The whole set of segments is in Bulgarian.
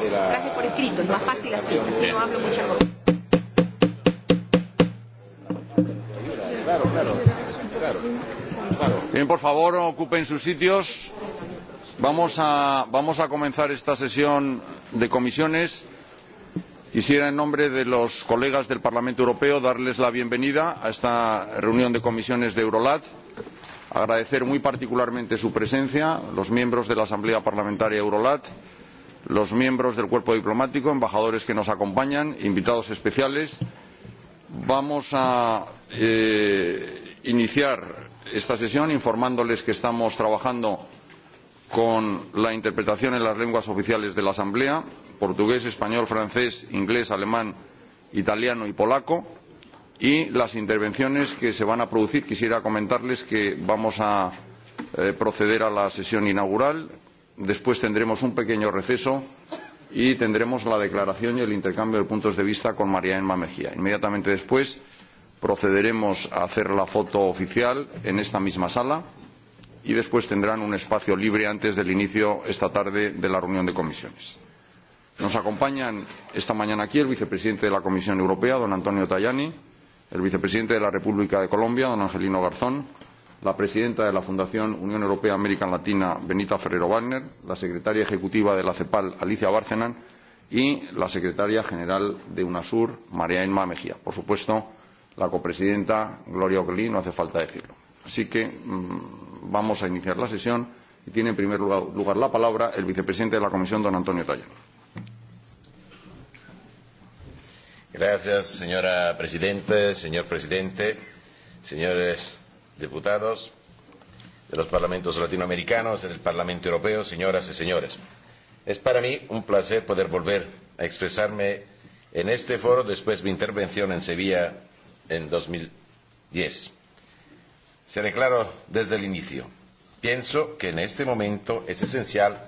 de la... Traje por escrito, es más fácil así, así no hablo muchas cosas. claro, claro, claro. Bien, por favor, ocupen sus sitios. Vamos a, vamos a comenzar esta sesión de comisiones. Quisiera, en nombre de los colegas del Parlamento Europeo, darles la bienvenida a esta reunión de comisiones de Eurolat agradecer muy particularmente su presencia los miembros de la asamblea parlamentaria eurolat los miembros del cuerpo diplomático, embajadores que nos acompañan, invitados especiales. Vamos a iniciar esta sesión informándoles que estamos trabajando con la interpretación en las lenguas oficiales de la Asamblea portugués, español, francés, inglés, alemán, italiano y polaco y las intervenciones que se van a producir. Quisiera comentarles que vamos a proceder a la sesión inaugural Después tendremos un pequeño receso y tendremos la declaración y el intercambio de puntos de vista con María Emma Mejía. Inmediatamente después procederemos a hacer la foto oficial en esta misma sala y después tendrán un espacio libre antes del inicio esta tarde de la reunión de comisiones. Nos acompañan esta mañana aquí el vicepresidente de la Comisión Europea, don Antonio Tajani, el vicepresidente de la República de Colombia, don Angelino Garzón, la presidenta de la Fundación Unión Europea América Latina, Benita Ferrero Wagner, la secretaria ejecutiva de la CEPAL, Alicia Bárcenan, y la secretaria general de UNASUR, María Emma Mejía. Por supuesto, la copresidenta Gloria Oquelí, no hace falta decirlo. Así que vamos a iniciar la sesión y tiene en primer lugar la palabra el vicepresidente de la Comisión, don Antonio Tallano. Gracias, señora presidente, señor presidente, señores diputados de los parlamentos latinoamericanos, y del Parlamento Europeo, señoras y señores. Es para mí un placer poder volver a expresarme en este foro después de mi intervención en Sevilla en dos mil diez. Seré claro desde el inicio. Pienso que en este momento es esencial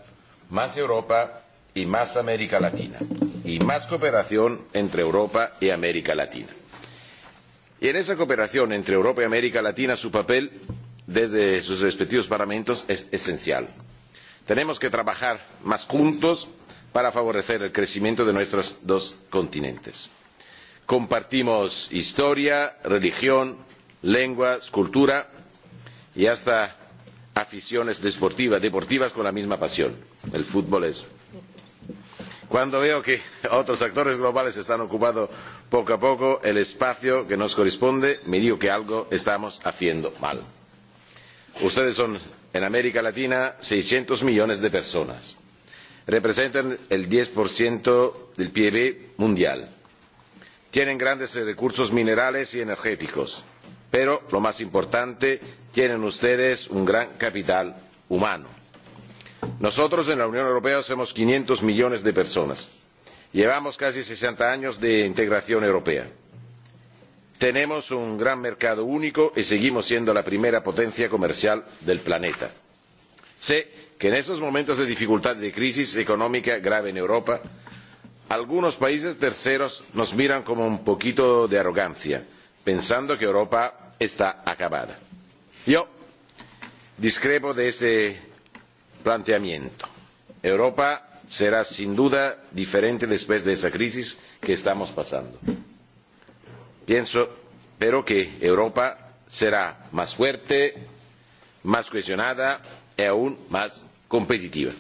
más Europa y más América Latina y más cooperación entre Europa y América Latina y en esa cooperación entre Europa y América Latina su papel desde sus respectivos parlamentos es esencial. Tenemos que trabajar más juntos para favorecer el crecimiento de nuestros dos continentes. Compartimos historia, religión, lenguas, cultura y hasta aficiones deportivas con la misma pasión. El fútbol es. Cuando veo que otros actores globales están ocupados poco a poco el espacio que nos corresponde, me digo que algo estamos haciendo mal. Ustedes son en América Latina seiscientos millones de personas. Representan el diez del PIB mundial. Tienen grandes recursos minerales y energéticos, pero lo más importante, tienen ustedes un gran capital humano. Nosotros en la Unión Europea somos quinientos millones de personas Llevamos casi sesenta años de integración europea. Tenemos un gran mercado único y seguimos siendo la primera potencia comercial del planeta. Sé que en estos momentos de dificultad y de crisis económica grave en Europa, algunos países terceros nos miran con un poquito de arrogancia, pensando que Europa está acabada. Yo discrepo de ese planteamiento. Europa será sin duda diferente después de esa crisis que estamos pasando. Pienso, pero, que Europa será más fuerte, más cohesionada y aún más competitiva.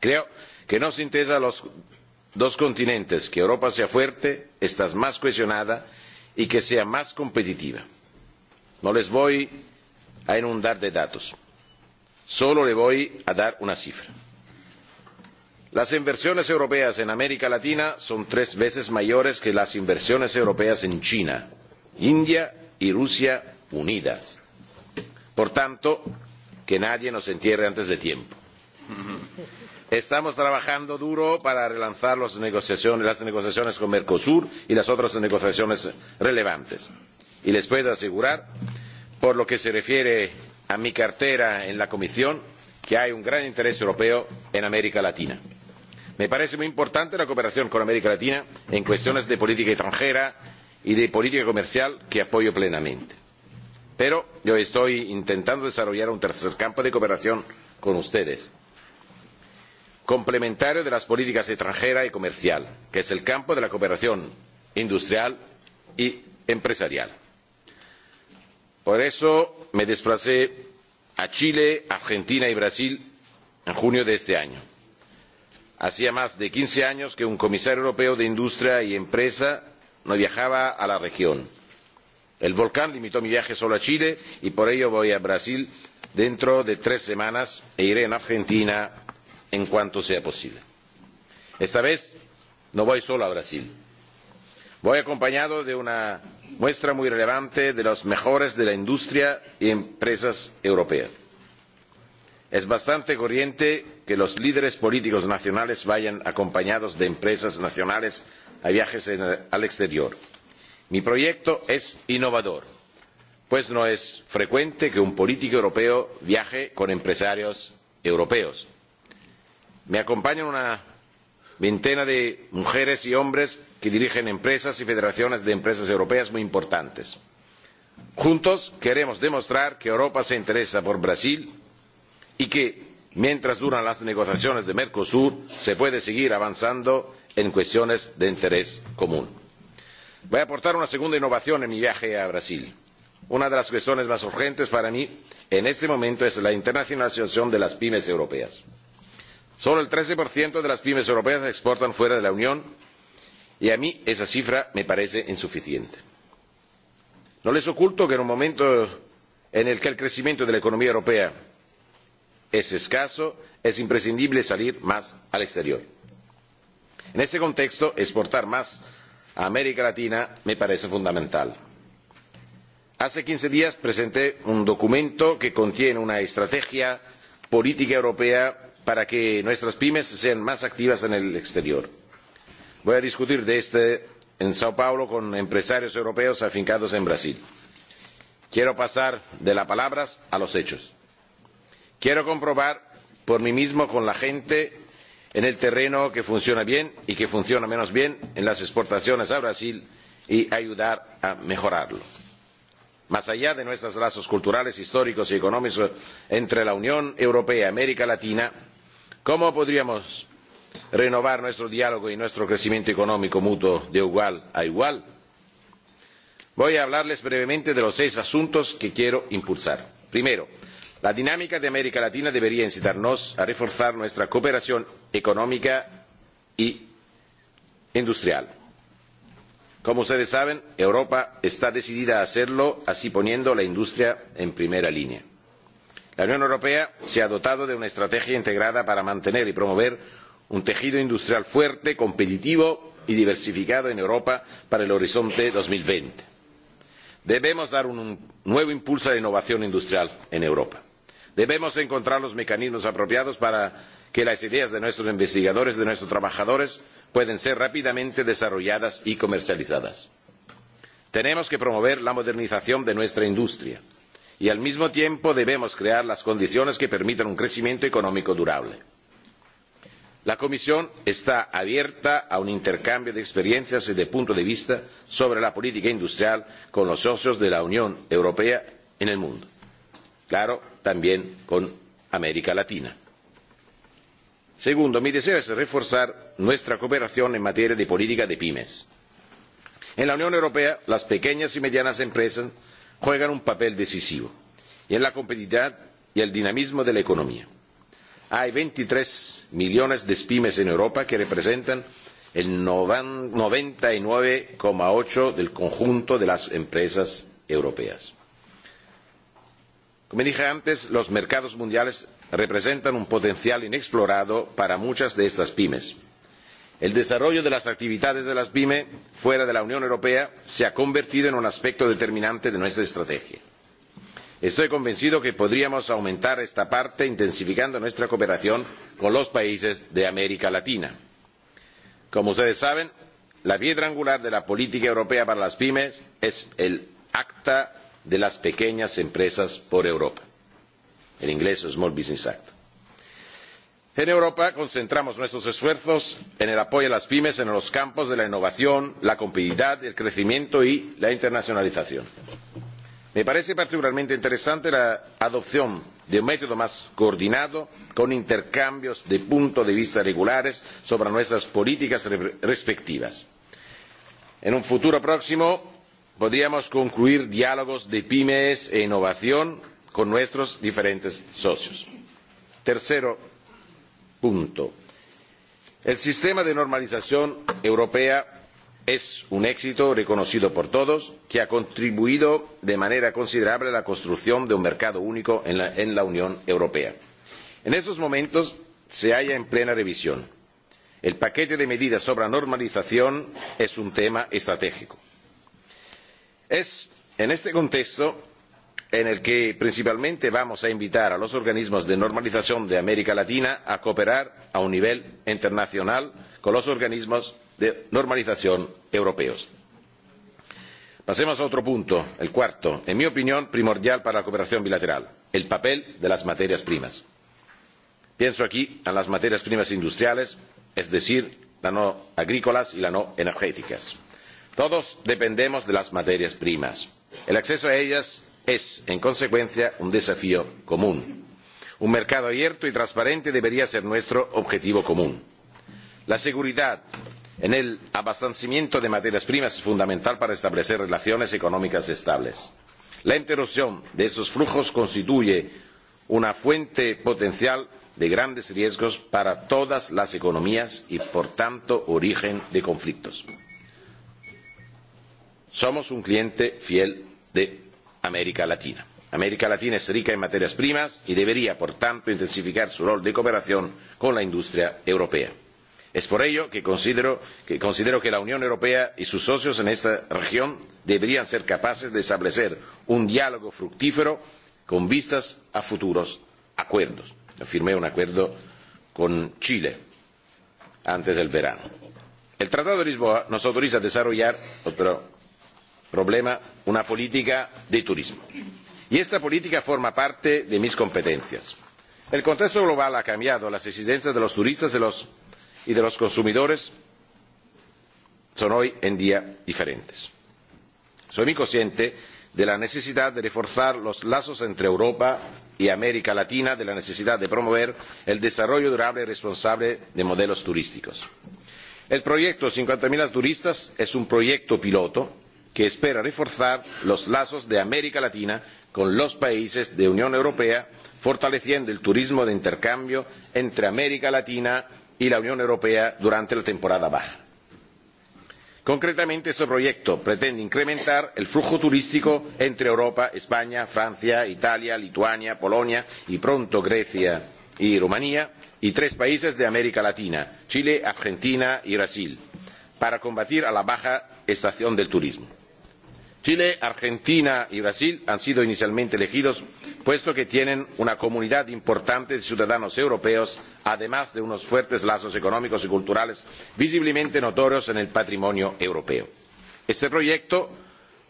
Creo que se interesa a los dos continentes que Europa sea fuerte, esté más cohesionada y que sea más competitiva. No les voy a inundar de datos, solo les voy a dar una cifra las inversiones europeas en américa latina son tres veces mayores que las inversiones europeas en china india y rusia unidas. por tanto que nadie nos entierre antes de tiempo. Estamos trabajando duro para relanzar las negociaciones con Mercosur y las otras negociaciones relevantes. Y les puedo asegurar, por lo que se refiere a mi cartera en la Comisión, que hay un gran interés europeo en América Latina me parece muy importante la cooperación con américa latina en cuestiones de política extranjera y de política comercial que apoyo plenamente pero yo estoy intentando desarrollar un tercer campo de cooperación con ustedes complementario de las políticas extranjera y comercial que es el campo de la cooperación industrial y empresarial. por eso me desplacé a chile argentina y brasil en junio de este año hacía más de quince años que un comisario europeo de industria y empresa no viajaba a la región. el volcán limitó mi viaje solo a chile y por ello voy a brasil dentro de tres semanas e iré a argentina en cuanto sea posible. esta vez no voy solo a brasil voy acompañado de una muestra muy relevante de los mejores de la industria y empresas europeas es bastante corriente que los líderes políticos nacionales vayan acompañados de empresas nacionales a viajes al exterior. mi proyecto es innovador pues no es frecuente que un político europeo viaje con empresarios europeos. me acompañan una veintena de mujeres y hombres que dirigen empresas y federaciones de empresas europeas muy importantes. juntos queremos demostrar que europa se interesa por brasil y que mientras duran las negociaciones de mercosur se puede seguir avanzando en cuestiones de interés común. voy a aportar una segunda innovación en mi viaje a brasil. una de las cuestiones más urgentes para mí en este momento es la internacionalización de las pymes europeas. solo el trece de las pymes europeas exportan fuera de la unión y a mí esa cifra me parece insuficiente. no les oculto que en un momento en el que el crecimiento de la economía europea es escaso es imprescindible salir más al exterior. en este contexto exportar más a américa latina me parece fundamental. hace quince días presenté un documento que contiene una estrategia política europea para que nuestras pymes sean más activas en el exterior. voy a discutir de este en sao paulo con empresarios europeos afincados en brasil. quiero pasar de las palabras a los hechos Quiero comprobar por mí mismo con la gente en el terreno que funciona bien y que funciona menos bien en las exportaciones a Brasil y ayudar a mejorarlo. Más allá de nuestros lazos culturales, históricos y económicos entre la Unión Europea y América Latina, ¿cómo podríamos renovar nuestro diálogo y nuestro crecimiento económico mutuo de igual a igual? Voy a hablarles brevemente de los seis asuntos que quiero impulsar. Primero, la dinámica de américa latina debería incitarnos a reforzar nuestra cooperación económica y industrial. como ustedes saben europa está decidida a hacerlo así poniendo la industria en primera línea. la unión europea se ha dotado de una estrategia integrada para mantener y promover un tejido industrial fuerte competitivo y diversificado en europa para el horizonte. dos mil veinte debemos dar un nuevo impulso a la innovación industrial en europa debemos encontrar los mecanismos apropiados para que las ideas de nuestros investigadores de nuestros trabajadores puedan ser rápidamente desarrolladas y comercializadas. tenemos que promover la modernización de nuestra industria y al mismo tiempo debemos crear las condiciones que permitan un crecimiento económico durable. La Comisión está abierta a un intercambio de experiencias y de puntos de vista sobre la política industrial con los socios de la Unión Europea en el mundo claro, también con América Latina. Segundo, mi deseo es reforzar nuestra cooperación en materia de política de pymes. En la Unión Europea, las pequeñas y medianas empresas juegan un papel decisivo en la competitividad y el dinamismo de la economía. Hay veintitrés millones de pymes en Europa que representan el noventa y nueve ocho del conjunto de las empresas europeas como dije antes los mercados mundiales representan un potencial inexplorado para muchas de estas pyme. el desarrollo de las actividades de las pyme fuera de la unión europea se ha convertido en un aspecto determinante de nuestra estrategia. estoy convencido de que podríamos aumentar esta parte intensificando nuestra cooperación con los países de américa latina. como ustedes saben la piedra angular de la política europea para las pyme es el acta de las pequeñas empresas por Europa. En inglés, Small Business Act. En Europa concentramos nuestros esfuerzos en el apoyo a las pymes en los campos de la innovación, la competitividad, el crecimiento y la internacionalización. Me parece particularmente interesante la adopción de un método más coordinado, con intercambios de puntos de vista regulares sobre nuestras políticas respectivas. En un futuro próximo podríamos concluir diálogos de pymes e innovación con nuestros diferentes socios. Tercero punto. El sistema de normalización europea es un éxito reconocido por todos que ha contribuido de manera considerable a la construcción de un mercado único en la, Unión Europea. En estos momentos se halla en plena revisión. El paquete de medidas sobre la normalización es un tema estratégico es en este contexto en el que principalmente vamos a invitar a los organismos de normalización de América Latina a cooperar a un nivel internacional con los organismos de normalización europeos. Pasemos a otro punto, el cuarto, en mi opinión primordial para la cooperación bilateral, el papel de las materias primas. Pienso aquí en las materias primas industriales, es decir, las no agrícolas y las no energéticas todos dependemos de las materias primas. el acceso a ellas es en consecuencia un desafío común. un mercado abierto y transparente debería ser nuestro objetivo común. la seguridad en el abastecimiento de materias primas es fundamental para establecer relaciones económicas estables. la interrupción de esos flujos constituye una fuente potencial de grandes riesgos para todas las economías y por tanto origen de conflictos. Somos un cliente fiel de América Latina. América Latina es rica en materias primas y debería, por tanto, intensificar su rol de cooperación con la industria europea. Es por ello que considero que, la Unión Europea y sus socios en esta región deberían ser capaces de establecer un diálogo fructífero con vistas a futuros acuerdos. Yo firmé un acuerdo con Chile antes del verano. El Tratado de Lisboa nos autoriza a desarrollar otro problema una política de turismo. Y esta política forma parte de mis competencias. El contexto global ha cambiado, las exigencias de los turistas y de los consumidores son hoy en día diferentes. Soy muy consciente de la necesidad de reforzar los lazos entre Europa y América Latina, de la necesidad de promover el desarrollo durable y responsable de modelos turísticos. El proyecto cincuenta 50.000 turistas es un proyecto piloto que espera reforzar los lazos de América Latina con los países de la Unión Europea, fortaleciendo el turismo de intercambio entre América Latina y la Unión Europea durante la temporada baja. Concretamente, este proyecto pretende incrementar el flujo turístico entre Europa, España, Francia, Italia, Lituania, Polonia y pronto Grecia y Rumanía y tres países de América Latina, Chile, Argentina y Brasil, para combatir la baja estación del turismo chile argentina y brasil han sido inicialmente elegidos puesto que tienen una comunidad importante de ciudadanos europeos además de unos fuertes lazos económicos y culturales visiblemente notorios en el patrimonio europeo. este proyecto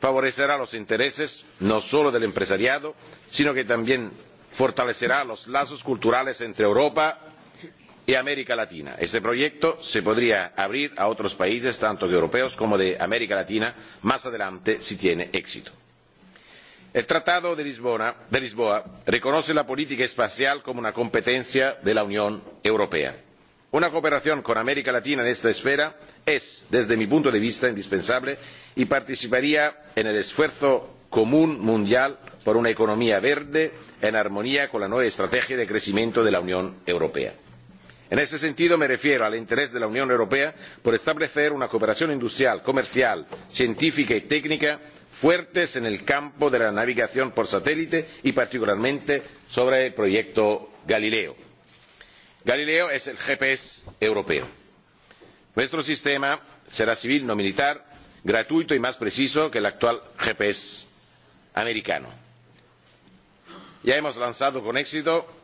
favorecerá los intereses no solo del empresariado sino que también fortalecerá los lazos culturales entre europa y América Latina. Este proyecto se podría abrir a otros países, tanto europeos como de América Latina, más adelante si tiene éxito. El Tratado de Lisboa reconoce la política espacial como una competencia de la Unión Europea. Una cooperación con América Latina en esta esfera es, desde mi punto de vista, indispensable y participaría en el esfuerzo común mundial por una economía verde en armonía con la nueva estrategia de crecimiento de la Unión Europea en ese sentido me refiero al interés de la unión europea por establecer una cooperación industrial comercial científica y técnica fuertes en el campo de la navegación por satélite y particularmente sobre el proyecto galileo. galileo es el gps europeo. nuestro sistema será civil no militar gratuito y más preciso que el actual gps americano. ya hemos lanzado con éxito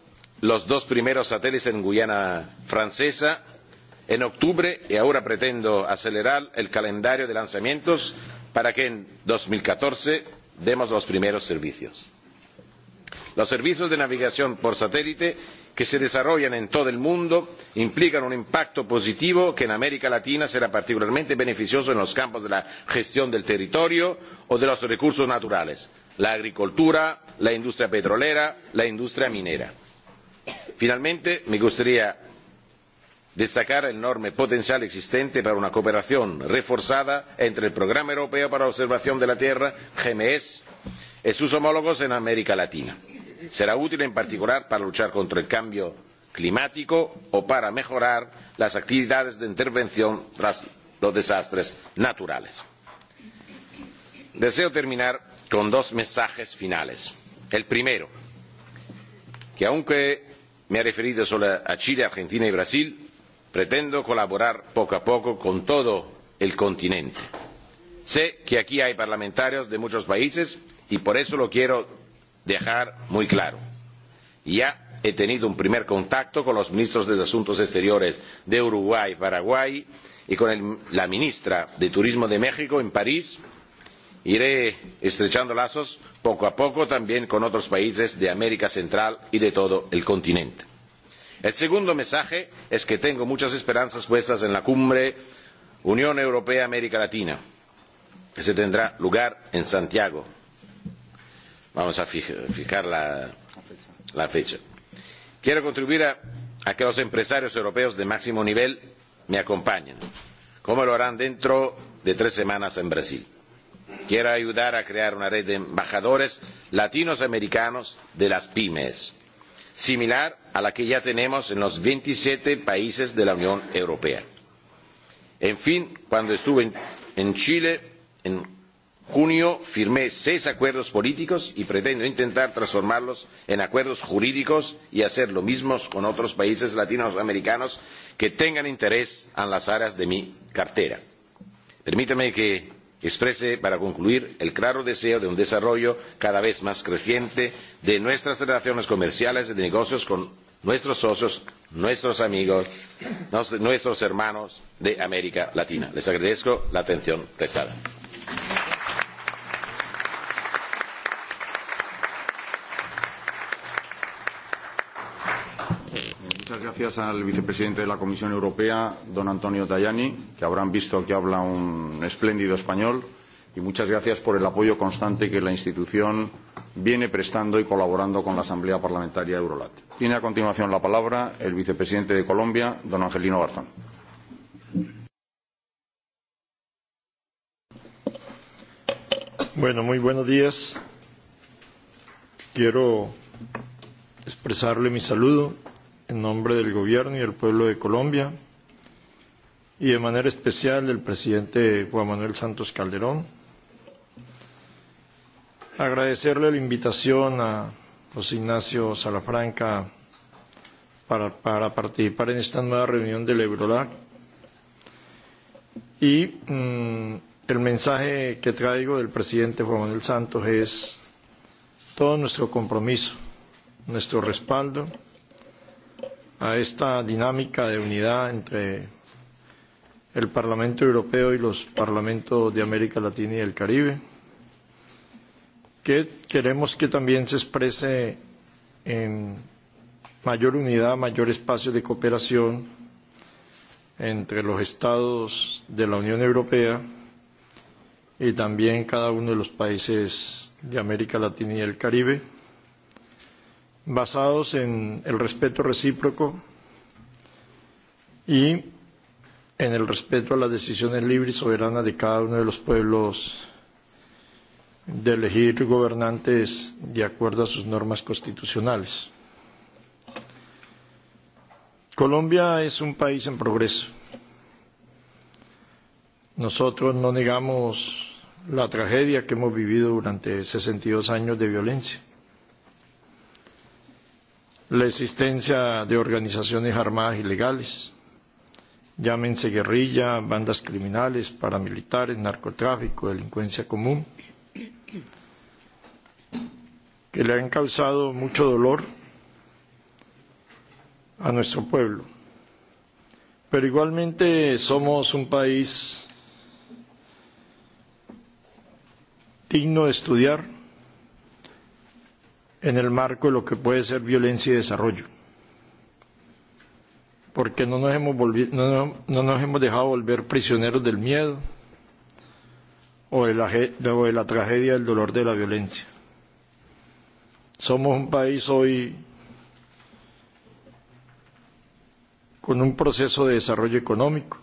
los dos primeros satélites en Guyana Francesa en octubre y ahora pretendo acelerar el calendario de lanzamientos para que en dos mil catorce demos los primeros servicios. Los servicios de navegación por satélite que se desarrollan en todo el mundo implican un impacto positivo que en América Latina será particularmente beneficioso en los campos de la gestión del territorio o de los recursos naturales, la agricultura, la industria petrolera, la industria minera finalmente me gustaría destacar el enorme potencial existente para una cooperación reforzada entre el programa europeo para la observación de la tierra gmes y sus homólogos en américa latina. será útil en particular para luchar contra el cambio climático o para mejorar las actividades de intervención tras los desastres naturales. deseo terminar con dos mensajes finales. el primero que aunque Me ha referido solo a Chile, Argentina y Brasil, pretendo colaborar poco a poco con todo el continente. Sé que aquí hay parlamentarios de muchos países y por eso lo quiero dejar muy claro. Ya he tenido un primer contacto con los ministros de Asuntos Exteriores de Uruguay, y Paraguay y con la ministra de Turismo de México en París iré estrechando lazos poco a poco también con otros países de América Central y de todo el continente. El segundo mensaje es que tengo muchas esperanzas puestas en la cumbre Unión Europea América Latina, que se tendrá lugar en Santiago. Vamos a fijar la, fecha. Quiero contribuir a que los empresarios europeos de máximo nivel me acompañen, como lo harán dentro de tres semanas en Brasil Quiero ayudar a crear una red de embajadores latinoamericanos de las pymes, similar a la que ya tenemos en los veintisiete países de la Unión Europea. En fin, cuando estuve en Chile en junio firmé seis acuerdos políticos y pretendo intentar transformarlos en acuerdos jurídicos y hacer lo mismo con otros países latinoamericanos que tengan interés en las áreas de mi cartera. Permítame que exprese para concluir el claro deseo de un desarrollo cada vez más creciente de nuestras relaciones comerciales y de negocios con nuestros socios, nuestros amigos, nuestros hermanos de América Latina. Les agradezco la atención prestada. gracias al vicepresidente de la Comisión Europea, don Antonio Tajani, que habrán visto que habla un espléndido español, y muchas gracias por el apoyo constante que la institución viene prestando y colaborando con la Asamblea Parlamentaria Eurolat. Tiene a continuación la palabra el vicepresidente de Colombia, don Angelino Garzón. Bueno, muy buenos días. Quiero expresarle mi saludo en nombre del Gobierno y del pueblo de Colombia, y de manera especial del presidente Juan Manuel Santos Calderón. Agradecerle la invitación a José Ignacio Salafranca para, para participar en esta nueva reunión del Eurolac. Y mmm, el mensaje que traigo del presidente Juan Manuel Santos es todo nuestro compromiso, nuestro respaldo a esta dinámica de unidad entre el Parlamento Europeo y los parlamentos de América Latina y el Caribe, que queremos que también se exprese en mayor unidad, mayor espacio de cooperación entre los estados de la Unión Europea y también cada uno de los países de América Latina y el Caribe basados en el respeto recíproco y en el respeto a las decisiones libres y soberanas de cada uno de los pueblos de elegir gobernantes de acuerdo a sus normas constitucionales. Colombia es un país en progreso. Nosotros no negamos la tragedia que hemos vivido durante 62 años de violencia la existencia de organizaciones armadas ilegales, llámense guerrilla, bandas criminales, paramilitares, narcotráfico, delincuencia común, que le han causado mucho dolor a nuestro pueblo. Pero igualmente somos un país digno de estudiar en el marco de lo que puede ser violencia y desarrollo. Porque no nos hemos, no, no nos hemos dejado volver prisioneros del miedo o de, la, o de la tragedia del dolor de la violencia. Somos un país hoy con un proceso de desarrollo económico.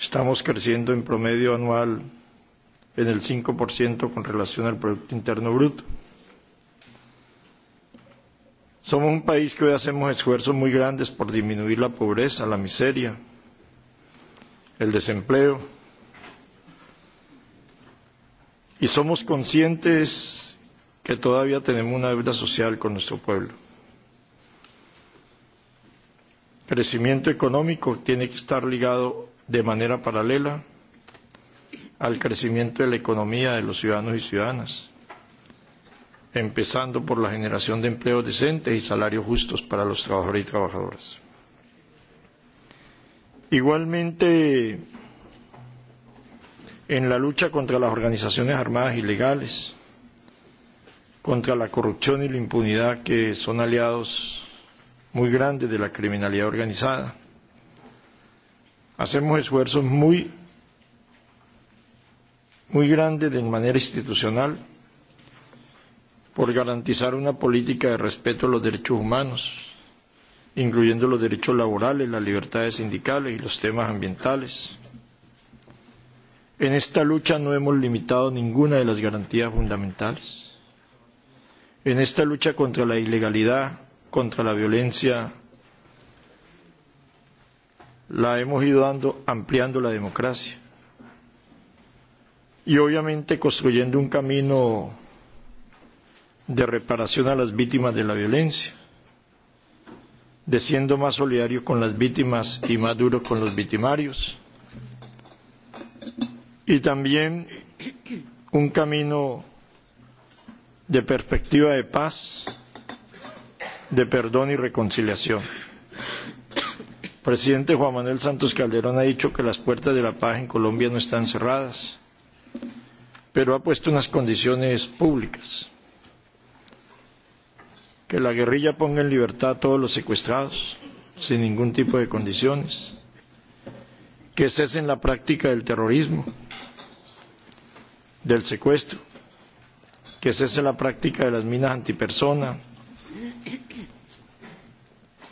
Estamos creciendo en promedio anual en el 5% con relación al Producto Interno Bruto. Somos un país que hoy hacemos esfuerzos muy grandes por disminuir la pobreza, la miseria, el desempleo. Y somos conscientes que todavía tenemos una deuda social con nuestro pueblo. El crecimiento económico tiene que estar ligado de manera paralela al crecimiento de la economía de los ciudadanos y ciudadanas, empezando por la generación de empleos decentes y salarios justos para los trabajadores y trabajadoras. Igualmente, en la lucha contra las organizaciones armadas ilegales, contra la corrupción y la impunidad que son aliados muy grandes de la criminalidad organizada. Hacemos esfuerzos muy muy grande de manera institucional por garantizar una política de respeto a los derechos humanos, incluyendo los derechos laborales, las libertades sindicales y los temas ambientales. En esta lucha no hemos limitado ninguna de las garantías fundamentales. En esta lucha contra la ilegalidad, contra la violencia, la hemos ido dando, ampliando la democracia y obviamente construyendo un camino de reparación a las víctimas de la violencia, de siendo más solidario con las víctimas y más duro con los victimarios, y también un camino de perspectiva de paz, de perdón y reconciliación. El presidente Juan Manuel Santos Calderón ha dicho que las puertas de la paz en Colombia no están cerradas pero ha puesto unas condiciones públicas. Que la guerrilla ponga en libertad a todos los secuestrados, sin ningún tipo de condiciones. Que cesen la práctica del terrorismo, del secuestro. Que cese la práctica de las minas antipersona.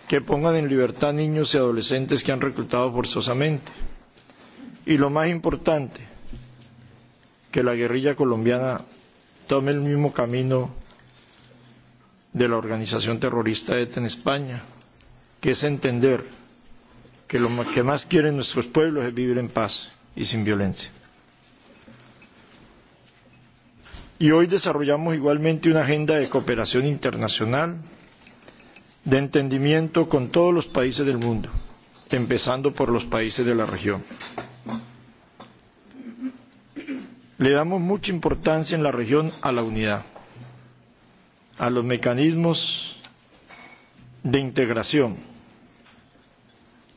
Que pongan en libertad niños y adolescentes que han reclutado forzosamente. Y lo más importante, que la guerrilla colombiana tome el mismo camino de la organización terrorista ETA en España, que es entender que lo que más quieren nuestros pueblos es vivir en paz y sin violencia. Y hoy desarrollamos igualmente una agenda de cooperación internacional, de entendimiento con todos los países del mundo, empezando por los países de la región le damos mucha importancia en la región a la unidad, a los mecanismos de integración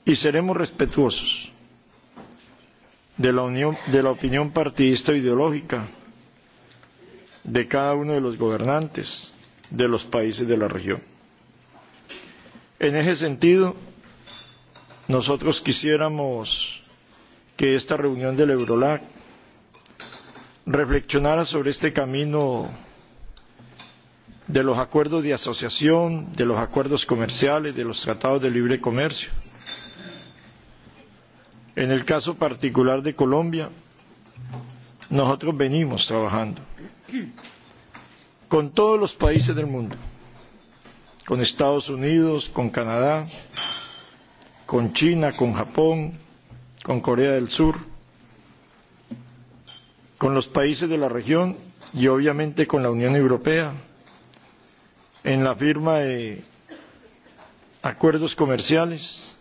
y seremos respetuosos de la, unión, de la opinión partidista ideológica de cada uno de los gobernantes de los países de la región. En ese sentido, nosotros quisiéramos que esta reunión del Eurolac reflexionara sobre este camino de los acuerdos de asociación, de los acuerdos comerciales, de los tratados de libre comercio. En el caso particular de Colombia, nosotros venimos trabajando con todos los países del mundo, con Estados Unidos, con Canadá, con China, con Japón, con Corea del Sur, con los países de la región y obviamente con la Unión Europea en la firma de acuerdos comerciales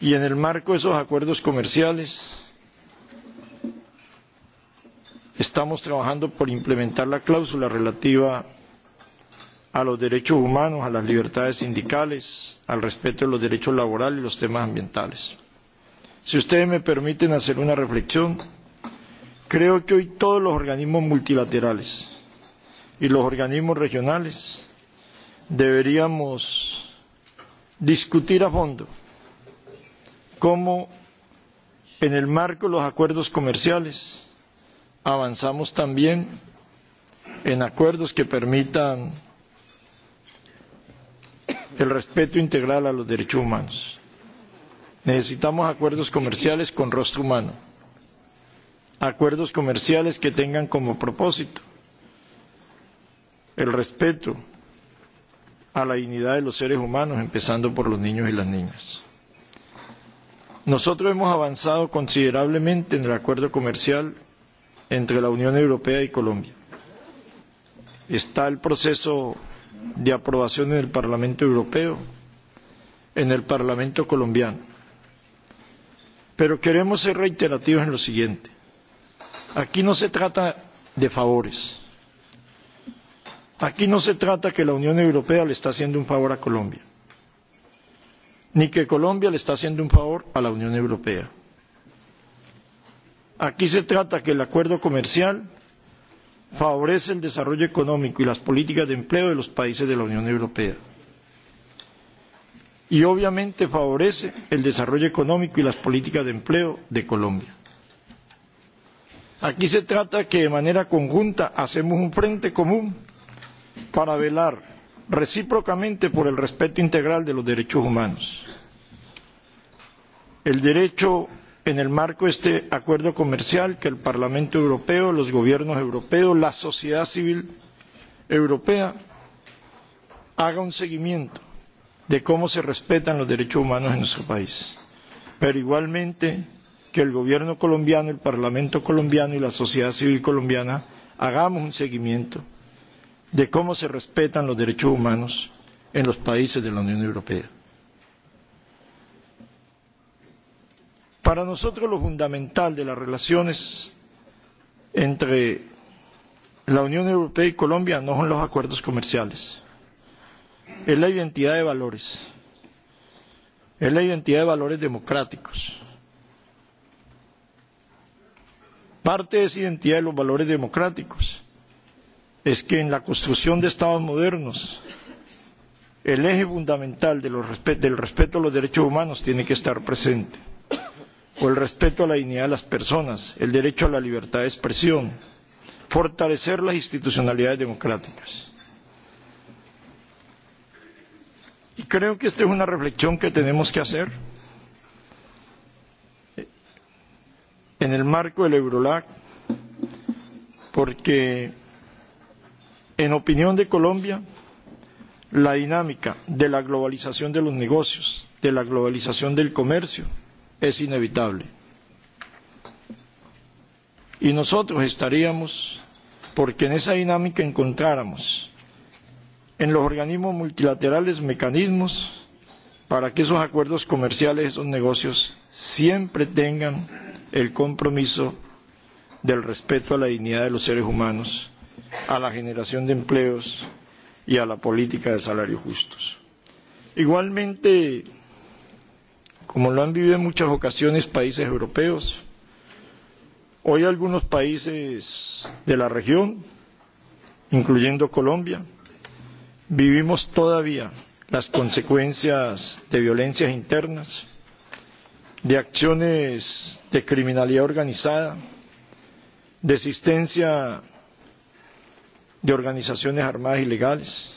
y en el marco de esos acuerdos comerciales estamos trabajando por implementar la cláusula relativa a los derechos humanos, a las libertades sindicales, al respeto de los derechos laborales y los temas ambientales. Si ustedes me permiten hacer una reflexión, Creo que hoy todos los organismos multilaterales y los organismos regionales deberíamos discutir a fondo cómo en el marco de los acuerdos comerciales avanzamos también en acuerdos que permitan el respeto integral a los derechos humanos. Necesitamos acuerdos comerciales con rostro humano acuerdos comerciales que tengan como propósito el respeto a la dignidad de los seres humanos, empezando por los niños y las niñas. Nosotros hemos avanzado considerablemente en el acuerdo comercial entre la Unión Europea y Colombia. Está el proceso de aprobación en el Parlamento Europeo, en el Parlamento colombiano. Pero queremos ser reiterativos en lo siguiente. Aquí no se trata de favores. Aquí no se trata que la Unión Europea le está haciendo un favor a Colombia, ni que Colombia le está haciendo un favor a la Unión Europea. Aquí se trata que el acuerdo comercial favorece el desarrollo económico y las políticas de empleo de los países de la Unión Europea. Y obviamente favorece el desarrollo económico y las políticas de empleo de Colombia. Aquí se trata que de manera conjunta hacemos un frente común para velar recíprocamente por el respeto integral de los derechos humanos. El derecho en el marco de este acuerdo comercial que el Parlamento Europeo, los gobiernos europeos, la sociedad civil europea haga un seguimiento de cómo se respetan los derechos humanos en nuestro país. Pero igualmente que el gobierno colombiano, el Parlamento colombiano y la sociedad civil colombiana hagamos un seguimiento de cómo se respetan los derechos humanos en los países de la Unión Europea. Para nosotros lo fundamental de las relaciones entre la Unión Europea y Colombia no son los acuerdos comerciales, es la identidad de valores, es la identidad de valores democráticos Parte de esa identidad de los valores democráticos es que en la construcción de estados modernos el eje fundamental del respeto a los derechos humanos tiene que estar presente, o el respeto a la dignidad de las personas, el derecho a la libertad de expresión, fortalecer las institucionalidades democráticas. Y creo que esta es una reflexión que tenemos que hacer en el marco del Eurolac, porque en opinión de Colombia, la dinámica de la globalización de los negocios, de la globalización del comercio, es inevitable. Y nosotros estaríamos, porque en esa dinámica encontráramos en los organismos multilaterales mecanismos para que esos acuerdos comerciales, esos negocios, siempre tengan el compromiso del respeto a la dignidad de los seres humanos, a la generación de empleos y a la política de salarios justos. Igualmente, como lo han vivido en muchas ocasiones países europeos, hoy algunos países de la región, incluyendo Colombia, vivimos todavía las consecuencias de violencias internas, de acciones de criminalidad organizada, de existencia de organizaciones armadas ilegales.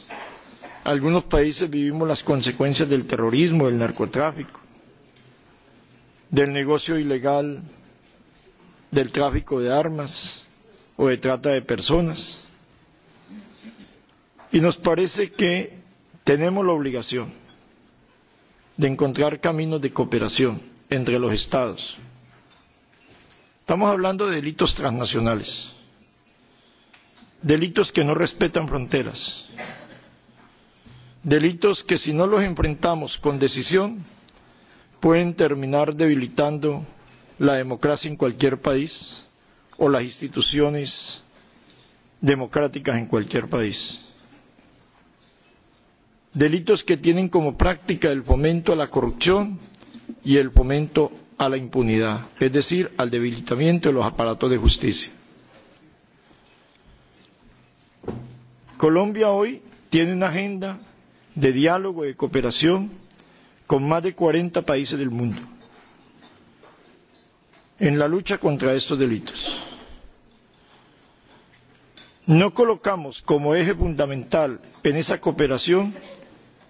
Algunos países vivimos las consecuencias del terrorismo, del narcotráfico, del negocio ilegal, del tráfico de armas o de trata de personas. Y nos parece que tenemos la obligación de encontrar caminos de cooperación entre los estados. Estamos hablando de delitos transnacionales, delitos que no respetan fronteras, delitos que si no los enfrentamos con decisión pueden terminar debilitando la democracia en cualquier país o las instituciones democráticas en cualquier país. Delitos que tienen como práctica el fomento a la corrupción y el fomento a la impunidad, es decir, al debilitamiento de los aparatos de justicia. Colombia hoy tiene una agenda de diálogo y de cooperación con más de cuarenta países del mundo en la lucha contra estos delitos. No colocamos como eje fundamental en esa cooperación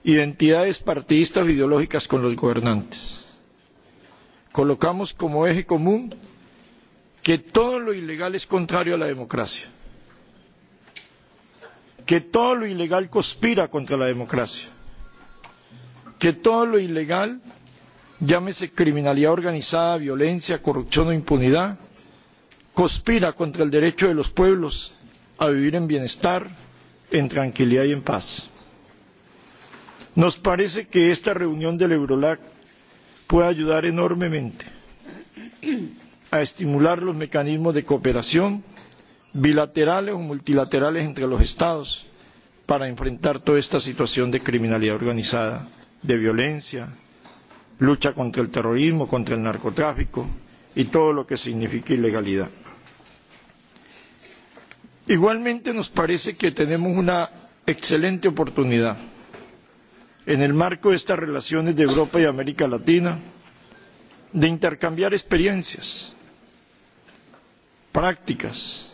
identidades partidistas o ideológicas con los gobernantes colocamos como eje común que todo lo ilegal es contrario a la democracia, que todo lo ilegal conspira contra la democracia, que todo lo ilegal, llámese criminalidad organizada, violencia, corrupción o impunidad, conspira contra el derecho de los pueblos a vivir en bienestar, en tranquilidad y en paz. Nos parece que esta reunión del Eurolac puede ayudar enormemente a estimular los mecanismos de cooperación bilaterales o multilaterales entre los Estados para enfrentar toda esta situación de criminalidad organizada, de violencia, lucha contra el terrorismo, contra el narcotráfico y todo lo que significa ilegalidad. Igualmente nos parece que tenemos una excelente oportunidad en el marco de estas relaciones de Europa y América Latina, de intercambiar experiencias, prácticas,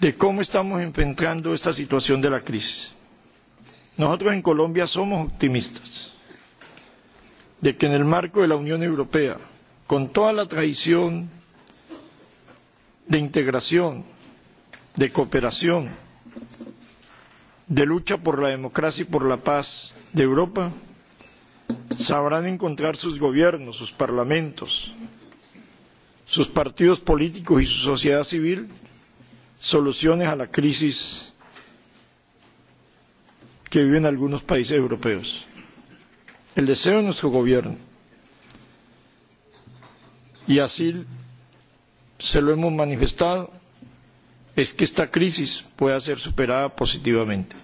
de cómo estamos enfrentando esta situación de la crisis. Nosotros en Colombia somos optimistas de que en el marco de la Unión Europea, con toda la tradición de integración, de cooperación, de lucha por la democracia y por la paz de Europa sabrán encontrar sus gobiernos, sus parlamentos, sus partidos políticos y su sociedad civil soluciones a la crisis que viven algunos países europeos. El deseo de nuestro gobierno, y así se lo hemos manifestado, es que esta crisis pueda ser superada positivamente.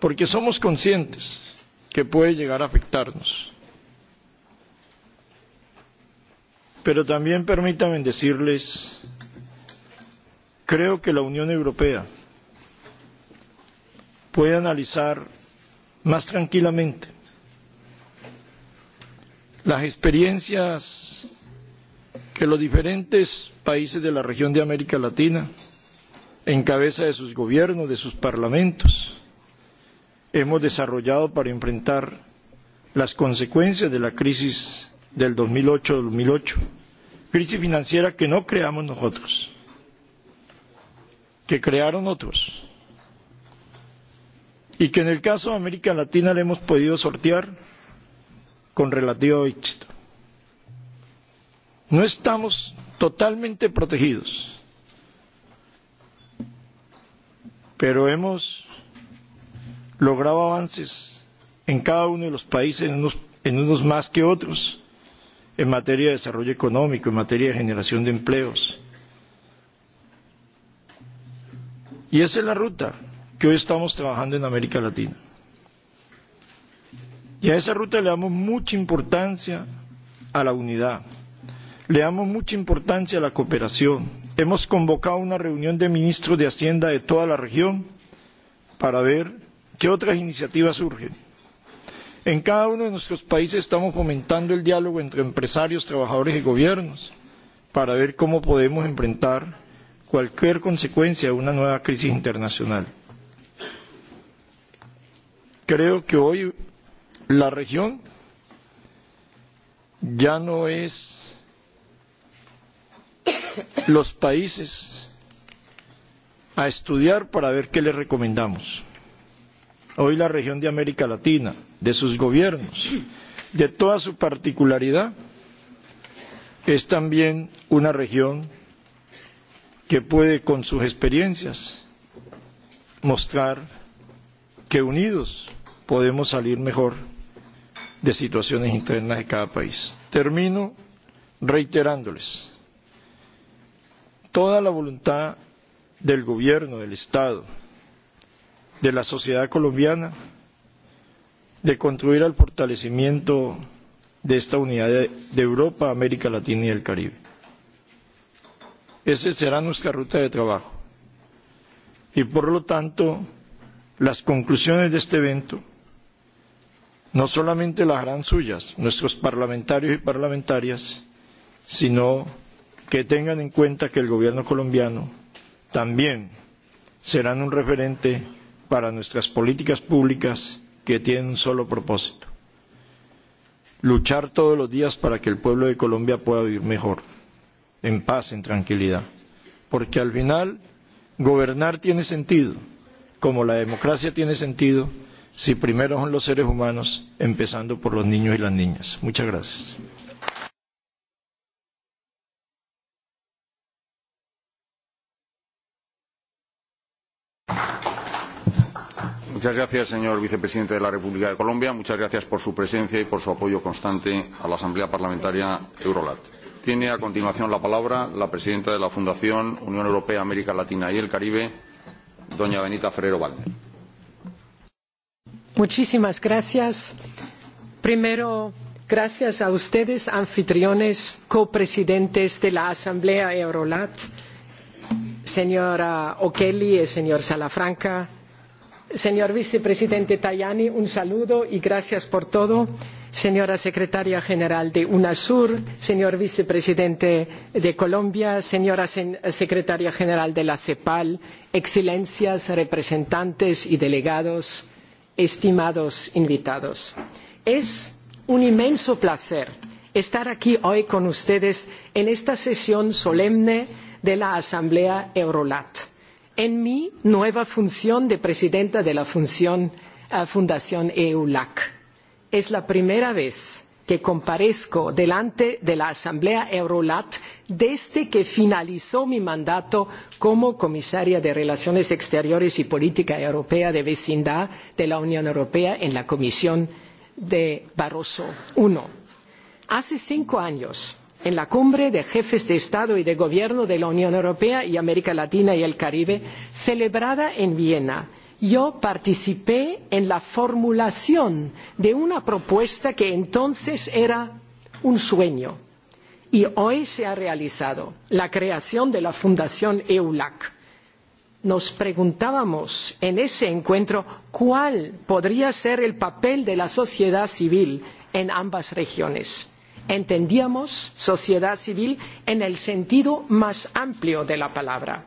Porque somos conscientes que puede llegar a afectarnos. Pero también permítanme decirles, creo que la Unión Europea puede analizar más tranquilamente las experiencias que los diferentes países de la región de América Latina, en cabeza de sus gobiernos, de sus parlamentos, hemos desarrollado para enfrentar las consecuencias de la crisis del dos mil ocho 2008 crisis financiera que no creamos nosotros, que crearon otros, y que en el caso de América Latina la hemos podido sortear con relativo éxito no estamos totalmente protegidos. Pero hemos logrado avances en cada uno de los países, en unos, en unos más que otros, en materia de desarrollo económico, en materia de generación de empleos. Y esa es la ruta que hoy estamos trabajando en América Latina. Y a esa ruta le damos mucha importancia a la unidad, Le damos mucha importancia a la cooperación. Hemos convocado una reunión de ministros de Hacienda de toda la región para ver qué otras iniciativas surgen. En cada uno de nuestros países estamos fomentando el diálogo entre empresarios, trabajadores y gobiernos para ver cómo podemos enfrentar cualquier consecuencia de una nueva crisis internacional. Creo que hoy la región ya no es los países a estudiar para ver qué les recomendamos. Hoy la región de América Latina, de sus gobiernos, de toda su particularidad, es también una región que puede con sus experiencias mostrar que unidos podemos salir mejor de situaciones internas de cada país. Termino reiterándoles toda la voluntad del gobierno, del Estado, de la sociedad colombiana, de contribuir al fortalecimiento de esta unidad de, Europa, América Latina y el Caribe. Esa será nuestra ruta de trabajo. Y por lo tanto, las conclusiones de este evento no solamente las harán suyas nuestros parlamentarios y parlamentarias, sino que tengan en cuenta que el gobierno colombiano también serán un referente para nuestras políticas públicas que tienen un solo propósito, luchar todos los días para que el pueblo de Colombia pueda vivir mejor, en paz, en tranquilidad, porque al final gobernar tiene sentido, como la democracia tiene sentido, si primero son los seres humanos, empezando por los niños y las niñas. Muchas gracias. Muchas gracias, señor vicepresidente de la República de Colombia. Muchas gracias por su presencia y por su apoyo constante a la Asamblea Parlamentaria Eurolat. Tiene a continuación la palabra la presidenta de la Fundación Unión Europea, América Latina y el Caribe, doña Benita Ferrero Valde. Muchísimas gracias. Primero, gracias a ustedes, anfitriones, copresidentes de la Asamblea Eurolat, señora O'Kelly y señor Salafranca Señor vicepresidente Tajani, un saludo y gracias por todo. Señora secretaria general de UNASUR, señor vicepresidente de Colombia, señora secretaria general de la CEPAL, excelencias, representantes y delegados, estimados invitados. Es un inmenso placer estar aquí hoy con ustedes en esta sesión solemne de la Asamblea Eurolat en mi nueva función de presidenta de la Fundación EULAC. Es la primera vez que comparezco delante de la Asamblea Eurolat desde que finalizó mi mandato como comisaria de Relaciones Exteriores y Política Europea de Vecindad de la Unión Europea en la Comisión de Barroso I. Hace cinco años en la cumbre de jefes de Estado y de Gobierno de la Unión Europea y América Latina y el Caribe, celebrada en Viena. Yo participé en la formulación de una propuesta que entonces era un sueño y hoy se ha realizado la creación de la Fundación EULAC. Nos preguntábamos en ese encuentro cuál podría ser el papel de la sociedad civil en ambas regiones entendíamos sociedad civil en el sentido más amplio de la palabra.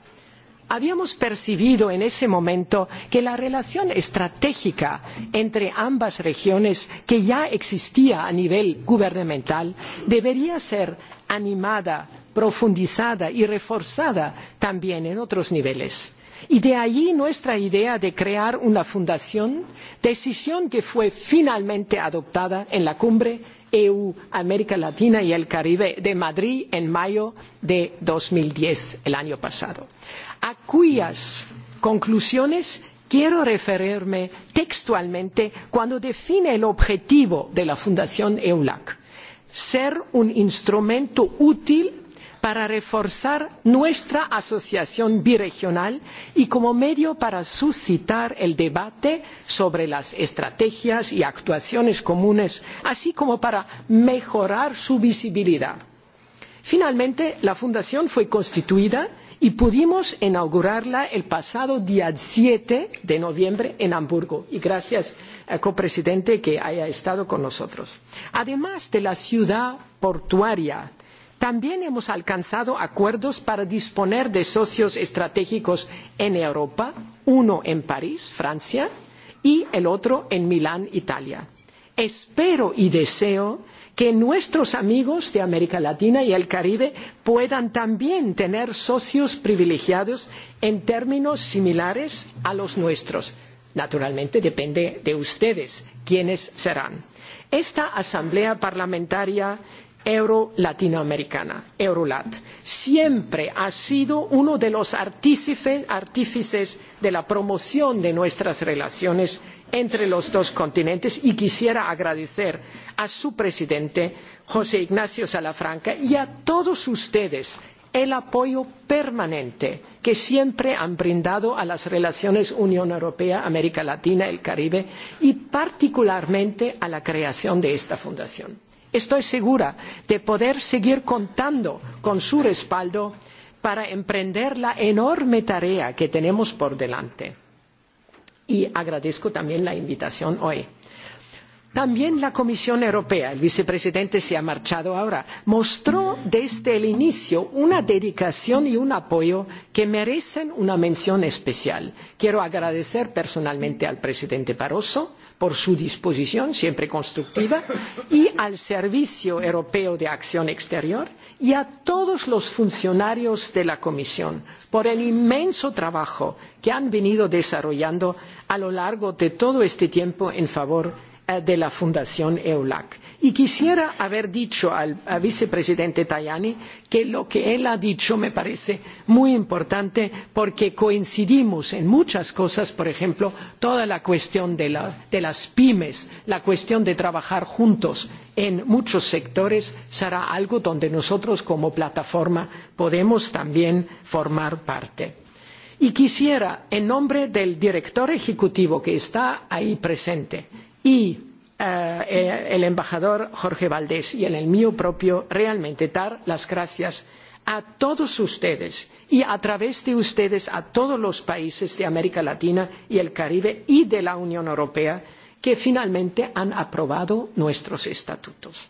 Habíamos percibido en ese momento que la relación estratégica entre ambas regiones, que ya existía a nivel gubernamental, debería ser animada, profundizada y reforzada también en otros niveles. Y de ahí nuestra idea de crear una fundación, decisión que fue finalmente adoptada en la cumbre EU, América Latina y el Caribe de Madrid en mayo de dos mil diez, el año pasado, a cuyas conclusiones quiero referirme textualmente cuando define el objetivo de la Fundación EULAC ser un instrumento útil para reforzar nuestra asociación birregional y como medio para suscitar el debate sobre las estrategias y actuaciones comunes, así como para mejorar su visibilidad. Finalmente, la Fundación fue constituida y pudimos inaugurarla el pasado día siete de noviembre en Hamburgo. Y gracias, copresidente, que haya estado con nosotros. Además de la ciudad portuaria También hemos alcanzado acuerdos para disponer de socios estratégicos en Europa, uno en París, Francia, y el otro en Milán, Italia. Espero y deseo que nuestros amigos de América Latina y el Caribe puedan también tener socios privilegiados en términos similares a los nuestros. Naturalmente depende de ustedes quiénes serán. Esta Asamblea Parlamentaria euro latinoamericana, Eurolat, siempre ha sido uno de los artífices de la promoción de nuestras relaciones entre los dos continentes y quisiera agradecer a su presidente, José Ignacio Salafranca, y a todos ustedes el apoyo permanente que siempre han brindado a las relaciones Unión Europea, América Latina, el Caribe y particularmente a la creación de esta fundación estoy segura de poder seguir contando con su respaldo para emprender la enorme tarea que tenemos por delante. Y agradezco también la invitación hoy. También la Comisión Europea, el vicepresidente se ha marchado ahora, mostró desde el inicio una dedicación y un apoyo que merecen una mención especial. Quiero agradecer personalmente al presidente Barroso, por su disposición, siempre constructiva, y al Servicio Europeo de Acción Exterior y a todos los funcionarios de la Comisión por el inmenso trabajo que han venido desarrollando a lo largo de todo este tiempo en favor de de la Fundación EULAC. Y quisiera haber dicho al vicepresidente Tajani que lo que él ha dicho me parece muy importante porque coincidimos en muchas cosas, por ejemplo, toda la cuestión de, las pymes, la cuestión de trabajar juntos en muchos sectores será algo donde nosotros como plataforma podemos también formar parte. Y quisiera, en nombre del director ejecutivo que está ahí presente, y el embajador Jorge Valdés y en el mío propio realmente dar las gracias a todos ustedes y a través de ustedes a todos los países de América Latina y el Caribe y de la Unión Europea que finalmente han aprobado nuestros estatutos.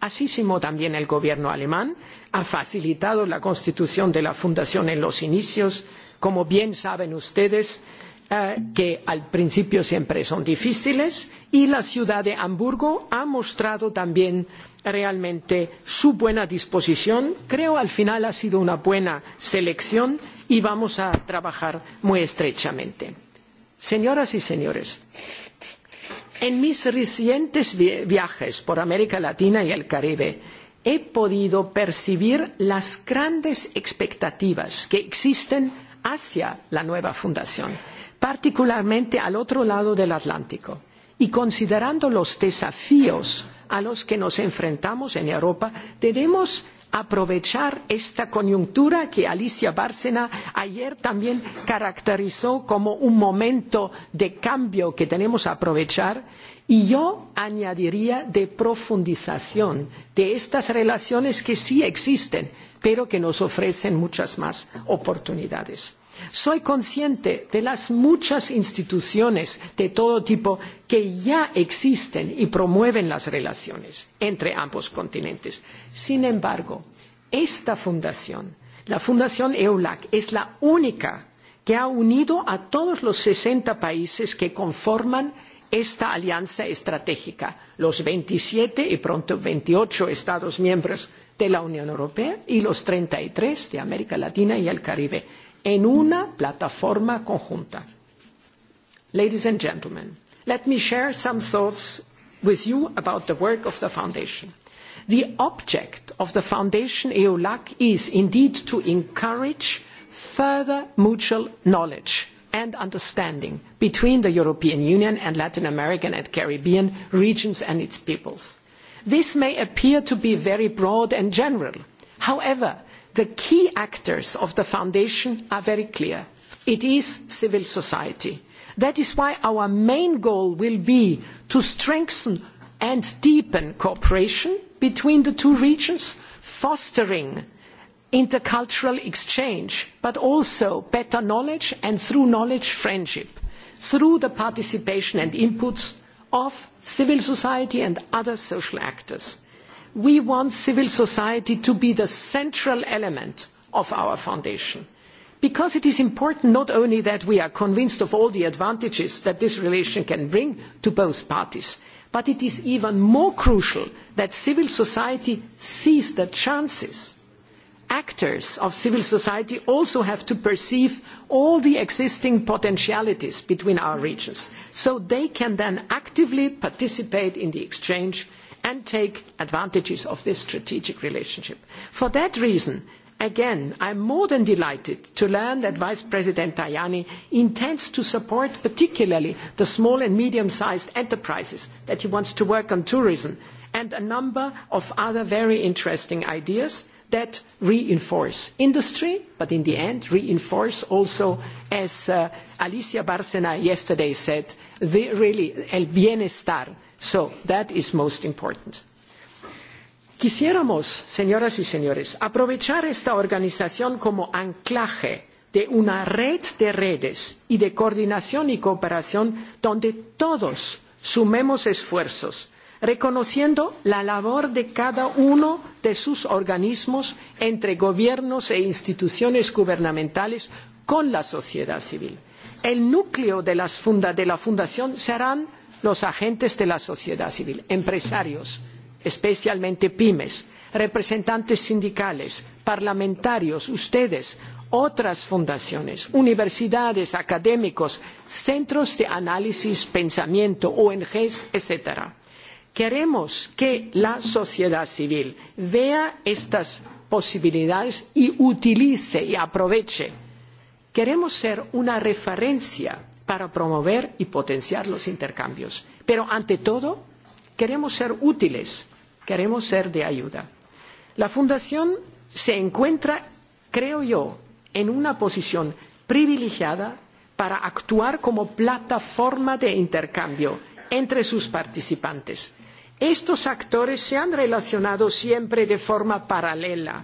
Asísimo también el gobierno alemán ha facilitado la constitución de la fundación en los inicios. Como bien saben ustedes, que al principio siempre son difíciles y la ciudad de Hamburgo ha mostrado también realmente su buena disposición. Creo que al final ha sido una buena selección y vamos a trabajar muy estrechamente. Señoras y señores, en mis recientes viajes por América Latina y el Caribe he podido percibir las grandes expectativas que existen hacia la nueva fundación, particularmente al otro lado del Atlántico. Y considerando los desafíos a los que nos enfrentamos en Europa, debemos aprovechar esta coyuntura que Alicia Bárcena ayer también caracterizó como un momento de cambio que tenemos que aprovechar y yo añadiría de profundización de estas relaciones que sí existen, pero que nos ofrecen muchas más oportunidades. Soy consciente de las muchas instituciones de todo tipo que ya existen y promueven las relaciones entre ambos continentes. Sin embargo, esta fundación, la Fundación EULAC, es la única que ha unido a todos los sesenta países que conforman esta alianza estratégica, los veintisiete y pronto veintiocho Estados miembros de la Unión Europea y los treinta y tres de América Latina y el Caribe en una plataforma conjunta. Ladies and gentlemen, let me share some thoughts with you about the work of the Foundation. The object of the Foundation EULAC is indeed to encourage further mutual knowledge and understanding between the European Union and Latin American and Caribbean regions and its peoples. This may appear to be very broad and general. However, The key actors of the foundation are very clear. It is civil society. That is why our main goal will be to strengthen and deepen cooperation between the two regions, fostering intercultural exchange, but also better knowledge and through knowledge friendship, through the participation and inputs of civil society and other social actors we want civil society to be the central element of our foundation because it is important not only that we are convinced of all the advantages that this relation can bring to both parties, but it is even more crucial that civil society sees the chances. Actors of civil society also have to perceive all the existing potentialities between our regions, so they can then actively participate in the exchange and take advantages of this strategic relationship. For that reason, again, I am more than delighted to learn that Vice President Tajani intends to support particularly the small and medium-sized enterprises, that he wants to work on tourism, and a number of other very interesting ideas that reinforce industry, but in the end reinforce also, as Alicia Bárcena yesterday said, the really el bienestar So that is most important. Quisiéramos, señoras y señores, aprovechar esta organización como anclaje de una red de redes y de coordinación y cooperación donde todos sumemos esfuerzos, reconociendo la labor de cada uno de sus organismos entre gobiernos e instituciones gubernamentales con la sociedad civil. El núcleo de, la Fundación serán los agentes de la sociedad civil, empresarios, especialmente pymes, representantes sindicales, parlamentarios, ustedes, otras fundaciones, universidades, académicos, centros de análisis, pensamiento, ONGs, etc. Queremos que la sociedad civil vea estas posibilidades y utilice y aproveche. Queremos ser una referencia para promover y potenciar los intercambios. Pero ante todo, queremos ser útiles, queremos ser de ayuda. La Fundación se encuentra, creo yo, en una posición privilegiada para actuar como plataforma de intercambio entre sus participantes. Estos actores se han relacionado siempre de forma paralela,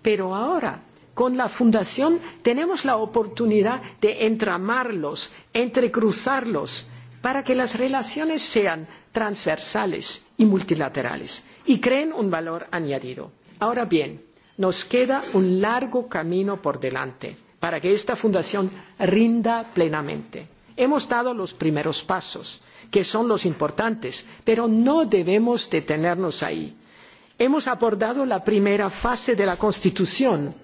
pero ahora con la Fundación tenemos la oportunidad de entramarlos, entrecruzarlos, para que las relaciones sean transversales y multilaterales y creen un valor añadido. Ahora bien, nos queda un largo camino por delante para que esta fundación rinda plenamente. Hemos dado los primeros pasos, que son los importantes, pero no debemos detenernos ahí. Hemos abordado la primera fase de la Constitución,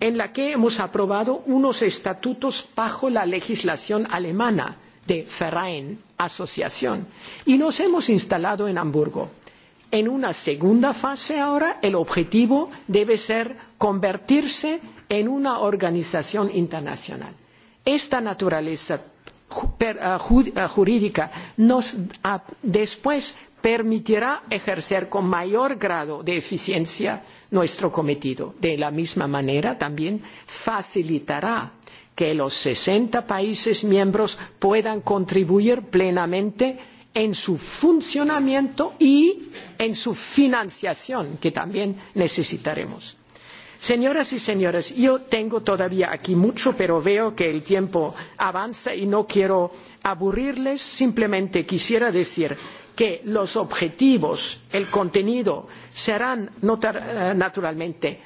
en la que hemos aprobado unos estatutos bajo la legislación alemana de Verein, asociación, y nos hemos instalado en Hamburgo. En una segunda fase ahora el objetivo debe ser convertirse en una organización internacional. Esta naturaleza jurídica nos después permitirá ejercer con mayor grado de eficiencia nuestro cometido. De la misma manera, también facilitará que los sesenta países miembros puedan contribuir plenamente en su funcionamiento y en su financiación, que también necesitaremos. Señoras y señores, yo tengo todavía aquí mucho, pero veo que el tiempo avanza y no quiero aburrirles. Simplemente quisiera decir que los objetivos, el contenido, serán naturalmente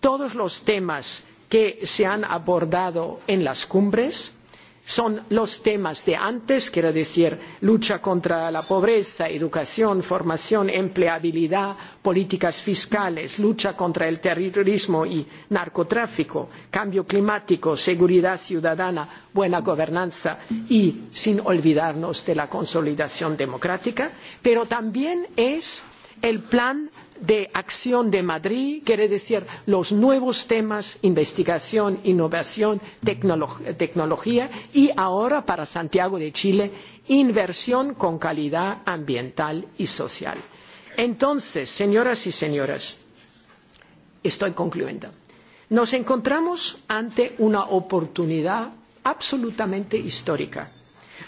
todos los temas que se han abordado en las cumbres, son los temas de antes, quiero decir, lucha contra la pobreza, educación, formación, empleabilidad, políticas fiscales, lucha contra el terrorismo y narcotráfico, cambio climático, seguridad ciudadana, buena gobernanza y sin olvidarnos de la consolidación democrática, pero también es el plan de acción de Madrid, quiere decir los nuevos temas, investigación, innovación, tecnología y ahora para Santiago de Chile, inversión con calidad ambiental y social. Entonces, señoras y señores, estoy concluyendo. Nos encontramos ante una oportunidad absolutamente histórica.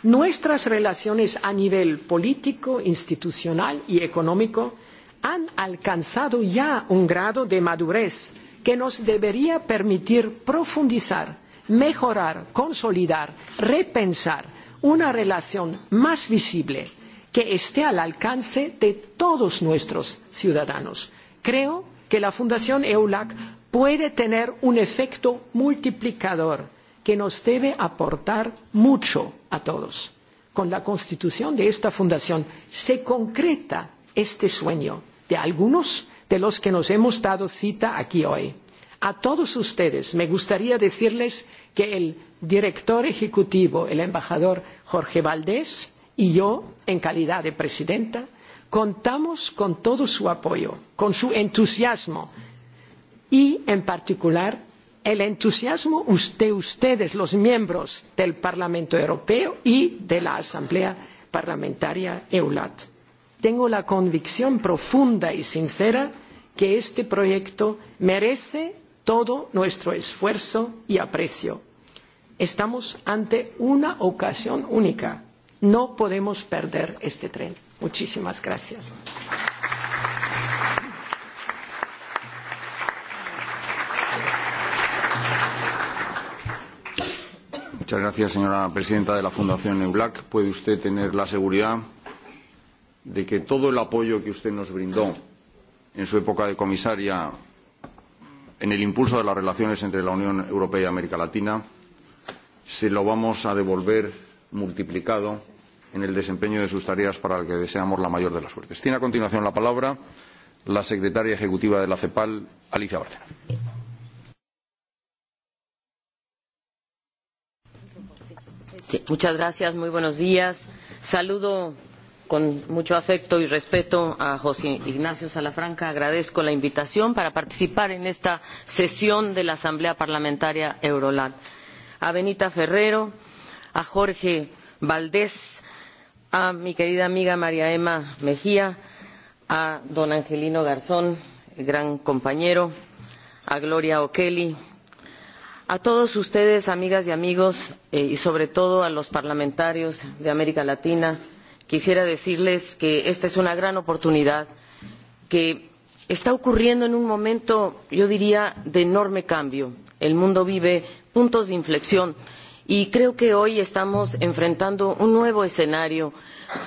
Nuestras relaciones a nivel político, institucional y económico han alcanzado ya un grado de madurez que nos debería permitir profundizar, mejorar, consolidar, repensar una relación más visible que esté al alcance de todos nuestros ciudadanos. Creo que la Fundación EULAC puede tener un efecto multiplicador que nos debe aportar mucho a todos. Con la constitución de esta fundación se concreta este sueño de algunos de los que nos hemos dado cita aquí hoy. A todos ustedes me gustaría decirles que el director ejecutivo, el embajador Jorge Valdés, y yo, en calidad de presidenta, contamos con todo su apoyo, con su entusiasmo y, en particular, el entusiasmo de ustedes, los miembros del Parlamento Europeo y de la Asamblea Parlamentaria EULAT tengo la convicción profunda y sincera de que este proyecto merece todo nuestro esfuerzo y aprecio. Estamos ante una ocasión única. No podemos perder este tren. Muchísimas gracias. Muchas gracias, señora presidenta de la Fundación EULAC. Puede usted tener la seguridad de que todo el apoyo que usted nos brindó en su época de comisaria en el impulso de las relaciones entre la Unión Europea y América Latina se lo vamos a devolver multiplicado en el desempeño de sus tareas para el que deseamos la mayor de las suertes. Tiene a continuación la palabra la secretaria ejecutiva de la CEPAL, Alicia Bárcena. Muchas gracias, muy buenos días. Saludo Con mucho afecto y respeto a José Ignacio Salafranca agradezco la invitación para participar en esta sesión de la Asamblea Parlamentaria Eurolat. A Benita Ferrero, a Jorge Valdés, a mi querida amiga María Emma Mejía, a don Angelino Garzón, gran compañero, a Gloria O'Kelly, a todos ustedes, amigas y amigos, y sobre todo a los parlamentarios de América Latina, quisiera decirles que esta es una gran oportunidad que está ocurriendo en un momento, yo diría, de enorme cambio. El mundo vive puntos de inflexión y creo que hoy estamos enfrentando un nuevo escenario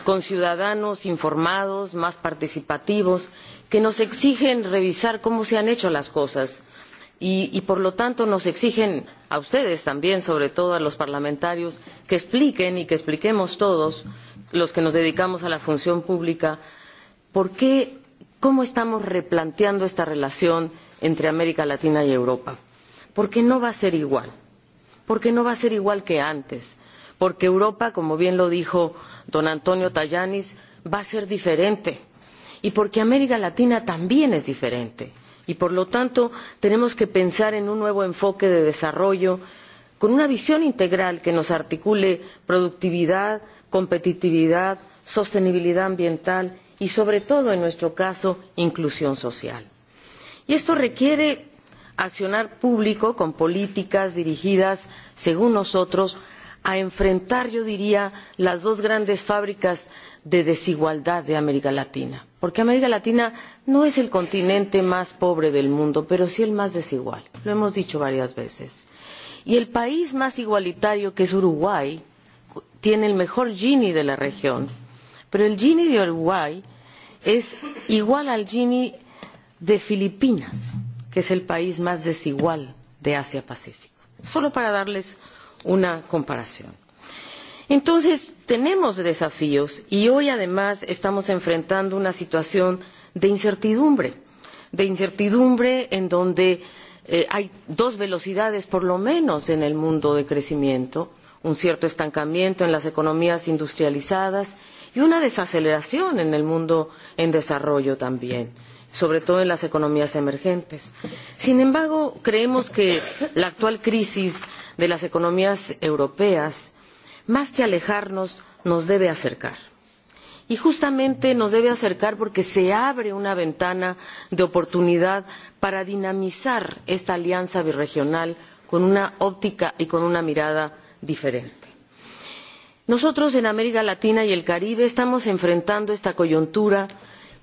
con ciudadanos informados, más participativos, que nos exigen revisar cómo se han hecho las cosas y, por lo tanto nos exigen a ustedes también, sobre todo a los parlamentarios, que expliquen y que expliquemos todos cómo los que nos dedicamos a la función pública, ¿por qué, cómo estamos replanteando esta relación entre América Latina y Europa? Porque no va a ser igual, porque no va a ser igual que antes, porque Europa, como bien lo dijo don Antonio Tallanis, va a ser diferente y porque América Latina también es diferente y por lo tanto tenemos que pensar en un nuevo enfoque de desarrollo con una visión integral que nos articule productividad, competitividad, sostenibilidad ambiental y, sobre todo, en nuestro caso, inclusión social. Y esto requiere accionar público con políticas dirigidas, según nosotros, a enfrentar, yo diría, las dos grandes fábricas de desigualdad de América Latina. Porque América Latina no es el continente más pobre del mundo, pero sí el más desigual. Lo hemos dicho varias veces. Y el país más igualitario, que es Uruguay, tiene el mejor Gini de la región. Pero el Gini de Uruguay es igual al Gini de Filipinas, que es el país más desigual de Asia-Pacífico. Solo para darles una comparación. Entonces, tenemos desafíos y hoy además estamos enfrentando una situación de incertidumbre, de incertidumbre en donde hay dos velocidades por lo menos en el mundo de crecimiento un cierto estancamiento en las economías industrializadas y una desaceleración en el mundo en desarrollo también sobre todo en las economías emergentes. Sin embargo, creemos que la actual crisis de las economías europeas, más que alejarnos, nos debe acercar. Y justamente nos debe acercar porque se abre una ventana de oportunidad para dinamizar esta alianza birregional con una óptica y con una mirada diferente. Nosotros en América Latina y el Caribe estamos enfrentando esta coyuntura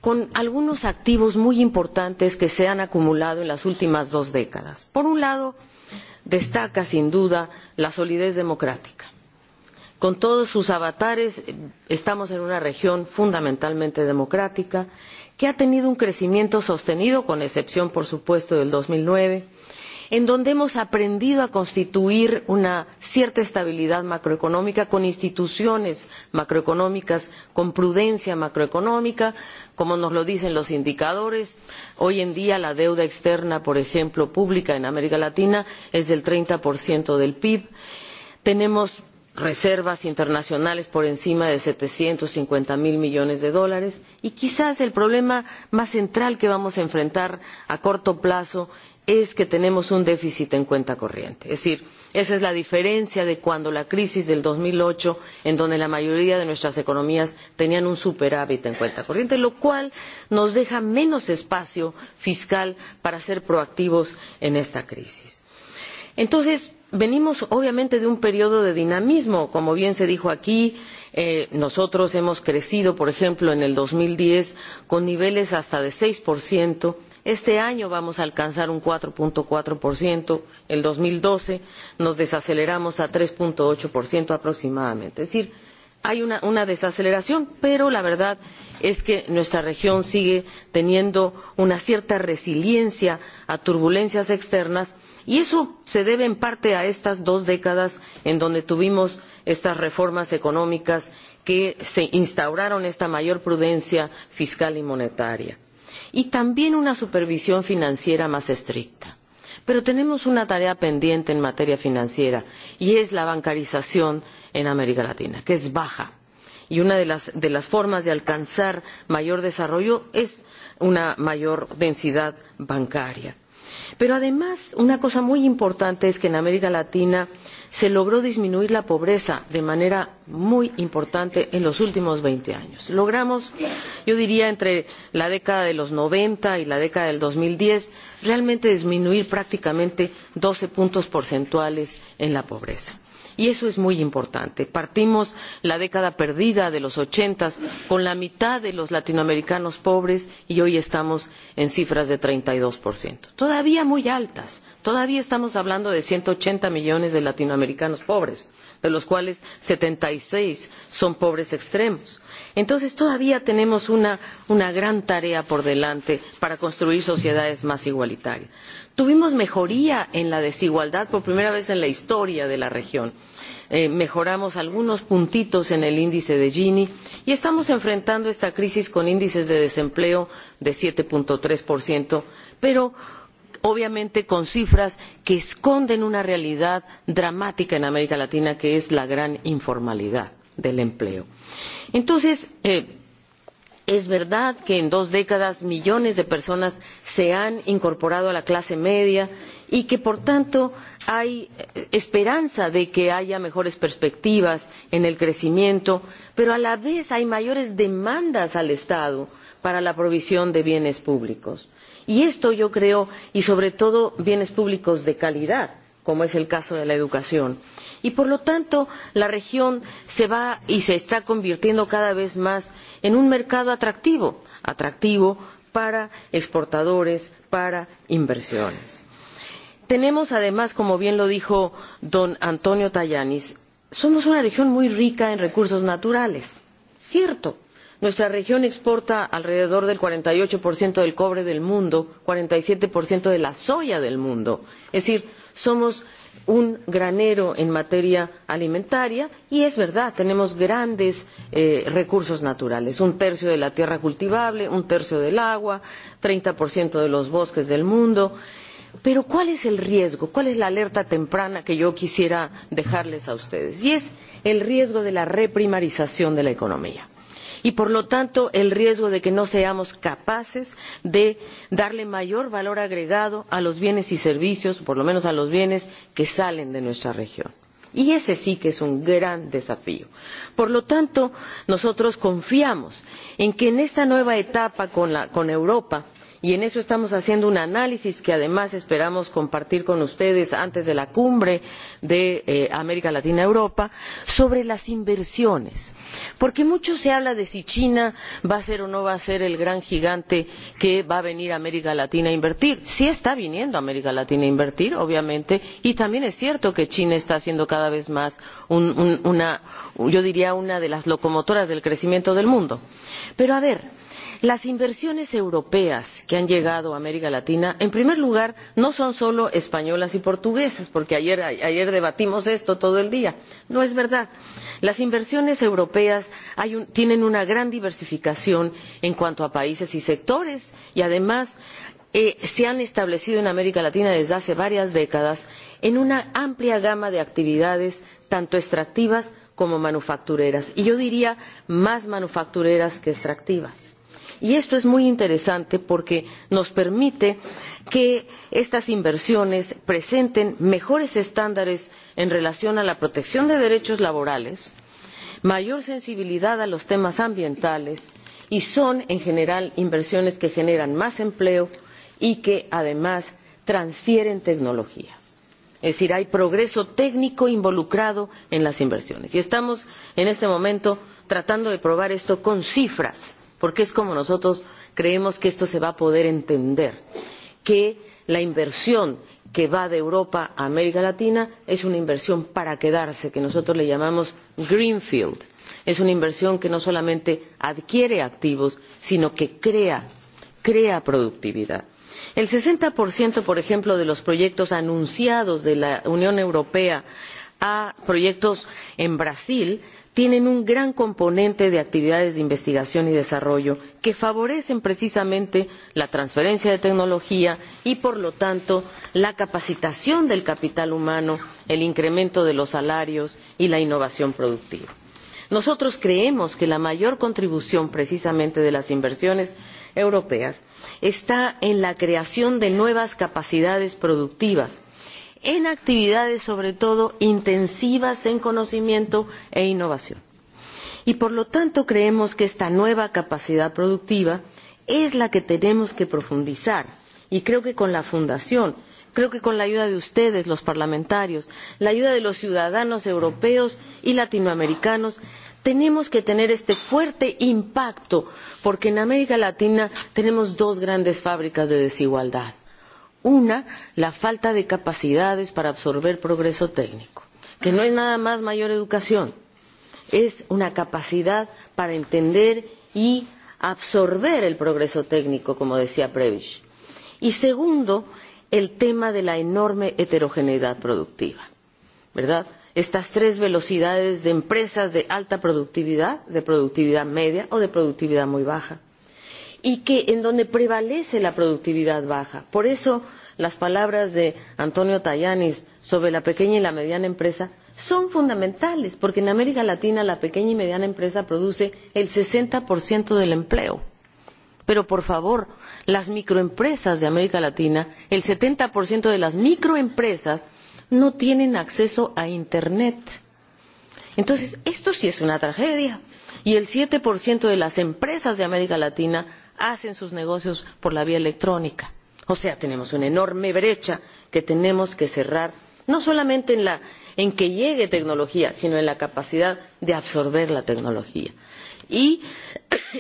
con algunos activos muy importantes que se han acumulado en las últimas dos décadas. Por un lado, destaca sin duda la solidez democrática. Con todos sus avatares estamos en una región fundamentalmente democrática que ha tenido un crecimiento sostenido, con excepción, por supuesto, del dos mil nueve en donde hemos aprendido a constituir una cierta estabilidad macroeconómica con instituciones macroeconómicas, con prudencia macroeconómica, como nos lo dicen los indicadores. Hoy en día la deuda externa, por ejemplo, pública en América Latina es del 30% del PIB. Tenemos reservas internacionales por encima de setecientos cincuenta cero millones de dólares y quizás el problema más central que vamos a enfrentar a corto plazo es que tenemos un déficit en cuenta corriente. Es decir, esa es la diferencia de cuando la crisis del dos mil ocho, en donde la mayoría de nuestras economías tenían un superávit en cuenta corriente, lo cual nos deja menos espacio fiscal para ser proactivos en esta crisis. Entonces, venimos obviamente de un periodo de dinamismo, como bien se dijo aquí, nosotros hemos crecido, por ejemplo, en el dos mil diez con niveles hasta de seis Este año vamos a alcanzar un cuatro cuatro en dos mil doce nos desaceleramos a tres ocho aproximadamente. Es decir, hay una, desaceleración, pero la verdad es que nuestra región sigue teniendo una cierta resiliencia a turbulencias externas y eso se debe en parte a estas dos décadas en donde tuvimos estas reformas económicas que se instauraron esta mayor prudencia fiscal y monetaria y también una supervisión financiera más estricta. Pero tenemos una tarea pendiente en materia financiera y es la bancarización en América Latina, que es baja. Y una de las, formas de alcanzar mayor desarrollo es una mayor densidad bancaria. Pero además, una cosa muy importante es que en América Latina se logró disminuir la pobreza de manera muy importante en los últimos veinte años. Logramos, yo diría, entre la década de los noventa y la década del dos mil diez, realmente disminuir prácticamente doce puntos porcentuales en la pobreza y eso es muy importante. Partimos la década perdida de los ochentas con la mitad de los latinoamericanos pobres y hoy estamos en cifras de treinta y dos Todavía muy altas. Todavía estamos hablando de ciento ochenta millones de latinoamericanos pobres, de los cuales setenta y seis son pobres extremos. Entonces todavía tenemos una, gran tarea por delante para construir sociedades más igualitarias. Tuvimos mejoría en la desigualdad por primera vez en la historia de la región mejoramos algunos puntitos en el índice de Gini y estamos enfrentando esta crisis con índices de desempleo de siete tres, pero obviamente con cifras que esconden una realidad dramática en América Latina, que es la gran informalidad del empleo. Entonces, eh, Es verdad que en dos décadas millones de personas se han incorporado a la clase media y que, por tanto, hay esperanza de que haya mejores perspectivas en el crecimiento, pero a la vez hay mayores demandas al Estado para la provisión de bienes públicos. Y esto yo creo, y sobre todo bienes públicos de calidad, como es el caso de la educación y por lo tanto la región se va y se está convirtiendo cada vez más en un mercado atractivo atractivo para exportadores para inversiones. tenemos además como bien lo dijo don antonio tajanis somos una región muy rica en recursos naturales cierto Nuestra región exporta alrededor del cuarenta y ocho del cobre del mundo, cuarenta y siete de la soya del mundo. Es decir, somos un granero en materia alimentaria y es verdad, tenemos grandes recursos naturales, un tercio de la tierra cultivable, un tercio del agua, treinta de los bosques del mundo. Pero ¿cuál es el riesgo? ¿Cuál es la alerta temprana que yo quisiera dejarles a ustedes? Y es el riesgo de la reprimarización de la economía y por lo tanto el riesgo de que no seamos capaces de darle mayor valor agregado a los bienes y servicios, por lo menos a los bienes que salen de nuestra región. Y ese sí que es un gran desafío. Por lo tanto, nosotros confiamos en que en esta nueva etapa con, Europa y en eso estamos haciendo un análisis que además esperamos compartir con ustedes antes de la cumbre de América Latina Europa sobre las inversiones, porque mucho se habla de si China va a ser o no va a ser el gran gigante que va a venir a América Latina a invertir. Sí está viniendo a América Latina a invertir, obviamente, y también es cierto que China está siendo cada vez más una yo diría una de las locomotoras del crecimiento del mundo. Pero a ver, las inversiones europeas que han llegado a américa latina en primer lugar no son solo españolas y portuguesas porque ayer debatimos esto todo el día no es verdad las inversiones europeas tienen una gran diversificación en cuanto a países y sectores y además se han establecido en américa latina desde hace varias décadas en una amplia gama de actividades tanto extractivas como manufactureras y yo diría más manufactureras que extractivas Y esto es muy interesante porque nos permite que estas inversiones presenten mejores estándares en relación con la protección de derechos laborales, mayor sensibilidad a los temas ambientales y son, en general, inversiones que generan más empleo y que, además, transfieren tecnología. Es decir, hay progreso técnico involucrado en las inversiones. Y estamos, en este momento, tratando de probar esto con cifras porque es como nosotros creemos que esto se va a poder entender, que la inversión que va de Europa a América Latina es una inversión para quedarse, que nosotros le llamamos Greenfield. Es una inversión que no solamente adquiere activos, sino que crea, crea productividad. El sesenta, por ejemplo, de los proyectos anunciados de la Unión Europea a proyectos en Brasil tienen un gran componente de actividades de investigación y desarrollo que favorecen precisamente la transferencia de tecnología y, por lo tanto, la capacitación del capital humano, el incremento de los salarios y la innovación productiva. Nosotros creemos que la mayor contribución precisamente de las inversiones europeas está en la creación de nuevas capacidades productivas en actividades sobre todo intensivas en conocimiento e innovación. Y por lo tanto creemos que esta nueva capacidad productiva es la que tenemos que profundizar y creo que con la fundación creo que con la ayuda de ustedes los parlamentarios la ayuda de los ciudadanos europeos y latinoamericanos tenemos que tener este fuerte impacto porque en américa latina tenemos dos grandes fábricas de desigualdad Una, la falta de capacidades para absorber progreso técnico, que no es nada más mayor educación, es una capacidad para entender y absorber el progreso técnico, como decía Previch. Y segundo, el tema de la enorme heterogeneidad productiva, ¿verdad? Estas tres velocidades de empresas de alta productividad, de productividad media o de productividad muy baja y que en donde prevalece la productividad baja. Por eso las palabras de Antonio Tayanis sobre la pequeña y la mediana empresa son fundamentales, porque en América Latina la pequeña y mediana empresa produce el 60% del empleo. Pero por favor, las microempresas de América Latina, el 70% de las microempresas no tienen acceso a Internet. Entonces, esto sí es una tragedia. Y el 7% de las empresas de América Latina hacen sus negocios por la vía electrónica. O sea, tenemos una enorme brecha que tenemos que cerrar, no solamente en, la, en que llegue tecnología, sino en la capacidad de absorber la tecnología. Y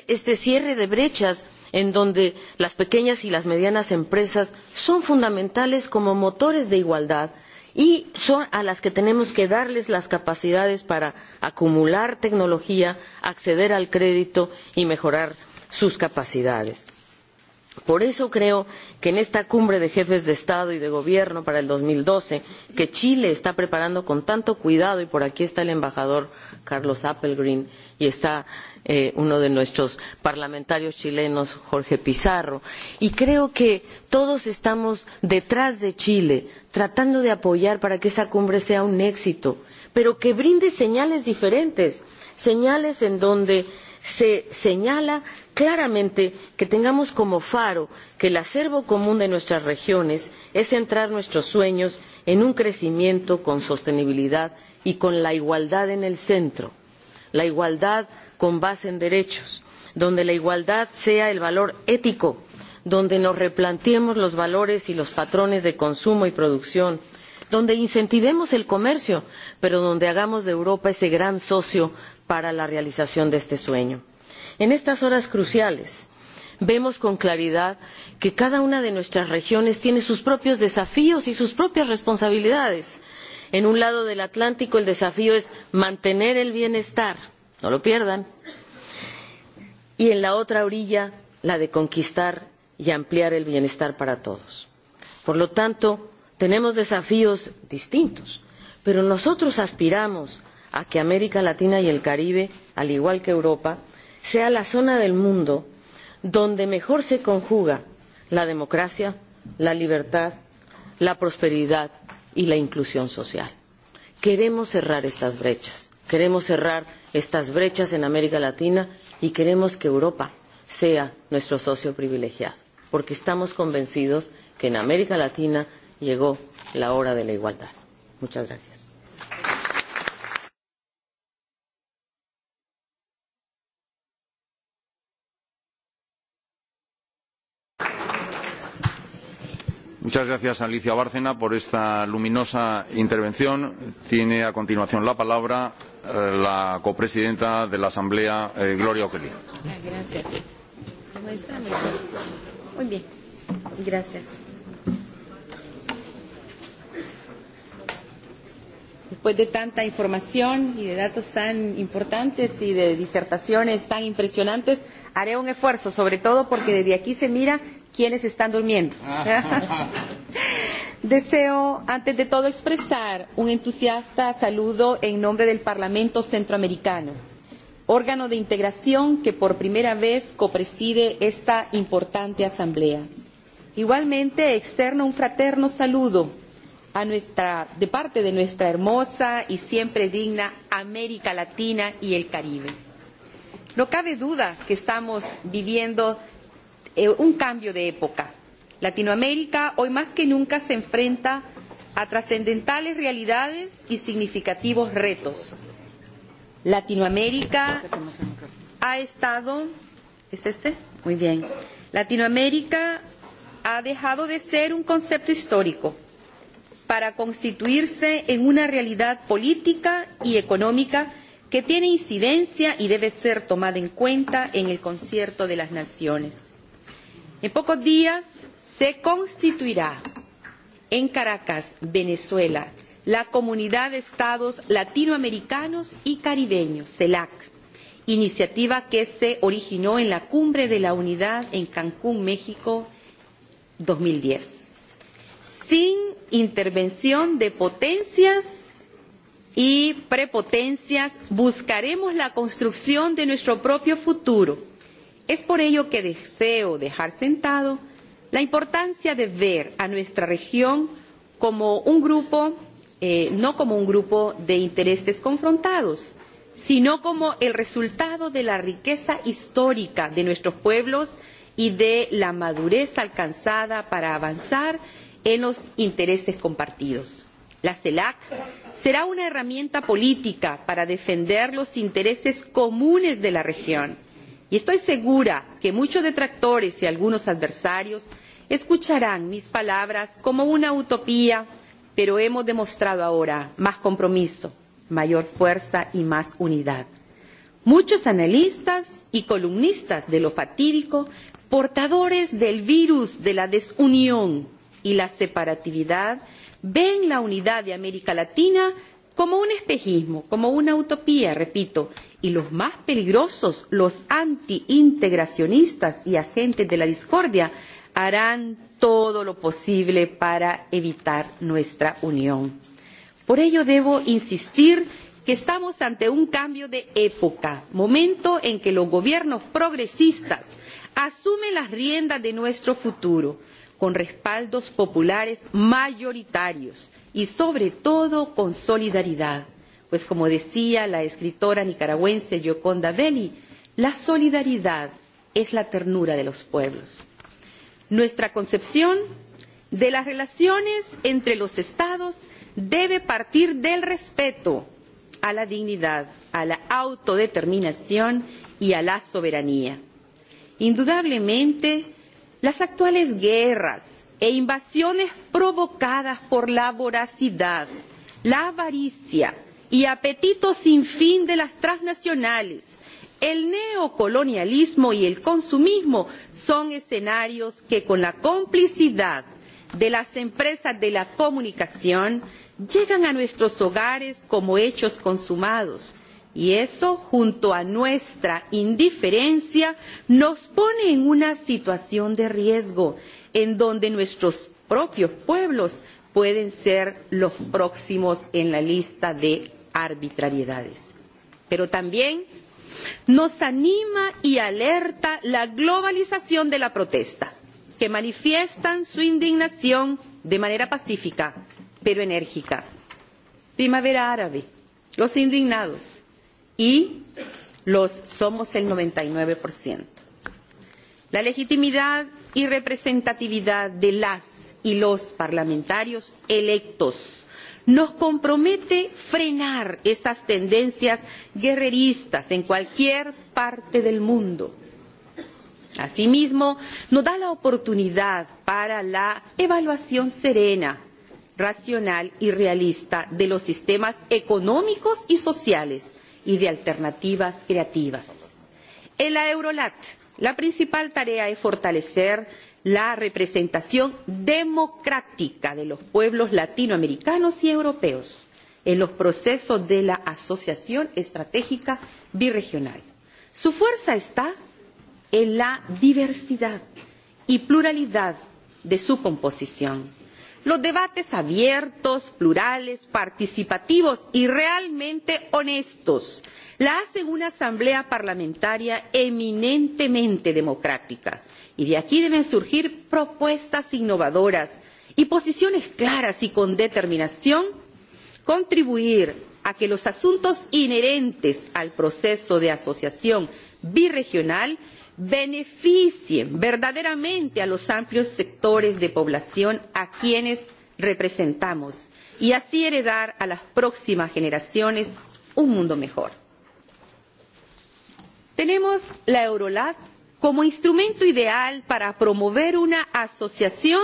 este cierre de brechas en donde las pequeñas y las medianas empresas son fundamentales como motores de igualdad y son a las que tenemos que darles las capacidades para acumular tecnología, acceder al crédito y mejorar sus capacidades. Por eso creo que en esta cumbre de jefes de Estado y de Gobierno para dos mil doce, que Chile está preparando con tanto cuidado, y por aquí está el embajador Carlos Applegreen y está uno de nuestros parlamentarios chilenos, Jorge Pizarro, y creo que todos estamos detrás de Chile, tratando de apoyar para que esa cumbre sea un éxito, pero que brinde señales diferentes, señales en donde se señala claramente que tengamos como faro que el acervo común de nuestras regiones es centrar nuestros sueños en un crecimiento con sostenibilidad y con la igualdad en el centro la igualdad con base en derechos donde la igualdad sea el valor ético donde nos replanteemos los valores y los patrones de consumo y producción donde incentivemos el comercio pero donde hagamos de europa ese gran socio para la realización de este sueño. En estas horas cruciales vemos con claridad que cada una de nuestras regiones tiene sus propios desafíos y sus propias responsabilidades. En un lado del Atlántico el desafío es mantener el bienestar, no lo pierdan, y en la otra orilla la de conquistar y ampliar el bienestar para todos. Por lo tanto, tenemos desafíos distintos, pero nosotros aspiramos a que América Latina y el Caribe, al igual que Europa, sea la zona del mundo donde mejor se conjuga la democracia, la libertad, la prosperidad y la inclusión social. Queremos cerrar estas brechas, queremos cerrar estas brechas en América Latina y queremos que Europa sea nuestro socio privilegiado, porque estamos convencidos que en América Latina llegó la hora de la igualdad. Muchas gracias. Muchas gracias a Alicia Bárcena por esta luminosa intervención. Tiene a continuación la palabra la copresidenta de la Asamblea, Gloria O'Kelly. Muy bien. Gracias. Después de tanta información y de datos tan importantes y de disertaciones tan impresionantes, haré un esfuerzo, sobre todo porque desde aquí se mira quienes están durmiendo. Deseo, antes de todo, expresar un entusiasta saludo en nombre del Parlamento Centroamericano, órgano de integración que por primera vez copreside esta importante asamblea. Igualmente, externo un fraterno saludo a nuestra, de parte de nuestra hermosa y siempre digna América Latina y el Caribe. No cabe duda que estamos viviendo un cambio de época. Latinoamérica hoy más que nunca se enfrenta a trascendentales realidades y significativos retos. Latinoamérica ha estado ¿Es este? Muy bien. Latinoamérica ha dejado de ser un concepto histórico para constituirse en una realidad política y económica que tiene incidencia y debe ser tomada en cuenta en el concierto de las naciones. En pocos días se constituirá en Caracas, Venezuela, la Comunidad de Estados Latinoamericanos y Caribeños, CELAC, iniciativa que se originó en la Cumbre de la Unidad en Cancún, México, 2010, sin intervención de potencias y prepotencias, buscaremos la construcción de nuestro propio futuro Es por ello que deseo dejar sentado la importancia de ver a nuestra región como un grupo, eh, no como un grupo de intereses confrontados, sino como el resultado de la riqueza histórica de nuestros pueblos y de la madurez alcanzada para avanzar en los intereses compartidos. La CELAC será una herramienta política para defender los intereses comunes de la región Y estoy segura que muchos detractores y algunos adversarios escucharán mis palabras como una utopía, pero hemos demostrado ahora más compromiso, mayor fuerza y más unidad. Muchos analistas y columnistas de lo fatídico, portadores del virus de la desunión y la separatividad, ven la unidad de América Latina como un espejismo, como una utopía, repito, y los más peligrosos, los antiintegracionistas y agentes de la discordia, harán todo lo posible para evitar nuestra unión. Por ello debo insistir que estamos ante un cambio de época, momento en que los gobiernos progresistas asumen las riendas de nuestro futuro con respaldos populares mayoritarios y sobre todo con solidaridad. Pues como decía la escritora nicaragüense Gioconda Belli, la solidaridad es la ternura de los pueblos. Nuestra concepción de las relaciones entre los estados debe partir del respeto a la dignidad, a la autodeterminación y a la soberanía. Indudablemente, Las actuales guerras e invasiones provocadas por la voracidad, la avaricia y apetito sin fin de las transnacionales, el neocolonialismo y el consumismo son escenarios que con la complicidad de las empresas de la comunicación llegan a nuestros hogares como hechos consumados Y eso, junto a nuestra indiferencia, nos pone en una situación de riesgo, en donde nuestros propios pueblos pueden ser los próximos en la lista de arbitrariedades. Pero también nos anima y alerta la globalización de la protesta, que manifiestan su indignación de manera pacífica, pero enérgica. Primavera árabe, los indignados, y los somos el 99%. La legitimidad y representatividad de las y los parlamentarios electos nos compromete frenar esas tendencias guerreristas en cualquier parte del mundo. Asimismo, nos da la oportunidad para la evaluación serena, racional y realista de los sistemas económicos y sociales y de alternativas creativas. En la Eurolat, la principal tarea es fortalecer la representación democrática de los pueblos latinoamericanos y europeos en los procesos de la Asociación Estratégica Birregional. Su fuerza está en la diversidad y pluralidad de su composición los debates abiertos, plurales, participativos y realmente honestos la hacen una asamblea parlamentaria eminentemente democrática. Y de aquí deben surgir propuestas innovadoras y posiciones claras y con determinación contribuir a que los asuntos inherentes al proceso de asociación birregional beneficien verdaderamente a los amplios sectores de población a quienes representamos y así heredar a las próximas generaciones un mundo mejor. Tenemos la Eurolat como instrumento ideal para promover una asociación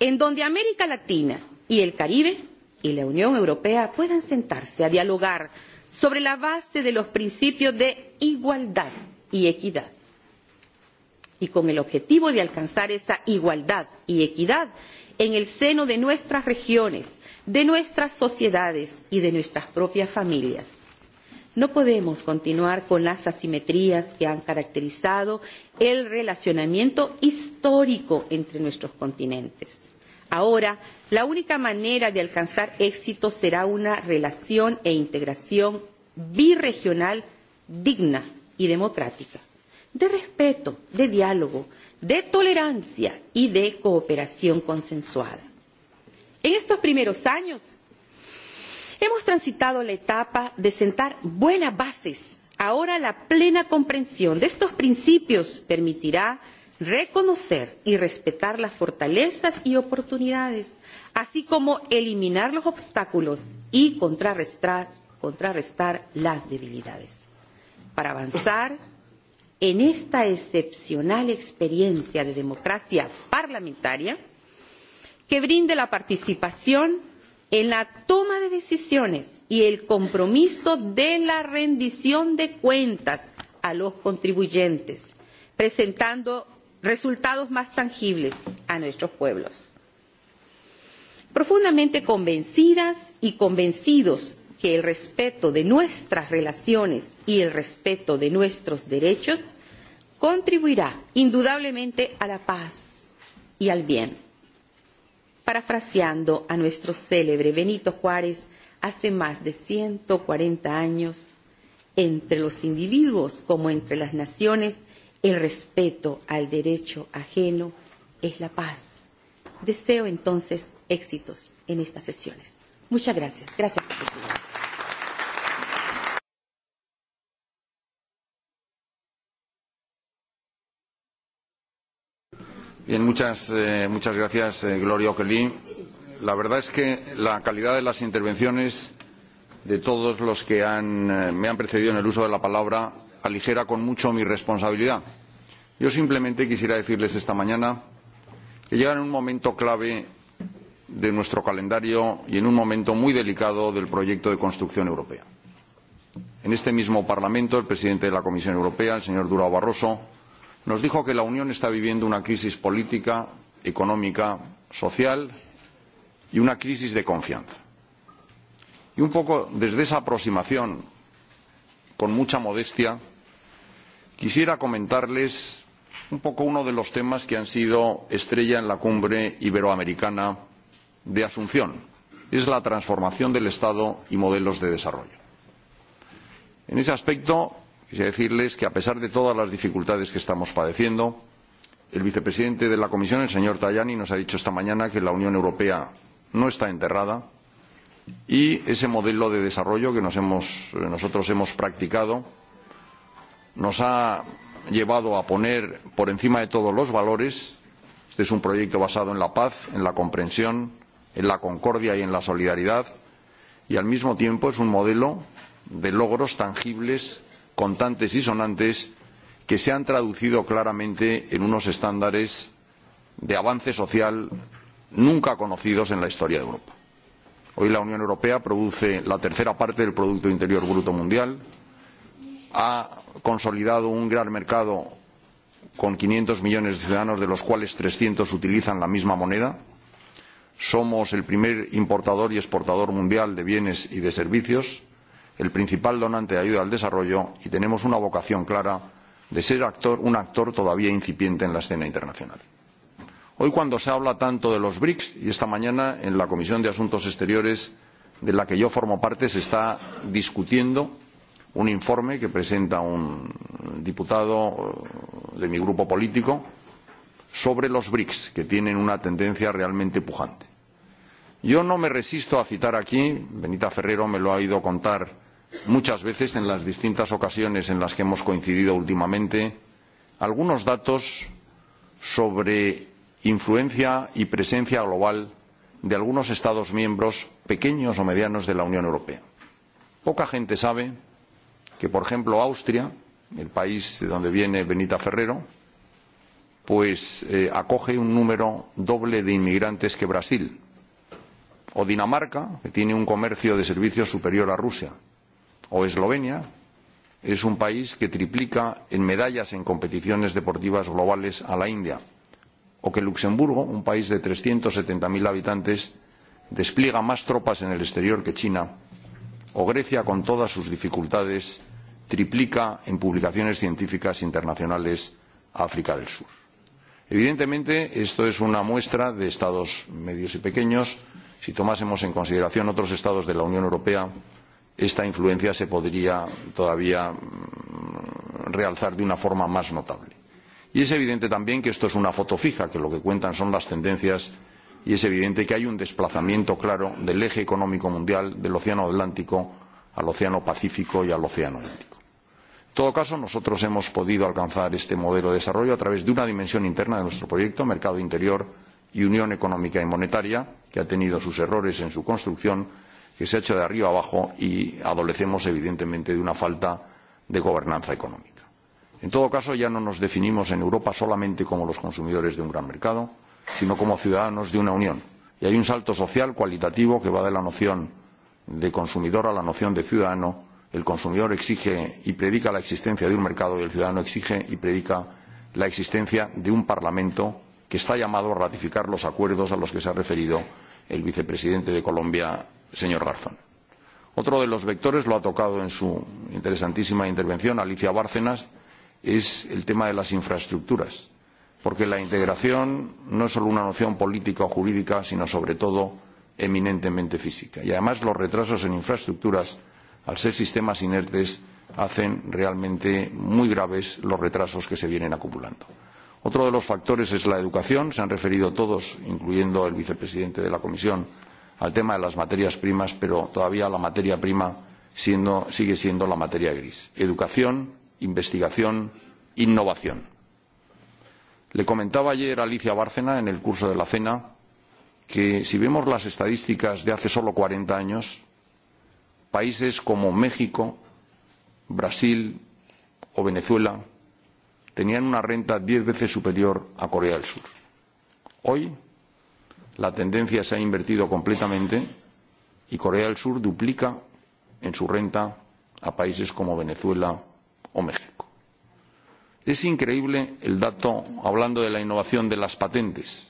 en donde América Latina y el Caribe y la Unión Europea puedan sentarse a dialogar sobre la base de los principios de igualdad y equidad. Y con el objetivo de alcanzar esa igualdad y equidad en el seno de nuestras regiones, de nuestras sociedades y de nuestras propias familias. No podemos continuar con las asimetrías que han caracterizado el relacionamiento histórico entre nuestros continentes. Ahora, la única manera de alcanzar éxito será una relación e integración birregional digna y democrática, de respeto, de diálogo, de tolerancia y de cooperación consensuada. En estos primeros años hemos transitado la etapa de sentar buenas bases. Ahora la plena comprensión de estos principios permitirá reconocer y respetar las fortalezas y oportunidades, así como eliminar los obstáculos y contrarrestar, contrarrestar las debilidades para avanzar en esta excepcional experiencia de democracia parlamentaria que brinde la participación en la toma de decisiones y el compromiso de la rendición de cuentas a los contribuyentes, presentando resultados más tangibles a nuestros pueblos. Profundamente convencidas y convencidos que el respeto de nuestras relaciones y el respeto de nuestros derechos contribuirá indudablemente a la paz y al bien. Parafraseando a nuestro célebre Benito Juárez hace más de ciento cuarenta años, entre los individuos como entre las naciones, el respeto al derecho ajeno es la paz. Deseo entonces éxitos en estas sesiones. Muchas gracias. Gracias, presidente. muchas, gracias, Gloria Okelly. La verdad es que la calidad de las intervenciones de todos los que me han precedido en el uso de la palabra aligera con mucho mi responsabilidad. Yo simplemente quisiera decirles esta mañana que llegan en un momento clave de nuestro calendario y en un momento muy delicado del proyecto de construcción europea. En este mismo Parlamento, el presidente de la Comisión Europea, el señor Durao Barroso, Nos dijo que la Unión está viviendo una crisis política, económica, social y una crisis de confianza. Y un poco desde esa aproximación, con mucha modestia, quisiera comentarles un poco uno de los temas que han sido estrella en la cumbre iberoamericana de Asunción. Es la transformación del Estado y modelos de desarrollo. En ese aspecto, Quisiera decirles que, a pesar de todas las dificultades que estamos padeciendo, el vicepresidente de la Comisión, el señor Tajani, nos ha dicho esta mañana que la Unión Europea no está enterrada y ese modelo de desarrollo que nosotros hemos practicado nos ha llevado a poner por encima de todos los valores este es un proyecto basado en la paz, en la comprensión, en la concordia y en la solidaridad y al mismo tiempo es un modelo de logros tangibles contantes y sonantes que se han traducido claramente en unos estándares de avance social nunca conocidos en la historia de Europa. Hoy la Unión Europea produce la tercera parte del Producto Interior Bruto Mundial, ha consolidado un gran mercado con quinientos millones de ciudadanos, de los cuales trescientos utilizan la misma moneda. Somos el primer importador y exportador mundial de bienes y de servicios el principal donante de ayuda al desarrollo y tenemos una vocación clara de ser actor, un actor todavía incipiente en la escena internacional. Hoy cuando se habla tanto de los BRICS y esta mañana en la Comisión de Asuntos Exteriores de la que yo formo parte se está discutiendo un informe que presenta un diputado de mi grupo político sobre los BRICS, que tienen una tendencia realmente pujante. Yo no me resisto a citar aquí, Benita Ferrero me lo ha ido contar muchas veces en las distintas ocasiones en las que hemos coincidido últimamente algunos datos sobre influencia y presencia global de algunos Estados miembros pequeños o medianos de la Unión Europea. Poca gente sabe que, por ejemplo, Austria, el país de donde viene Benita Ferrero, pues acoge un número doble de inmigrantes que Brasil. O Dinamarca, que tiene un comercio de servicios superior a Rusia o Eslovenia, es un país que triplica en medallas en competiciones deportivas globales a la India, o que Luxemburgo, un país de trescientos 370.000 habitantes, despliega más tropas en el exterior que China, o Grecia, con todas sus dificultades, triplica en publicaciones científicas internacionales a África del Sur. Evidentemente, esto es una muestra de estados medios y pequeños. Si tomásemos en consideración otros estados de la Unión Europea, esta influencia se podría todavía realzar de una forma más notable. Y es evidente también que esto es una foto fija, que lo que cuentan son las tendencias, y es evidente que hay un desplazamiento claro del eje económico mundial del Océano Atlántico al Océano Pacífico y al Océano Índico. En todo caso, nosotros hemos podido alcanzar este modelo de desarrollo a través de una dimensión interna de nuestro proyecto, mercado interior y unión económica y monetaria, que ha tenido sus errores en su construcción, que se ha hecho de arriba abajo y adolecemos evidentemente de una falta de gobernanza económica. En todo caso, ya no nos definimos en Europa solamente como los consumidores de un gran mercado, sino como ciudadanos de una Unión. Y hay un salto social cualitativo que va de la noción de consumidor a la noción de ciudadano. El consumidor exige y predica la existencia de un mercado y el ciudadano exige y predica la existencia de un Parlamento que está llamado a ratificar los acuerdos a los que se ha referido el vicepresidente de Colombia señor garzón. otro de los vectores lo ha tocado en su interesantísima intervención alicia bárcenas es el tema de las infraestructuras porque la integración no es solo una noción política o jurídica sino sobre todo eminentemente física y además los retrasos en infraestructuras al ser sistemas inertes hacen realmente muy graves los retrasos que se vienen acumulando. Otro de los factores es la educación. Se han referido todos, incluyendo el vicepresidente de la Comisión, al tema de las materias primas, pero todavía la materia prima sigue siendo la materia gris. Educación, investigación, innovación. Le comentaba ayer a Alicia Bárcena en el curso de la cena que si vemos las estadísticas de hace solo cuarenta años, países como México, Brasil o Venezuela tenían una renta diez veces superior a Corea del Sur. Hoy la tendencia se ha invertido completamente y Corea del Sur duplica en su renta a países como Venezuela o México. Es increíble el dato hablando de la innovación de las patentes.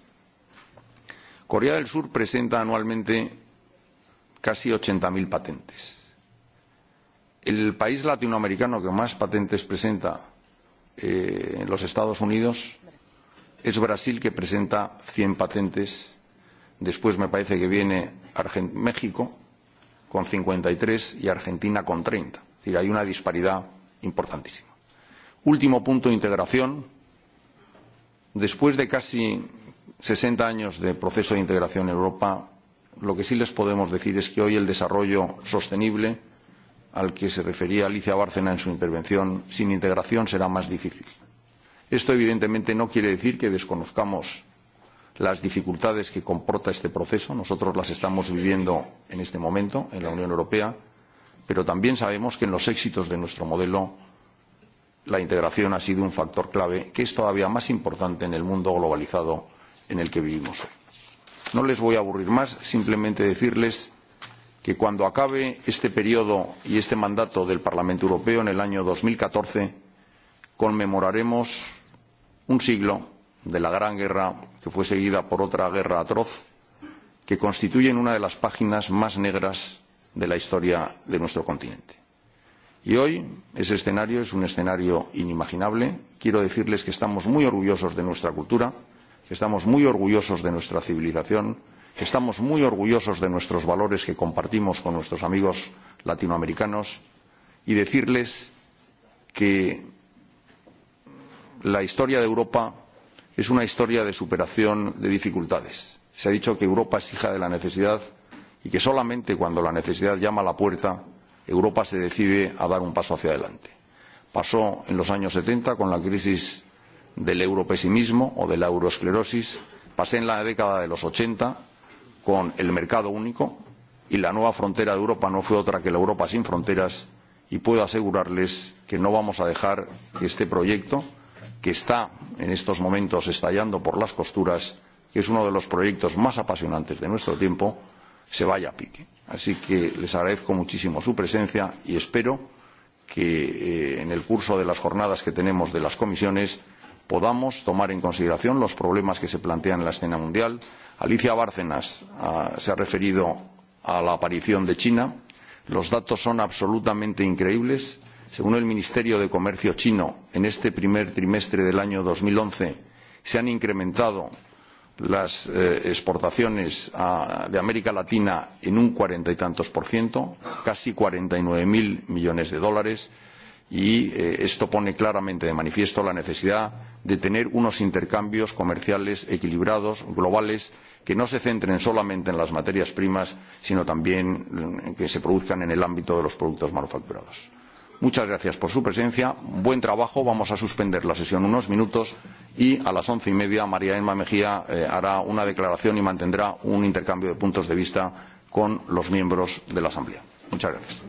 Corea del Sur presenta anualmente casi 80.000 patentes. El país latinoamericano que más patentes presenta eh, en los Estados Unidos es Brasil, que presenta 100 patentes Después me parece que viene México con 53 y Argentina con 30. Es decir, hay una disparidad importantísima. Último punto de integración. Después de casi 60 años de proceso de integración en Europa, lo que sí les podemos decir es que hoy el desarrollo sostenible al que se refería Alicia Bárcena en su intervención, sin integración será más difícil. Esto evidentemente no quiere decir que desconozcamos las dificultades que comporta este proceso. Nosotros las estamos viviendo en este momento en la Unión Europea, pero también sabemos que en los éxitos de nuestro modelo la integración ha sido un factor clave que es todavía más importante en el mundo globalizado en el que vivimos hoy. No les voy a aburrir más, simplemente decirles que cuando acabe este periodo y este mandato del Parlamento Europeo en el año dos mil catorce conmemoraremos un siglo de la Gran Guerra que fue seguida por otra guerra atroz, que constituyen una de las páginas más negras de la historia de nuestro continente. Y hoy ese escenario es un escenario inimaginable. Quiero decirles que estamos muy orgullosos de nuestra cultura, que estamos muy orgullosos de nuestra civilización, que estamos muy orgullosos de nuestros valores que compartimos con nuestros amigos latinoamericanos y decirles que la historia de Europa es una historia de superación de dificultades. Se ha dicho que Europa es hija de la necesidad y que solamente cuando la necesidad llama a la puerta, Europa se decide a dar un paso hacia adelante. Pasó en los años setenta con la crisis del europesimismo o de la euroesclerosis, pasé en la década de los ochenta con el mercado único y la nueva frontera de Europa no fue otra que la Europa sin fronteras y puedo asegurarles que no vamos a dejar que este proyecto que está en estos momentos estallando por las costuras, que es uno de los proyectos más apasionantes de nuestro tiempo, se vaya a pique. Así que les agradezco muchísimo su presencia y espero que en el curso de las jornadas que tenemos de las comisiones podamos tomar en consideración los problemas que se plantean en la escena mundial. Alicia Bárcenas se ha referido a la aparición de China. Los datos son absolutamente increíbles. Según el Ministerio de Comercio chino, en este primer trimestre del año dos mil once se han incrementado las exportaciones de América Latina en un cuarenta y tantos por ciento, casi cuarenta y nueve cero millones de dólares, y esto pone claramente de manifiesto la necesidad de tener unos intercambios comerciales equilibrados, globales, que no se centren solamente en las materias primas, sino también que se produzcan en el ámbito de los productos manufacturados. Muchas gracias por su presencia. Buen trabajo. Vamos a suspender la sesión unos minutos y a las once y media María Emma Mejía hará una declaración y mantendrá un intercambio de puntos de vista con los miembros de la Asamblea. Muchas gracias.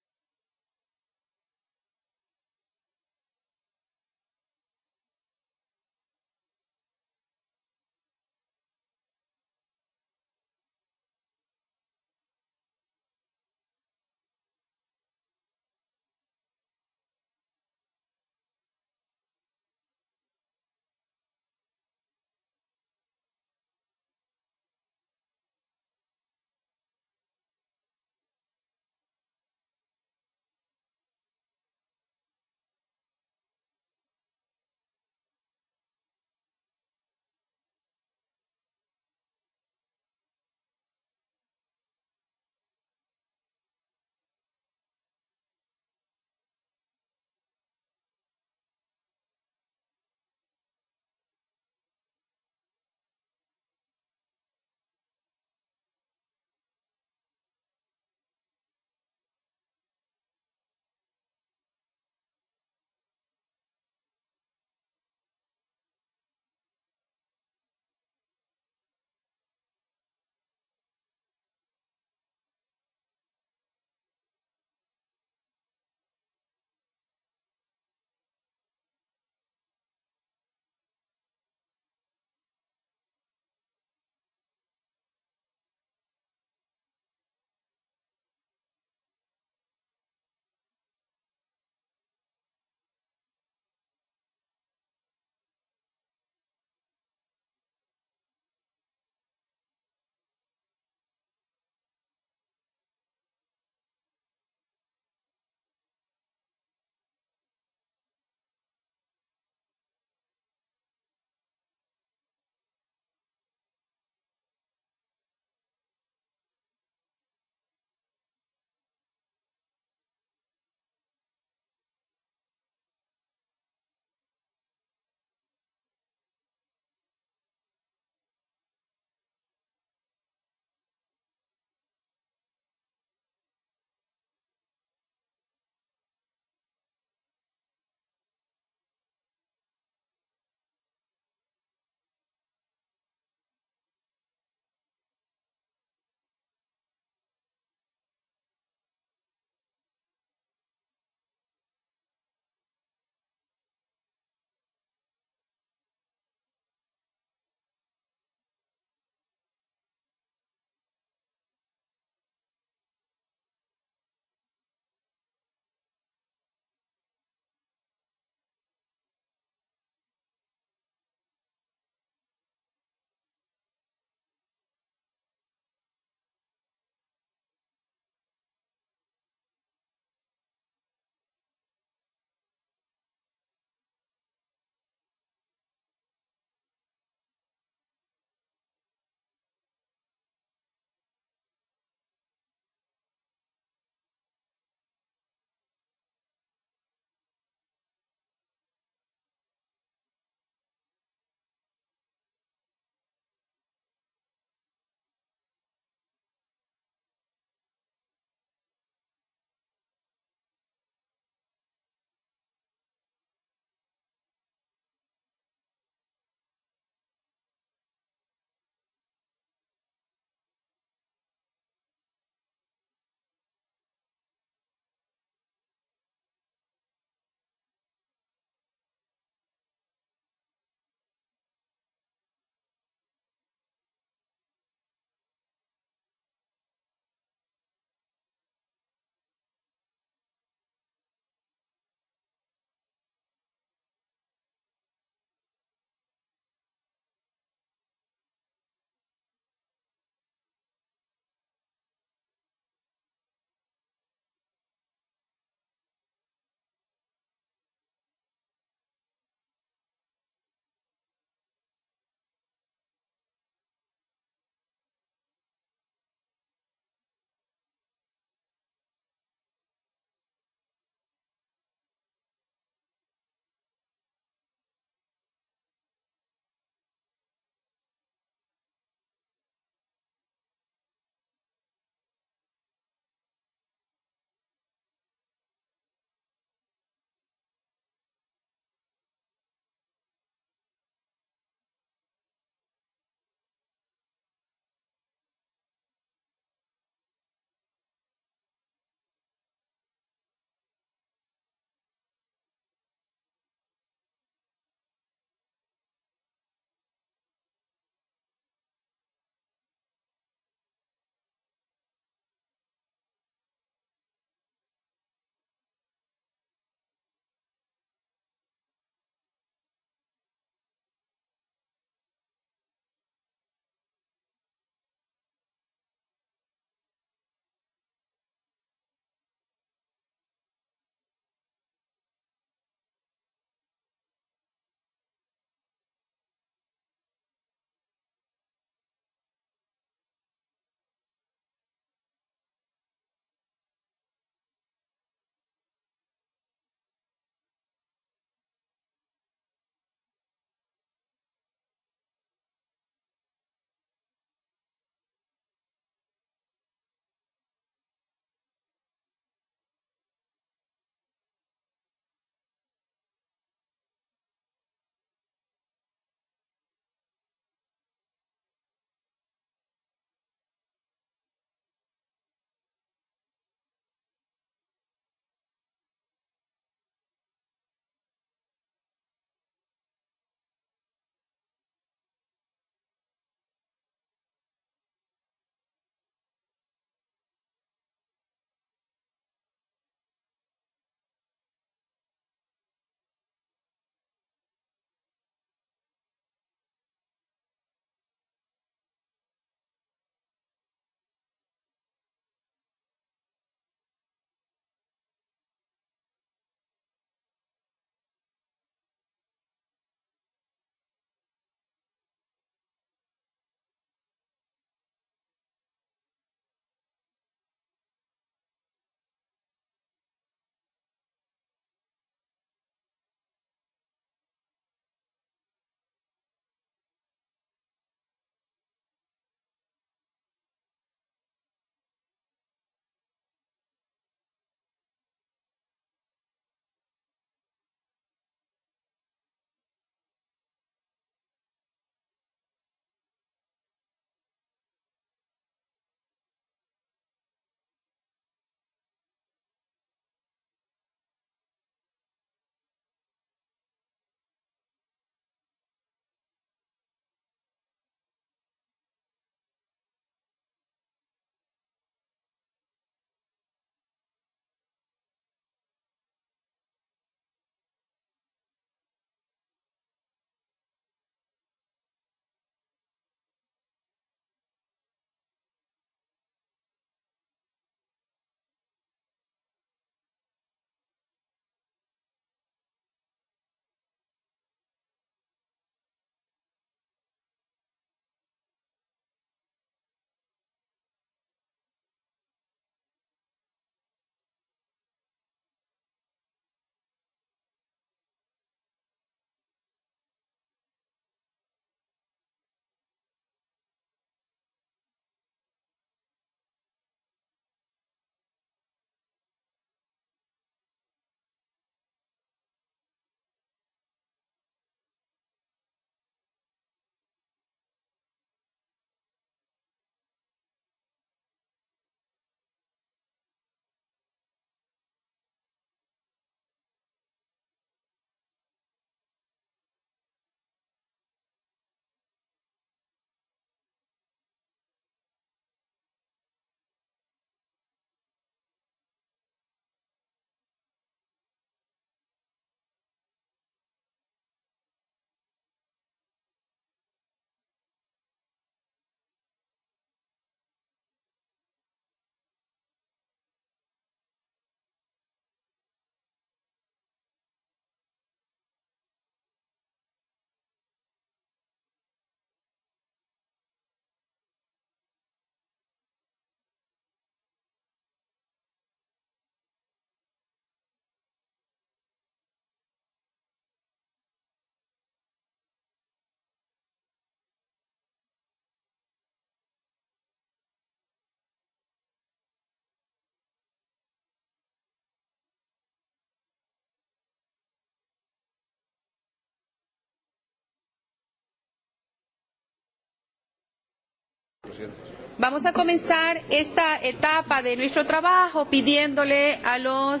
Vamos a comenzar esta etapa de nuestro trabajo pidiéndole a los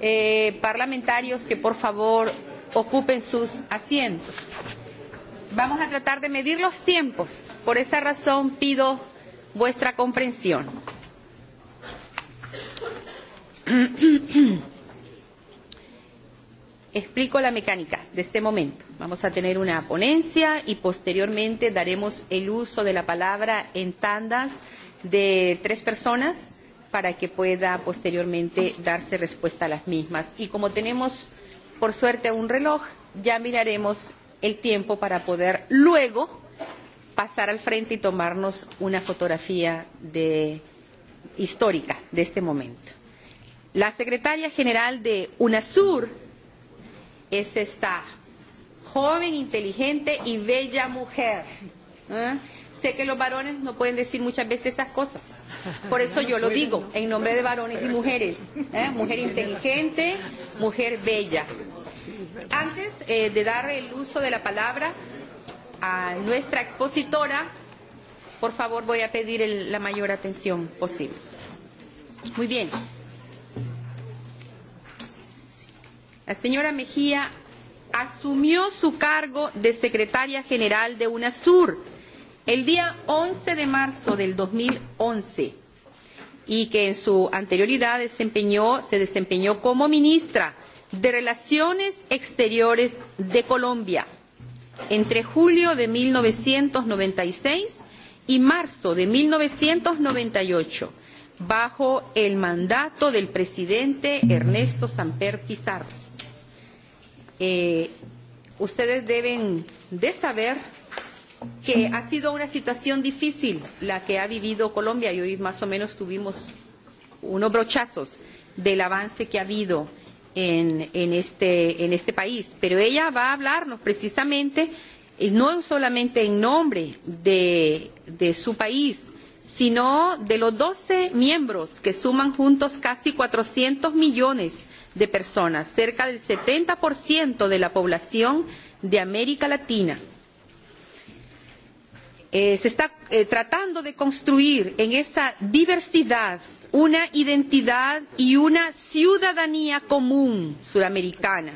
eh, parlamentarios que por favor ocupen sus asientos. Vamos a tratar de medir los tiempos. Por esa razón pido vuestra comprensión. Explico la mecánica de este momento. Vamos a tener una ponencia y posteriormente daremos el uso de la palabra en tandas de tres personas para que pueda posteriormente darse respuesta a las mismas. Y como tenemos, por suerte, un reloj, ya miraremos el tiempo para poder luego pasar al frente y tomarnos una fotografía de, histórica de este momento. La secretaria general de UNASUR, es esta joven, inteligente y bella mujer. ¿Eh? Sé que los varones no pueden decir muchas veces esas cosas. Por eso yo lo digo en nombre de varones y mujeres. ¿Eh? Mujer inteligente, mujer bella. Antes eh, de dar el uso de la palabra a nuestra expositora, por favor voy a pedir el, la mayor atención posible. Muy bien. La señora Mejía asumió su cargo de secretaria general de UNASUR el día 11 de marzo del 2011 y que en su anterioridad desempeñó, se desempeñó como ministra de Relaciones Exteriores de Colombia entre julio de 1996 y marzo de 1998 bajo el mandato del presidente Ernesto Samper Pizarro eh, ustedes deben de saber que ha sido una situación difícil la que ha vivido Colombia y hoy más o menos tuvimos unos brochazos del avance que ha habido en, en, este, en este país. Pero ella va a hablarnos precisamente, no solamente en nombre de, de su país, sino de los 12 miembros que suman juntos casi 400 millones de de personas, cerca del 70% de la población de América Latina. Eh, se está eh, tratando de construir en esa diversidad una identidad y una ciudadanía común suramericana.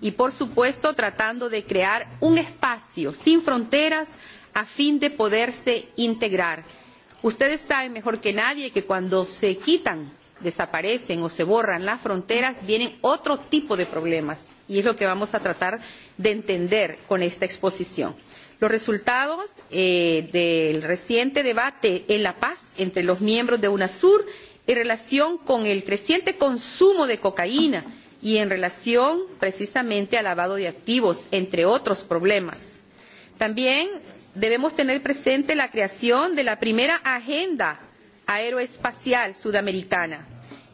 Y por supuesto tratando de crear un espacio sin fronteras a fin de poderse integrar. Ustedes saben mejor que nadie que cuando se quitan desaparecen o se borran las fronteras, vienen otro tipo de problemas y es lo que vamos a tratar de entender con esta exposición. Los resultados eh, del reciente debate en La Paz entre los miembros de UNASUR en relación con el creciente consumo de cocaína y en relación precisamente al lavado de activos, entre otros problemas. También debemos tener presente la creación de la primera agenda aeroespacial sudamericana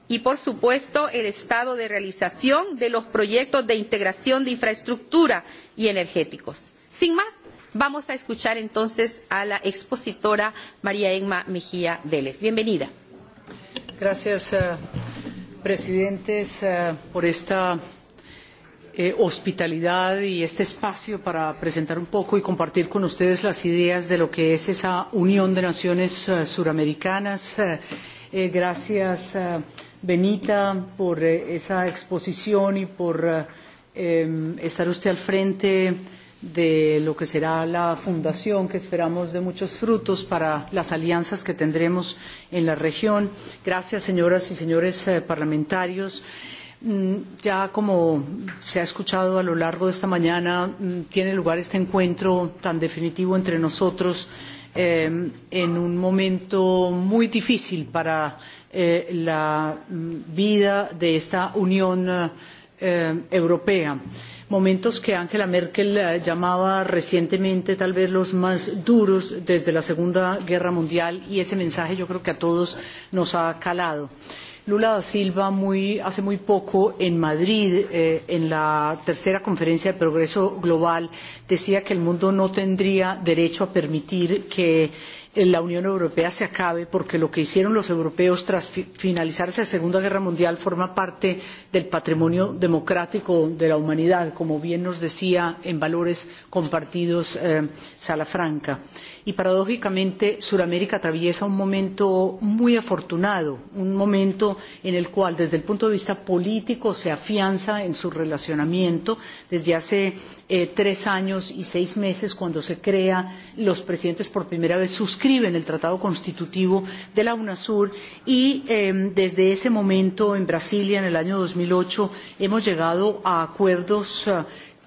y, por supuesto, el estado de realización de los proyectos de integración de infraestructura y energéticos. Sin más, vamos a escuchar entonces a la expositora María Emma Mejía Vélez. Bienvenida. Gracias, presidentes, por esta hospitalidad y este espacio para presentar un poco y compartir con ustedes las ideas de lo que es esa Unión de Naciones Suramericanas. gracias Benita, por esa exposición y por estar usted al frente de lo que será la fundación que esperamos de muchos frutos para las alianzas que tendremos en la región. Gracias, señoras y señores parlamentarios. Ya como se ha escuchado a lo largo de esta mañana, tiene lugar este encuentro tan definitivo entre nosotros en un momento muy difícil para la vida de esta Unión Europea. Momentos que Angela Merkel llamaba recientemente tal vez los más duros desde la Segunda Guerra Mundial y ese mensaje yo creo que a todos nos ha calado. Lula da Silva hace muy poco en Madrid, en la tercera conferencia de progreso global, decía que el mundo no tendría derecho a permitir que la Unión Europea se acabe, porque lo que hicieron los europeos tras finalizarse la Segunda Guerra Mundial forma parte del patrimonio democrático de la humanidad, como bien nos decía en Valores Compartidos Salafranca. Franca Y paradójicamente, Sudamérica atraviesa un momento muy afortunado, un momento en el cual, desde el punto de vista político, se afianza en su relacionamiento desde hace tres años y seis meses, cuando se crea, los presidentes por primera vez suscriben el Tratado Constitutivo de la UNASUR y desde ese momento en Brasilia, en el año dos mil ocho, hemos llegado a acuerdos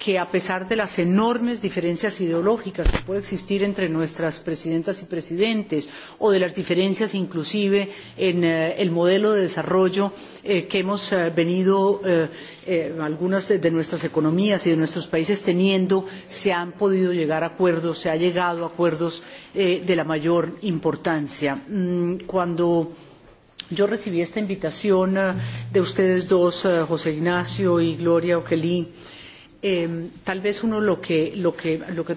que a pesar de las enormes diferencias ideológicas que pueden existir entre nuestras presidentas y presidentes o de las diferencias inclusive en el modelo de desarrollo que hemos venido algunas de nuestras economías y de nuestros países teniendo, se han podido llegar a acuerdos, se ha llegado a acuerdos de la mayor importancia. Cuando yo recibí esta invitación de ustedes dos, José Ignacio y Gloria Oquelí, tal vez uno lo que, lo que, lo que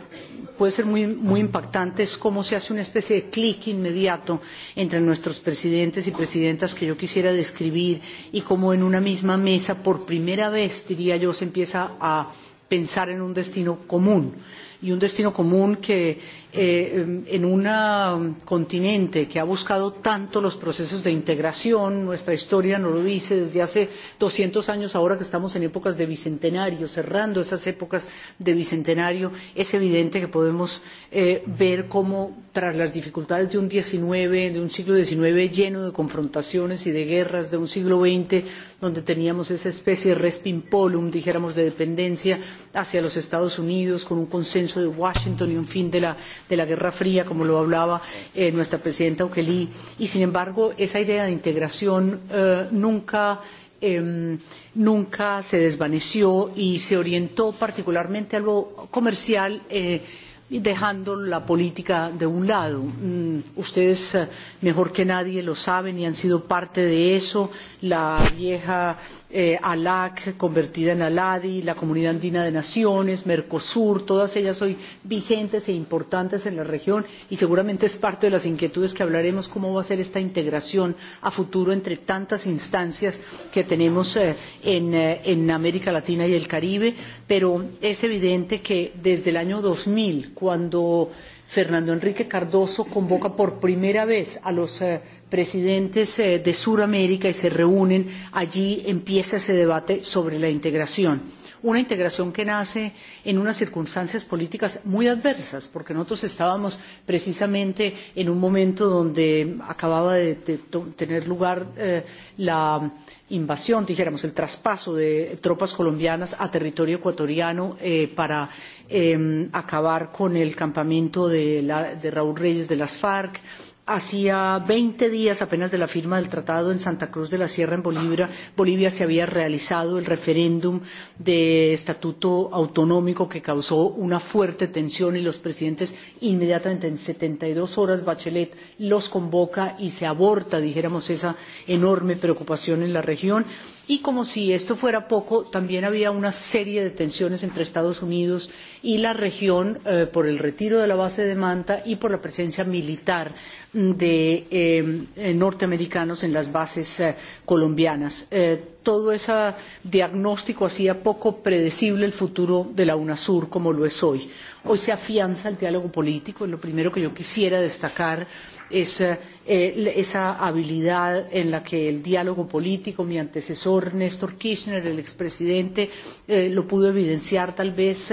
puede ser muy, muy impactante es cómo se hace una especie de clic inmediato entre nuestros presidentes y presidentas que yo quisiera describir y cómo en una misma mesa, por primera vez, diría yo, se empieza a pensar en un destino común y un destino común que en un continente que ha buscado tanto los procesos de integración, nuestra historia nos lo dice desde hace doscientos años, ahora que estamos en épocas de bicentenario, cerrando esas épocas de bicentenario, es evidente que podemos ver cómo tras las dificultades de un XIX, de un siglo XIX lleno de confrontaciones y de guerras, de un siglo XX donde teníamos esa especie de res polum, dijéramos, de dependencia hacia los Estados Unidos, con un consenso de Washington y un fin de la, de la Guerra Fría, como lo hablaba eh, nuestra presidenta Ukeli. Y sin embargo, esa idea de integración eh, nunca nunca se desvaneció y se orientó particularmente a lo comercial eh, y dejando la política de un lado. Ustedes mejor que nadie lo saben y han sido parte de eso. La vieja ALAC convertida en ALADI, la Comunidad Andina de Naciones, Mercosur, todas ellas hoy vigentes e importantes en la región y seguramente es parte de las inquietudes que hablaremos cómo va a ser esta integración a futuro entre tantas instancias que tenemos en, América Latina y el Caribe, pero es evidente que desde el año dos mil, cuando Fernando Enrique Cardoso convoca por primera vez a los presidentes de Sudamérica y se reúnen. Allí empieza ese debate sobre la integración una integración que nace en unas circunstancias políticas muy adversas, porque nosotros estábamos precisamente en un momento donde acababa de, tener lugar la invasión, dijéramos, el traspaso de tropas colombianas a territorio ecuatoriano para acabar con el campamento de, Raúl Reyes de las FARC Hacía veinte días apenas de la firma del tratado en Santa Cruz de la Sierra, en Bolivia, Bolivia se había realizado el referéndum de estatuto autonómico que causó una fuerte tensión y los presidentes inmediatamente en setenta y dos horas Bachelet los convoca y se aborta, dijéramos, esa enorme preocupación en la región. Y como si esto fuera poco, también había una serie de tensiones entre Estados Unidos y la región por el retiro de la base de Manta y por la presencia militar de norteamericanos en las bases colombianas. todo ese diagnóstico hacía poco predecible el futuro de la UNASUR como lo es hoy. Hoy se afianza el diálogo político. y Lo primero que yo quisiera destacar es esa habilidad en la que el diálogo político, mi antecesor Néstor Kirchner, el expresidente, lo pudo evidenciar tal vez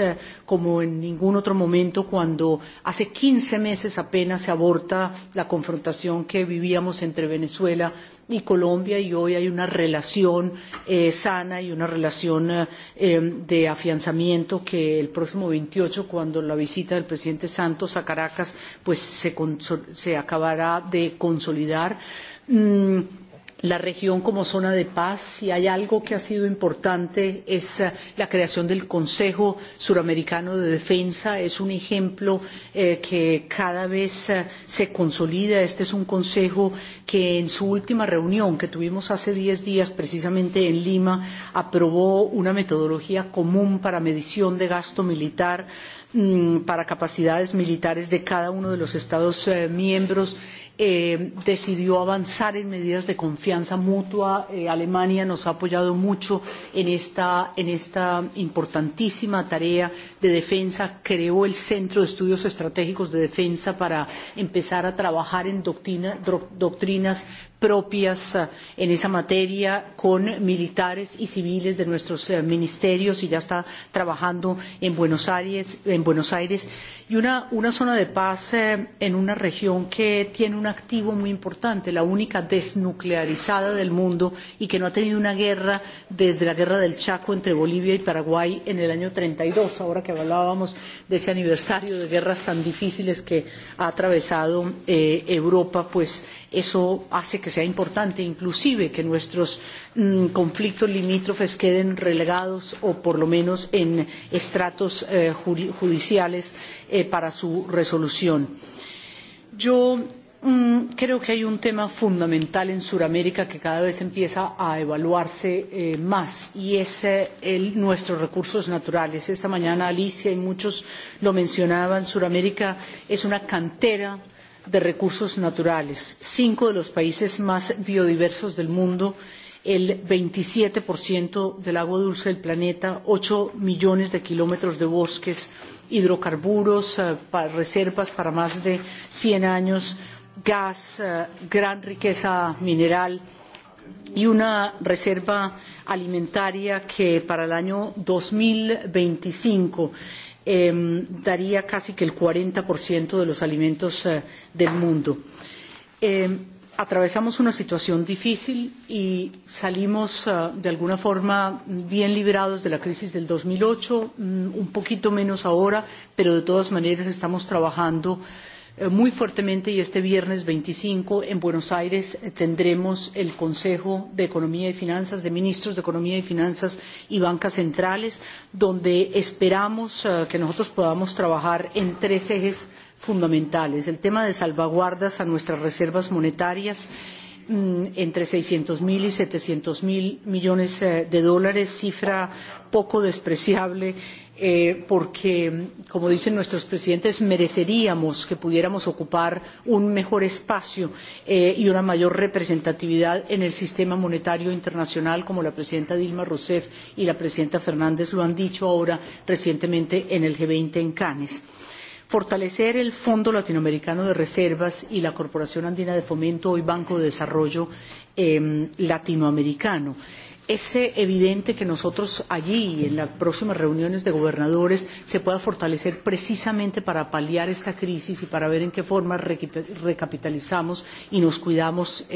como en ningún otro momento cuando hace quince meses apenas se aborta la confrontación que vivíamos entre Venezuela y Colombia y hoy hay una relación sana y una relación de afianzamiento que el próximo veintiocho, cuando la visita del presidente Santos a Caracas, pues se, acabará de consolidar la región como zona de paz y hay algo que ha sido importante es la creación del Consejo Suramericano de Defensa. Es un ejemplo que cada vez se consolida. Este es un consejo que en su última reunión que tuvimos hace diez días precisamente en Lima aprobó una metodología común para medición de gasto militar para capacidades militares de cada uno de los Estados miembros decidió avanzar en medidas de confianza mutua. Alemania nos ha apoyado mucho en esta, importantísima tarea de defensa. Creó el Centro de Estudios Estratégicos de Defensa para empezar a trabajar en doctrinas propias en esa materia con militares y civiles de nuestros ministerios y ya está trabajando en Buenos Aires, en Buenos Aires y una, una zona de paz en una región que tiene un activo muy importante, la única desnuclearizada del mundo y que no ha tenido una guerra desde la guerra del Chaco entre Bolivia y Paraguay en el año 32, ahora que hablábamos de ese aniversario de guerras tan difíciles que ha atravesado Europa, pues Eso hace que sea importante inclusive que nuestros conflictos limítrofes queden relegados o por lo menos en estratos judiciales para su resolución. Yo creo que hay un tema fundamental en Sudamérica que cada vez empieza a evaluarse más y es nuestros recursos naturales. Esta mañana Alicia y muchos lo mencionaban, Sudamérica es una cantera de recursos naturales. Cinco de los países más biodiversos del mundo, el veintisiete del agua dulce del planeta, ocho millones de kilómetros de bosques, hidrocarburos, reservas para más de cien años, gas, gran riqueza mineral y una reserva alimentaria que para el año dos mil veinticinco daría casi que el cuarenta de los alimentos del mundo. atravesamos una situación difícil y salimos de alguna forma bien liberados de la crisis del dos mil ocho, un poquito menos ahora, pero de todas maneras estamos trabajando eh, muy fuertemente y este viernes veinticinco en Buenos Aires tendremos el Consejo de Economía y Finanzas, de Ministros de Economía y Finanzas y Bancas Centrales, donde esperamos que nosotros podamos trabajar en tres ejes fundamentales. El tema de salvaguardas a nuestras reservas monetarias entre seiscientos cero y setecientos cero millones de dólares, cifra poco despreciable porque, como dicen nuestros presidentes, mereceríamos que pudiéramos ocupar un mejor espacio y una mayor representatividad en el sistema monetario internacional, como la presidenta Dilma Rousseff y la presidenta Fernández lo han dicho ahora recientemente en el g veinte en Cannes fortalecer el Fondo Latinoamericano de Reservas y la Corporación Andina de Fomento, hoy Banco de Desarrollo Latinoamericano es evidente que nosotros allí y en las próximas reuniones de gobernadores se pueda fortalecer precisamente para paliar esta crisis y para ver en qué forma recapitalizamos y nos cuidamos,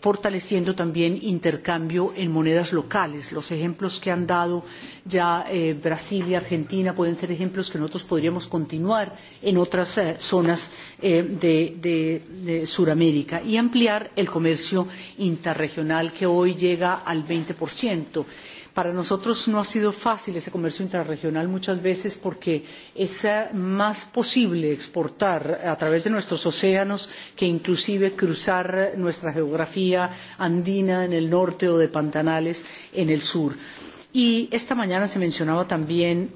fortaleciendo también intercambio en monedas locales. Los ejemplos que han dado ya Brasil y Argentina pueden ser ejemplos que nosotros podríamos continuar en otras zonas de, Sudamérica y ampliar el comercio interregional que hoy llega al 20%. Para nosotros no ha sido fácil ese comercio intrarregional muchas veces porque es más posible exportar a través de nuestros océanos que inclusive cruzar nuestra geografía andina en el norte o de pantanales en el sur. Y esta mañana se mencionaba también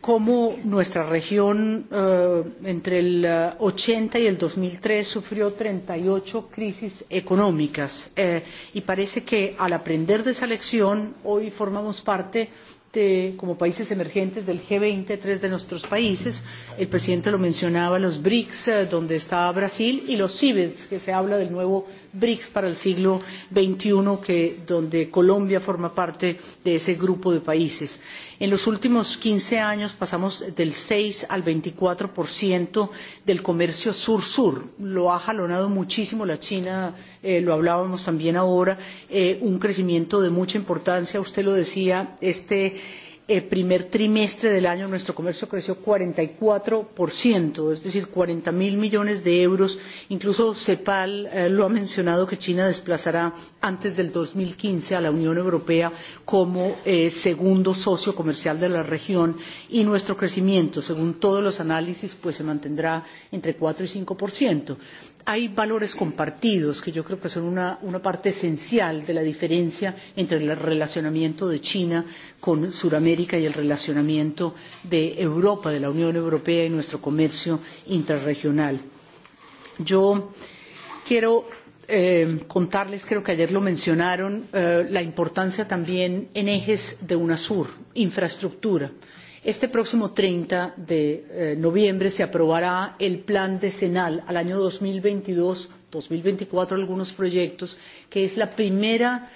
cómo nuestra región entre el ochenta y el dos mil tres sufrió treinta y ocho crisis económicas y parece que al aprender de esa lección hoy formamos parte como países emergentes del g veinte, tres de nuestros países, el presidente lo mencionaba, los BRICS, donde está Brasil, y los CIBEDS, que se habla del nuevo BRICS para el siglo XXI, que, donde Colombia forma parte de ese grupo de países. En los últimos quince años pasamos del seis al veinticuatro del comercio sur-sur. Lo ha jalonado muchísimo la China, lo hablábamos también ahora, un crecimiento de mucha importancia. Usted lo decía, este El primer trimestre del año nuestro comercio creció cuarenta y cuatro, es decir, cuarenta cero millones de euros. Incluso CEPAL lo ha mencionado que China desplazará antes del dos mil quince a la Unión Europea como segundo socio comercial de la región y nuestro crecimiento, según todos los análisis, pues se mantendrá entre cuatro y cinco hay valores compartidos que yo creo que son una, parte esencial de la diferencia entre el relacionamiento de China con Sudamérica América y el relacionamiento de Europa, de la Unión Europea y nuestro comercio interregional. Yo quiero contarles, creo que ayer lo mencionaron, la importancia también en ejes de UNASUR, infraestructura. Este próximo treinta de noviembre se aprobará el plan decenal al año dos mil veintidós, 2022-2024, algunos proyectos, que es la primera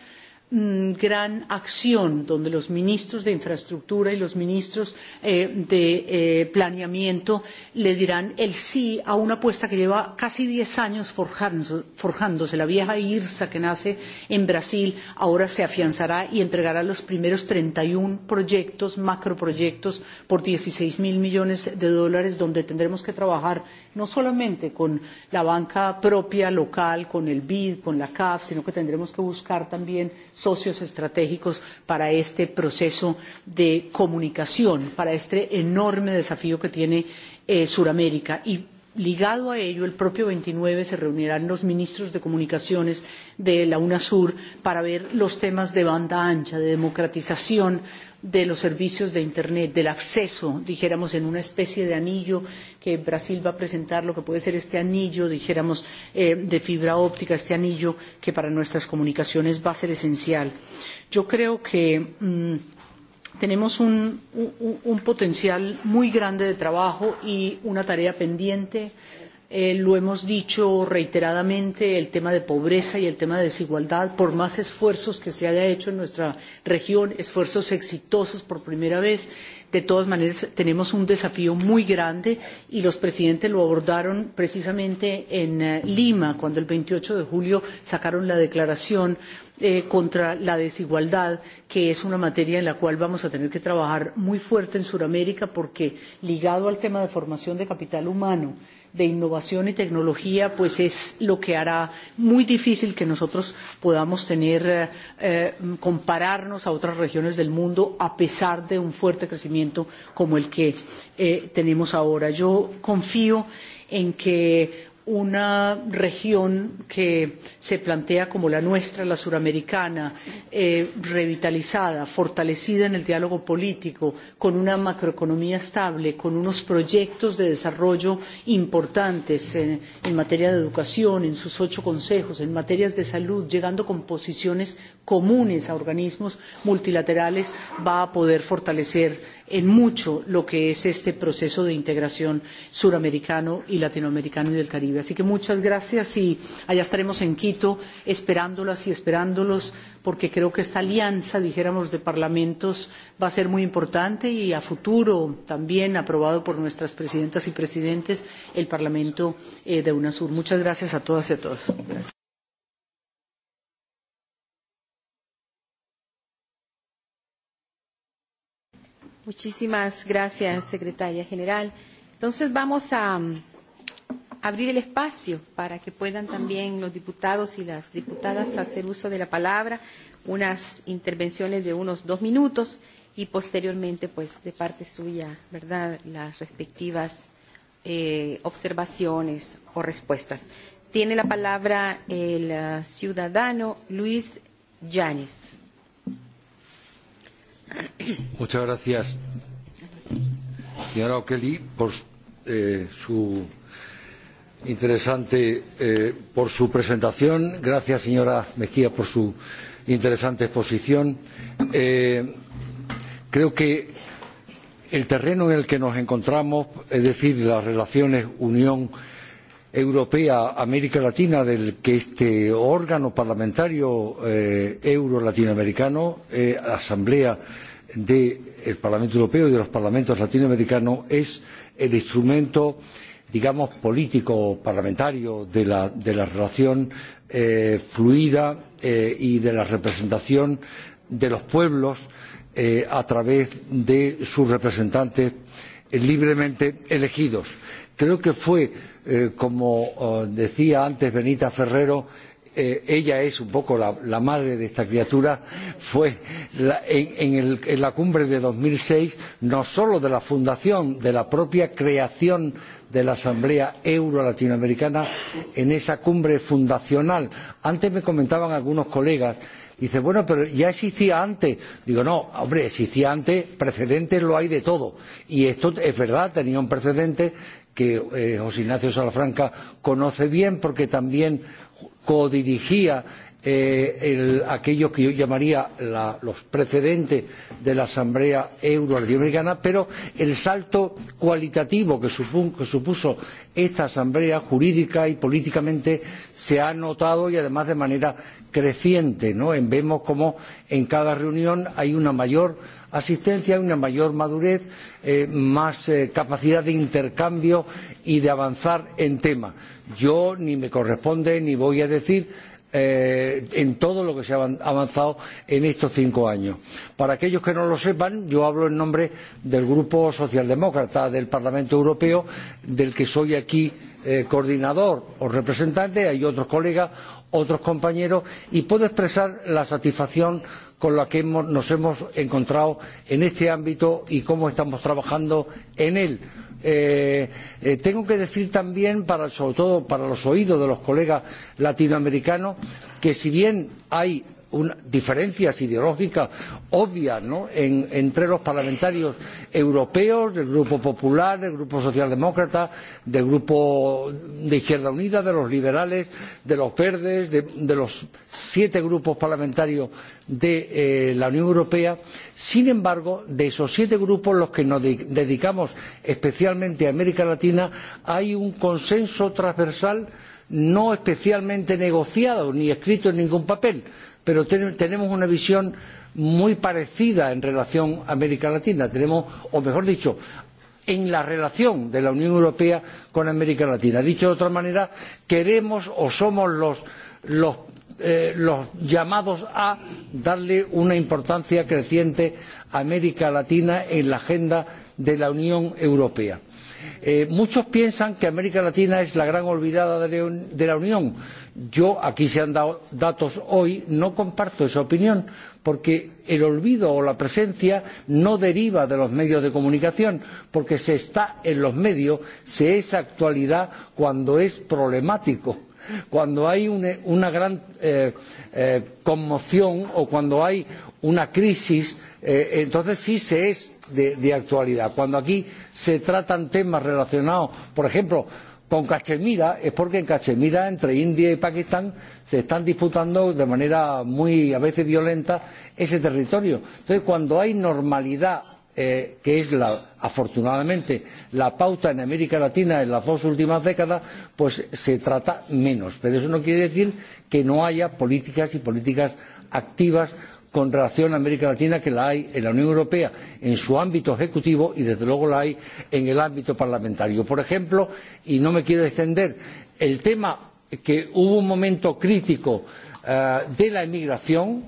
gran acción donde los ministros de infraestructura y los ministros de planeamiento le dirán el sí a una apuesta que lleva casi diez años forjándose. La vieja IRSA que nace en Brasil ahora se afianzará y entregará los primeros treinta y uno proyectos, macroproyectos, por dieciseis mil millones de dólares, donde tendremos que trabajar no solamente con la banca propia local, con el BID, con la CAF, sino que tendremos que buscar también socios estratégicos para este proceso de comunicación, para este enorme desafío que tiene Sudamérica. Y Ligado a ello, el propio veintinueve se reunirán los ministros de comunicaciones de la UNASUR para ver los temas de banda ancha, de democratización de los servicios de Internet, del acceso, dijéramos, en una especie de anillo que Brasil va a presentar, lo que puede ser este anillo, dijéramos, de fibra óptica, este anillo que para nuestras comunicaciones va a ser esencial. Yo creo que tenemos un, potencial muy grande de trabajo y una tarea pendiente lo hemos dicho reiteradamente, el tema de pobreza y el tema de desigualdad, por más esfuerzos que se haya hecho en nuestra región, esfuerzos exitosos por primera vez, de todas maneras tenemos un desafío muy grande y los presidentes lo abordaron precisamente en Lima, cuando el veintiocho de julio sacaron la declaración contra la desigualdad, que es una materia en la cual vamos a tener que trabajar muy fuerte en Sudamérica, porque ligado al tema de formación de capital humano, de innovación y tecnología, pues es lo que hará muy difícil que nosotros podamos tener, compararnos a otras regiones del mundo a pesar de un fuerte crecimiento como el que tenemos ahora. Yo confío en que una región que se plantea como la nuestra, la suramericana, revitalizada, fortalecida en el diálogo político, con una macroeconomía estable, con unos proyectos de desarrollo importantes en, materia de educación, en sus ocho consejos, en materias de salud, llegando con posiciones comunes a organismos multilaterales va a poder fortalecer en mucho lo que es este proceso de integración suramericano y latinoamericano y del Caribe. Así que muchas gracias y allá estaremos en Quito esperándolas y esperándolos porque creo que esta alianza, dijéramos, de parlamentos va a ser muy importante y a futuro también aprobado por nuestras presidentas y presidentes el Parlamento de UNASUR. Muchas gracias a todas y a todos. Gracias. Muchísimas gracias, secretaria general. Entonces vamos a abrir el espacio para que puedan también los diputados y las diputadas hacer uso de la palabra, unas intervenciones de unos dos minutos y posteriormente, pues, de parte suya, ¿verdad?, las respectivas eh, observaciones o respuestas. Tiene la palabra el ciudadano Luis Yanis. Muchas gracias, señora O'Kelly, por su interesante por su presentación. Gracias, señora Mejía, por su interesante exposición. creo que el terreno en el que nos encontramos, es decir, las relaciones Unión-Europea, europea América Latina del que este órgano parlamentario euro latinoamericano, la Asamblea del Parlamento Europeo y de los parlamentos latinoamericanos, es el instrumento digamos político parlamentario de la, relación fluida y de la representación de los pueblos a través de sus representantes libremente elegidos. Creo que fue, como decía antes Benita Ferrero, ella es un poco la, madre de esta criatura, fue en, la cumbre de dos mil seis, no solo de la fundación, de la propia creación de la Asamblea Euro-Latinoamericana, en esa cumbre fundacional. Antes me comentaban algunos colegas, dice, bueno, pero ya existía antes. Digo, no, hombre, existía antes, precedentes lo hay de todo. Y esto es verdad, tenía un precedente que José Ignacio Salafranca conoce bien porque también codirigía aquello que yo llamaría los precedentes de la Asamblea Euro-Latinoamericana, pero el salto cualitativo que supuso esta Asamblea jurídica y políticamente se ha notado y además de manera creciente. Vemos cómo en cada reunión hay una mayor asistencia, hay una mayor madurez, más capacidad de intercambio y de avanzar en temas. Yo ni me corresponde ni voy a decir en todo lo que se ha avanzado en estos cinco años. Para aquellos que no lo sepan, yo hablo en nombre del Grupo Socialdemócrata del Parlamento Europeo, del que soy aquí coordinador o representante, hay otros colegas, otros compañeros, y puedo expresar la satisfacción con la que nos hemos encontrado en este ámbito y cómo estamos trabajando en él. tengo que decir también, sobre todo para los oídos de los colegas latinoamericanos, que si bien hay diferencias ideológicas obvias entre los parlamentarios europeos del grupo popular del grupo socialdemócrata del grupo de izquierda unida de los liberales de los verdes de los siete grupos parlamentarios de la unión europea sin embargo de esos siete grupos los que nos dedicamos especialmente a américa latina hay un consenso transversal no especialmente negociado ni escrito en ningún papel pero tenemos una visión muy parecida en relación a América Latina. Tenemos, o mejor dicho, en la relación de la Unión Europea con América Latina. Dicho de otra manera, queremos o somos los, los, eh, los llamados a darle una importancia creciente a América Latina en la agenda de la Unión Europea. Eh, muchos piensan que América Latina es la gran olvidada de, de la Unión Yo aquí se han dado datos hoy, no comparto esa opinión, porque el olvido o la presencia no deriva de los medios de comunicación, porque se está en los medios, se es actualidad cuando es problemático cuando hay una, gran conmoción o cuando hay una crisis, entonces sí se es de, actualidad. Cuando aquí se tratan temas relacionados, por ejemplo, con Cachemira es porque en Cachemira, entre India y Pakistán, se están disputando de manera muy a veces violenta ese territorio. Entonces, cuando hay normalidad, eh, que es la, afortunadamente la pauta en América Latina en las dos últimas décadas, pues se trata menos. Pero eso no quiere decir que no haya políticas y políticas activas con relación a América Latina que la hay en la Unión Europea en su ámbito ejecutivo y desde luego la hay en el ámbito parlamentario. Por ejemplo, y no me quiero extender, el tema que hubo un momento crítico de la emigración,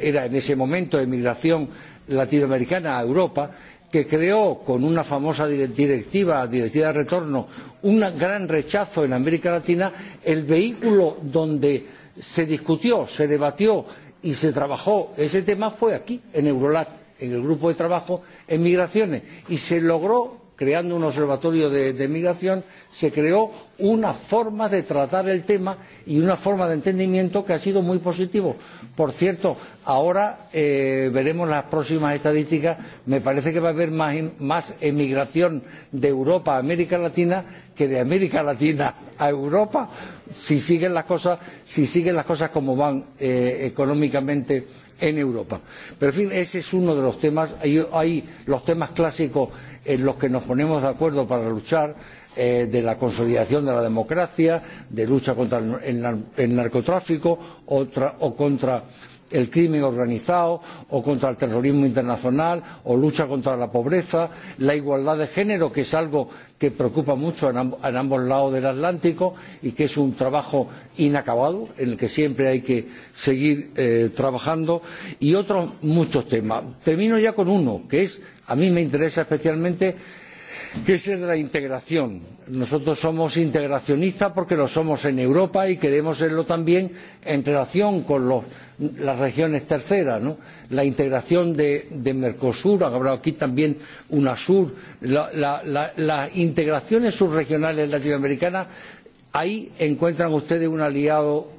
era en ese momento emigración latinoamericana a Europa, que creó con una famosa directiva, directiva de retorno, un gran rechazo en América Latina, el vehículo donde se discutió, se debatió y se trabajó ese tema fue aquí, en Eurolat, en el grupo de trabajo en migraciones, y se logró creando un observatorio de, de migración, se creó una forma de tratar el tema y una forma de entendimiento que ha sido muy positivo. Por cierto, ahora eh, veremos las próximas estadísticas. Me parece que va a haber más, más emigración de Europa a América Latina que de América Latina a Europa, si siguen las cosas, si siguen las cosas como van eh, económicamente en Europa. Pero, en fin, ese es uno de los temas. Hay, hay los temas clásicos en los que nos ponemos de acuerdo para luchar eh, de la consolidación de la democracia, de lucha contra el, el narcotráfico o, tra, o contra el crimen organizado o contra el terrorismo internacional o lucha contra la pobreza, la igualdad de género, que es algo que preocupa mucho en, ambos lados del Atlántico y que es un trabajo inacabado en el que siempre hay que seguir trabajando, y otros muchos temas. Termino ya con uno, que es A mí me interesa especialmente que es el de la integración. Nosotros somos integracionistas porque lo somos en Europa y queremos serlo también en relación con los, las regiones terceras, ¿no? la integración de, de Mercosur, ha hablado aquí también UNASUR, la, la, la, las integraciones subregionales latinoamericanas, ahí encuentran ustedes un aliado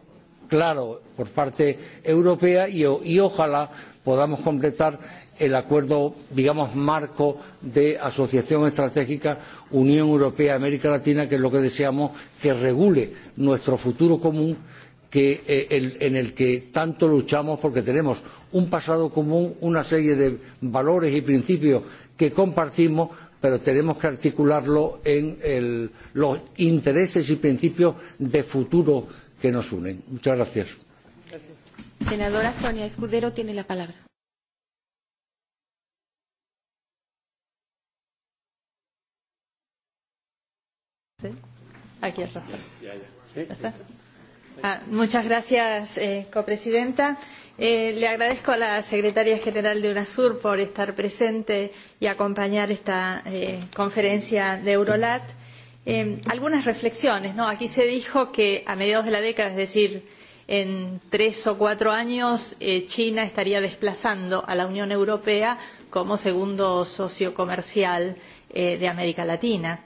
claro por parte europea y, y ojalá podamos completar el acuerdo, digamos, marco de asociación estratégica Unión Europea-América Latina, que es lo que deseamos que regule nuestro futuro común en el que tanto luchamos porque tenemos un pasado común, una serie de valores y principios que compartimos, pero tenemos que articularlo en los intereses y principios de futuro que nos unen. Muchas gracias. Senadora Sonia Escudero tiene la palabra. Sí. Aquí está. Ah, muchas gracias, eh, copresidenta. Eh, le agradezco a la secretaria general de UNASUR por estar presente y acompañar esta eh, conferencia de Eurolat. Eh, algunas reflexiones. ¿no? Aquí se dijo que a mediados de la década, es decir, en tres o cuatro años, eh, China estaría desplazando a la Unión Europea como segundo socio comercial eh, de América Latina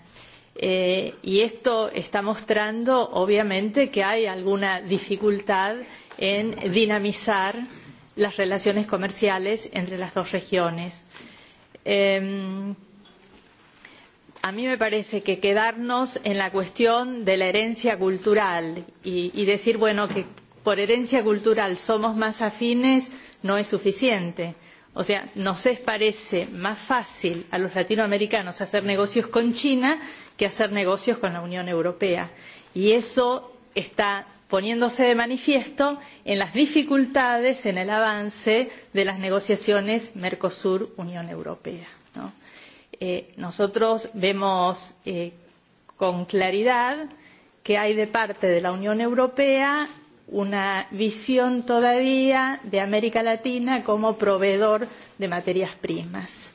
y esto está mostrando, obviamente, que hay alguna dificultad en dinamizar las relaciones comerciales entre las dos regiones. a mí me parece que quedarnos en la cuestión de la herencia cultural y decir, bueno, que por herencia cultural somos más afines no es suficiente O sea, nos parece más fácil a los latinoamericanos hacer negocios con China que hacer negocios con la Unión Europea. Y eso está poniéndose de manifiesto en las dificultades en el avance de las negociaciones Mercosur-Unión Europea. nosotros vemos con claridad que hay de parte de la Unión Europea una visión todavía de América Latina como proveedor de materias primas.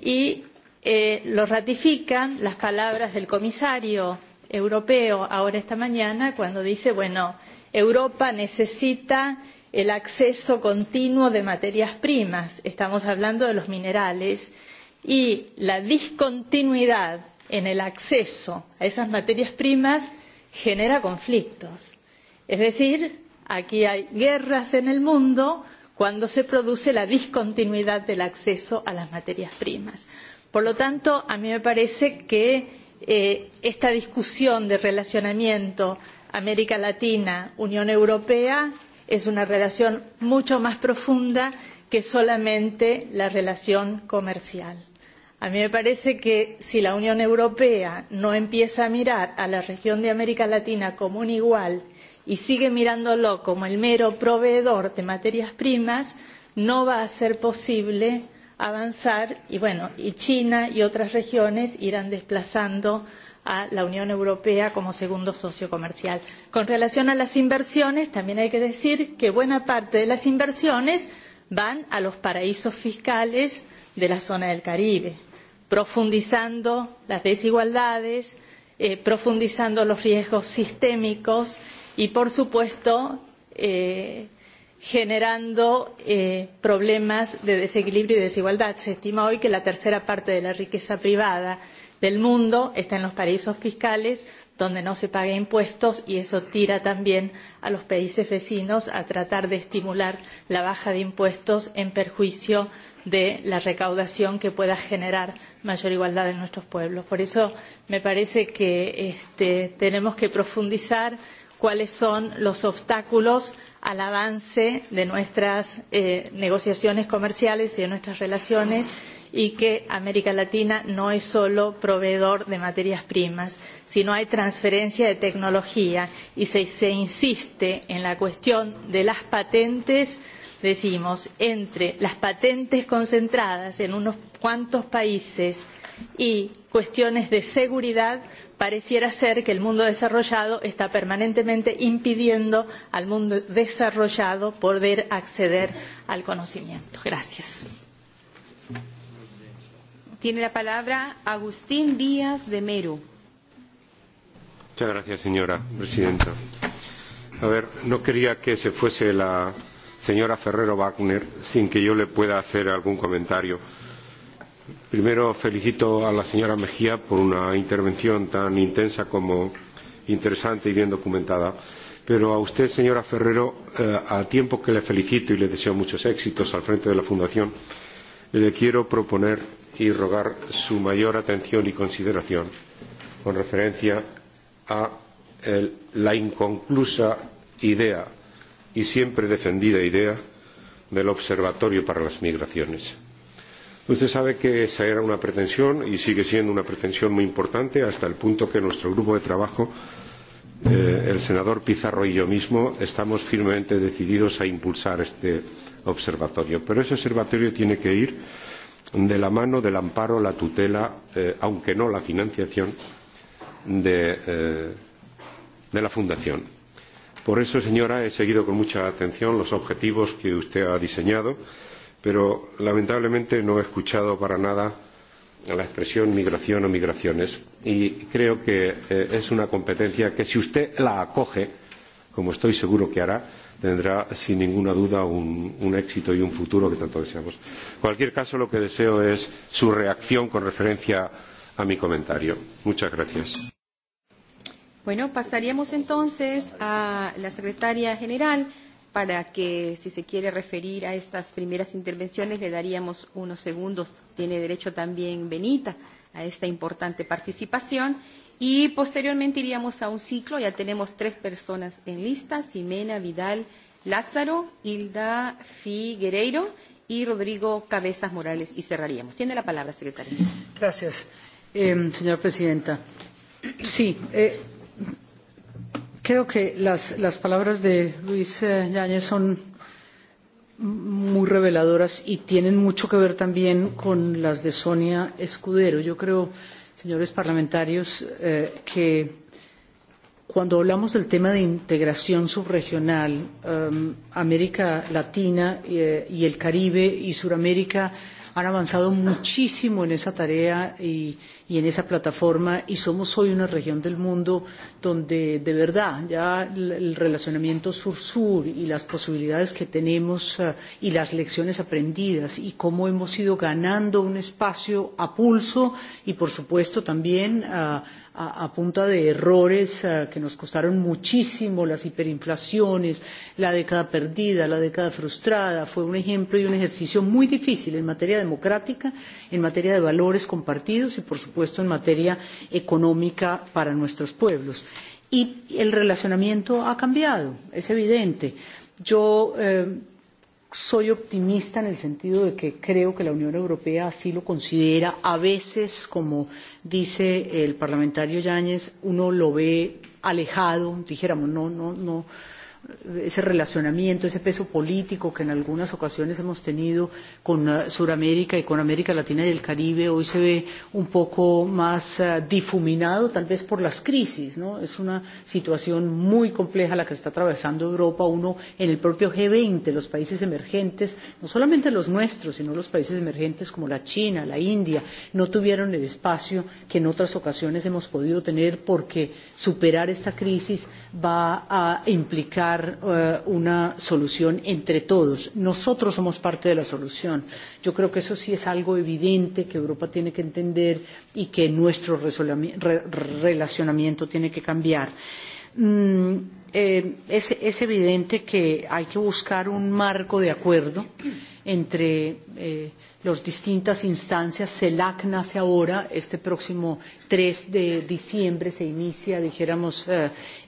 Y eh, lo ratifican las palabras del comisario europeo ahora esta mañana cuando dice, bueno, Europa necesita el acceso continuo de materias primas, estamos hablando de los minerales, y la discontinuidad en el acceso a esas materias primas genera conflictos Es decir, aquí hay guerras en el mundo cuando se produce la discontinuidad del acceso a las materias primas. Por lo tanto, a mí me parece que eh, esta discusión de relacionamiento América Latina, Unión Europea, es una relación mucho más profunda que solamente la relación comercial. A mí me parece que si la Unión Europea no empieza a mirar a la región de América Latina como un igual y sigue mirándolo como el mero proveedor de materias primas, no va a ser posible avanzar y bueno, y China y otras regiones irán desplazando a la Unión Europea como segundo socio comercial. Con relación a las inversiones, también hay que decir que buena parte de las inversiones van a los paraísos fiscales de la zona del Caribe, profundizando las desigualdades, profundizando los riesgos sistémicos y, por supuesto, generando problemas de desequilibrio y desigualdad. Se estima hoy que la tercera parte de la riqueza privada del mundo está en los paraísos fiscales donde no se paga impuestos y eso tira también a los países vecinos a tratar de estimular la baja de impuestos en perjuicio de la recaudación que pueda generar mayor igualdad en nuestros pueblos. Por eso me parece que tenemos que profundizar en cuáles son los obstáculos al avance de nuestras negociaciones comerciales y de nuestras relaciones y que América Latina no es solo proveedor de materias primas, sino hay transferencia de tecnología y si se insiste en la cuestión de las patentes, decimos, entre las patentes concentradas en unos cuantos países y cuestiones de seguridad, pareciera ser que el mundo desarrollado está permanentemente impidiendo al mundo desarrollado poder acceder al conocimiento. Gracias. Tiene la palabra Agustín Díaz de Mero. Muchas gracias, señora presidenta. A ver, no quería que se fuese la señora Ferrero Wagner sin que yo le pueda hacer algún comentario. Primero felicito a la señora Mejía por una intervención tan intensa como interesante y bien documentada. Pero a usted, señora Ferrero, a tiempo que le felicito y le deseo muchos éxitos al frente de la Fundación, le quiero proponer y rogar su mayor atención y consideración con referencia a la inconclusa idea y siempre defendida idea del Observatorio para las Migraciones Usted sabe que esa era una pretensión y sigue siendo una pretensión muy importante hasta el punto que nuestro grupo de trabajo, el senador Pizarro y yo mismo, estamos firmemente decididos a impulsar este observatorio. Pero ese observatorio tiene que ir de la mano del amparo, la tutela, aunque no la financiación, de, la Fundación. Por eso, señora, he seguido con mucha atención los objetivos que usted ha diseñado pero lamentablemente no he escuchado para nada la expresión migración o migraciones y creo que es una competencia que si usted la acoge, como estoy seguro que hará, tendrá sin ninguna duda un, éxito y un futuro que tanto deseamos. En cualquier caso, lo que deseo es su reacción con referencia a mi comentario. Muchas gracias. Bueno, pasaríamos entonces a la secretaria general para que, si se quiere referir a estas primeras intervenciones, le daríamos unos segundos. Tiene derecho también Benita a esta importante participación. Y posteriormente iríamos a un ciclo. Ya tenemos tres personas en lista. Ximena Vidal Lázaro, Hilda Figuereiro y Rodrigo Cabezas Morales. Y cerraríamos. Tiene la palabra, secretaria. Gracias, eh, señora presidenta. Sí, eh, Creo que las, las palabras de Luis Yáñez son muy reveladoras y tienen mucho que ver también con las de Sonia Escudero. Yo creo, señores parlamentarios, eh, que cuando hablamos del tema de integración subregional, eh, América Latina eh, y el Caribe y Sudamérica, eh, han avanzado muchísimo en esa tarea y, y en esa plataforma y somos hoy una región del mundo donde de verdad ya el relacionamiento sur-sur y las posibilidades que tenemos y las lecciones aprendidas y cómo hemos ido ganando un espacio a pulso y por supuesto también a, a punta de errores que nos costaron muchísimo, las hiperinflaciones, la década perdida, la década frustrada, fue un ejemplo y un ejercicio muy difícil en materia democrática, en materia de valores compartidos y, por supuesto, en materia económica para nuestros pueblos. Y el relacionamiento ha cambiado, es evidente. Yo eh, soy optimista en el sentido de que creo que la Unión Europea así lo considera. A veces, como dice el parlamentario Yáñez, uno lo ve alejado, dijéramos, no, no, no, ese relacionamiento, ese peso político que en algunas ocasiones hemos tenido con Sudamérica y con América Latina y el Caribe, hoy se ve un poco más difuminado tal vez por las crisis. ¿no? Es una situación muy compleja la que está atravesando Europa, uno en el propio g veinte, los países emergentes, no solamente los nuestros, sino los países emergentes como la China, la India, no tuvieron el espacio que en otras ocasiones hemos podido tener porque superar esta crisis va a implicar dar una solución entre todos. Nosotros somos parte de la solución. Yo creo que eso sí es algo evidente que Europa tiene que entender y que nuestro relacionamiento tiene que cambiar. es, evidente que hay que buscar un marco de acuerdo entre las distintas instancias. CELAC nace ahora, este próximo tres de diciembre se inicia, dijéramos,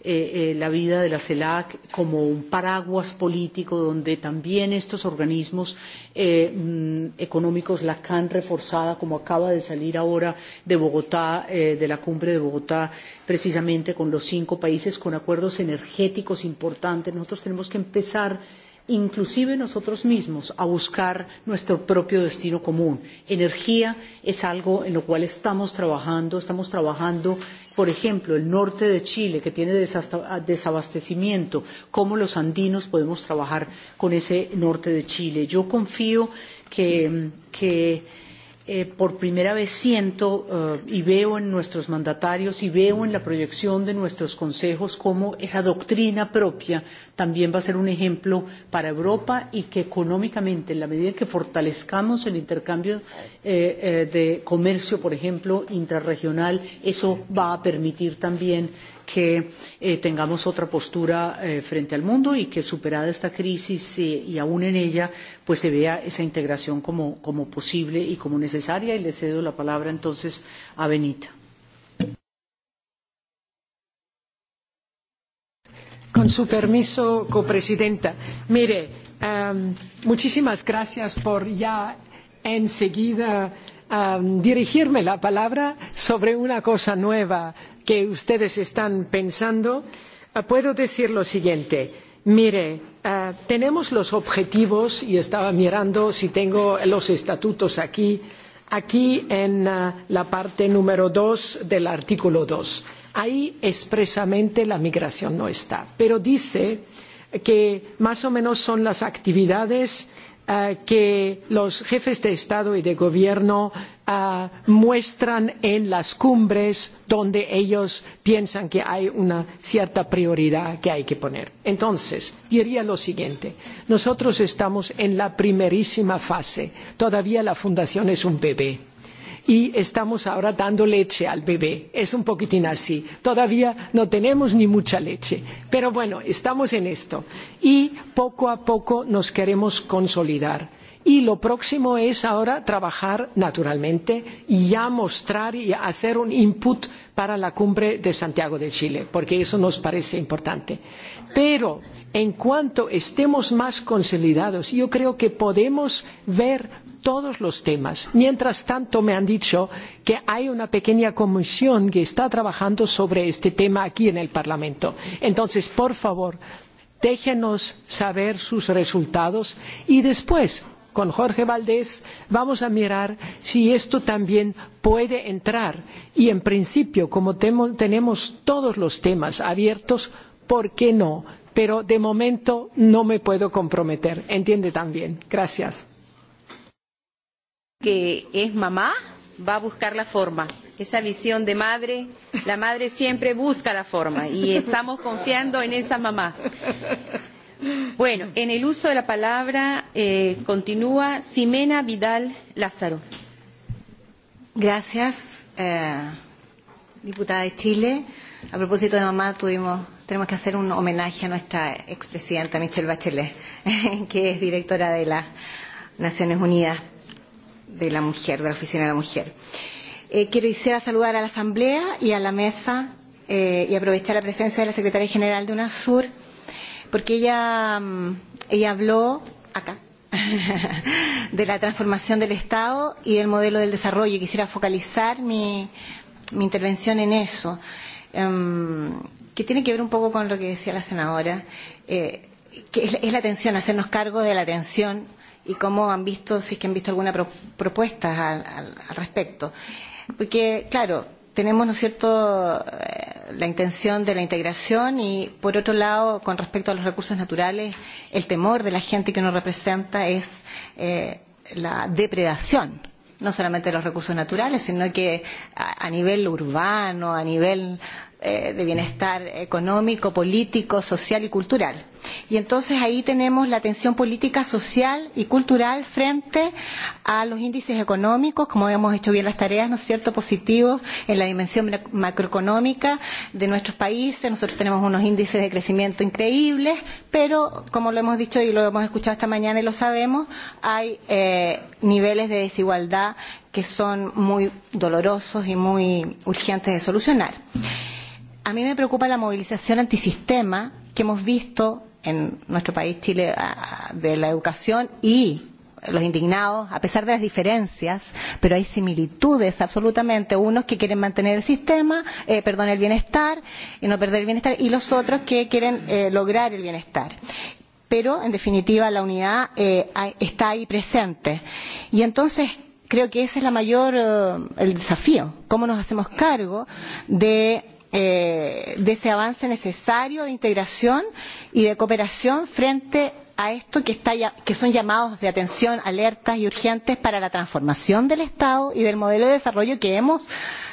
la vida de la CELAC como un paraguas político donde también estos organismos económicos, la CAN reforzada, como acaba de salir ahora de Bogotá, de la cumbre de Bogotá, precisamente con los cinco países, con acuerdos energéticos importantes. Nosotros tenemos que empezar a inclusive nosotros mismos, a buscar nuestro propio destino común. Energía es algo en lo cual estamos trabajando, estamos trabajando, por ejemplo, el norte de Chile, que tiene desabastecimiento, cómo los andinos podemos trabajar con ese norte de Chile. Yo confío que por primera vez siento y veo en nuestros mandatarios y veo en la proyección de nuestros consejos cómo esa doctrina propia también va a ser un ejemplo para Europa y que económicamente, en la medida en que fortalezcamos el intercambio de comercio, por ejemplo, intrarregional, eso va a permitir también que tengamos otra postura frente al mundo y que superada esta crisis y aún en ella, pues se vea esa integración como, posible y como necesaria. Y le cedo la palabra entonces a Benita. Con su permiso, copresidenta. Mire, muchísimas gracias por ya enseguida dirigirme la palabra sobre una cosa nueva que ustedes están pensando, puedo decir lo siguiente. Mire, tenemos los objetivos, y estaba mirando si tengo los estatutos aquí, aquí en la parte número dos del artículo dos. Ahí expresamente la migración no está, pero dice que más o menos son las actividades que los jefes de Estado y de Gobierno muestran en las cumbres donde ellos piensan que hay una cierta prioridad que hay que poner. Entonces, diría lo siguiente, nosotros estamos en la primerísima fase, todavía la fundación es un bebé y estamos ahora dando leche al bebé. Es un poquitín así. Todavía no tenemos ni mucha leche, pero bueno, estamos en esto y poco a poco nos queremos consolidar. Y lo próximo es ahora trabajar naturalmente y ya mostrar y hacer un input para la cumbre de Santiago de Chile, porque eso nos parece importante. Pero en cuanto estemos más consolidados, yo creo que podemos ver todos los temas. Mientras tanto, me han dicho que hay una pequeña comisión que está trabajando sobre este tema aquí en el Parlamento. Entonces, por favor, déjenos saber sus resultados y después, con Jorge Valdés, vamos a mirar si esto también puede entrar. Y, en principio, como tenemos todos los temas abiertos, ¿por qué no? Pero de momento no me puedo comprometer. Entiende también. Gracias que es mamá va a buscar la forma. Esa visión de madre, la madre siempre busca la forma y estamos confiando en esa mamá. Bueno, en el uso de la palabra eh, continúa Ximena Vidal Lázaro. Gracias, eh, diputada de Chile. A propósito de mamá, tuvimos, tenemos que hacer un homenaje a nuestra expresidenta Michelle Bachelet, que es directora de las Naciones Unidas de la Mujer, de la Oficina de la Mujer. Eh, quiero quisiera saludar a la Asamblea y a la mesa eh, y aprovechar la presencia de la Secretaria General de UNASUR, porque ella, ella habló acá de la transformación del Estado y del modelo del desarrollo. Quisiera focalizar mi, mi intervención en eso, um, que tiene que ver un poco con lo que decía la senadora, eh, que es, es la atención, hacernos cargo de la atención y cómo han visto, si es que han visto alguna pro, propuesta al, al, al respecto. Porque, claro, tenemos, ¿no es cierto?, la intención de la integración y, por otro lado, con respecto a los recursos naturales, el temor de la gente que nos representa es eh, la depredación no solamente de los recursos naturales, sino que a, a nivel urbano, a nivel eh, de bienestar económico, político, social y cultural. Y entonces ahí tenemos la tensión política, social y cultural frente a los índices económicos, como hemos hecho bien las tareas, ¿no es cierto?, positivos en la dimensión macroeconómica de nuestros países. Nosotros tenemos unos índices de crecimiento increíbles, pero como lo hemos dicho y lo hemos escuchado esta mañana y lo sabemos, hay eh, niveles de desigualdad que son muy dolorosos y muy urgentes de solucionar a mí me preocupa la movilización antisistema que hemos visto en nuestro país, Chile, de la educación y los indignados, a pesar de las diferencias, pero hay similitudes absolutamente, unos que quieren mantener el sistema, eh, perdón, el bienestar, y no perder el bienestar, y los otros que quieren eh, lograr el bienestar. Pero, en definitiva, la unidad eh, está ahí presente. Y entonces, creo que ese es la mayor, eh, el desafío, cómo nos hacemos cargo de eh, de ese avance necesario de integración y de cooperación frente a esto que, está ya, que son llamados de atención, alertas y urgentes para la transformación del Estado y del modelo de desarrollo que hemos,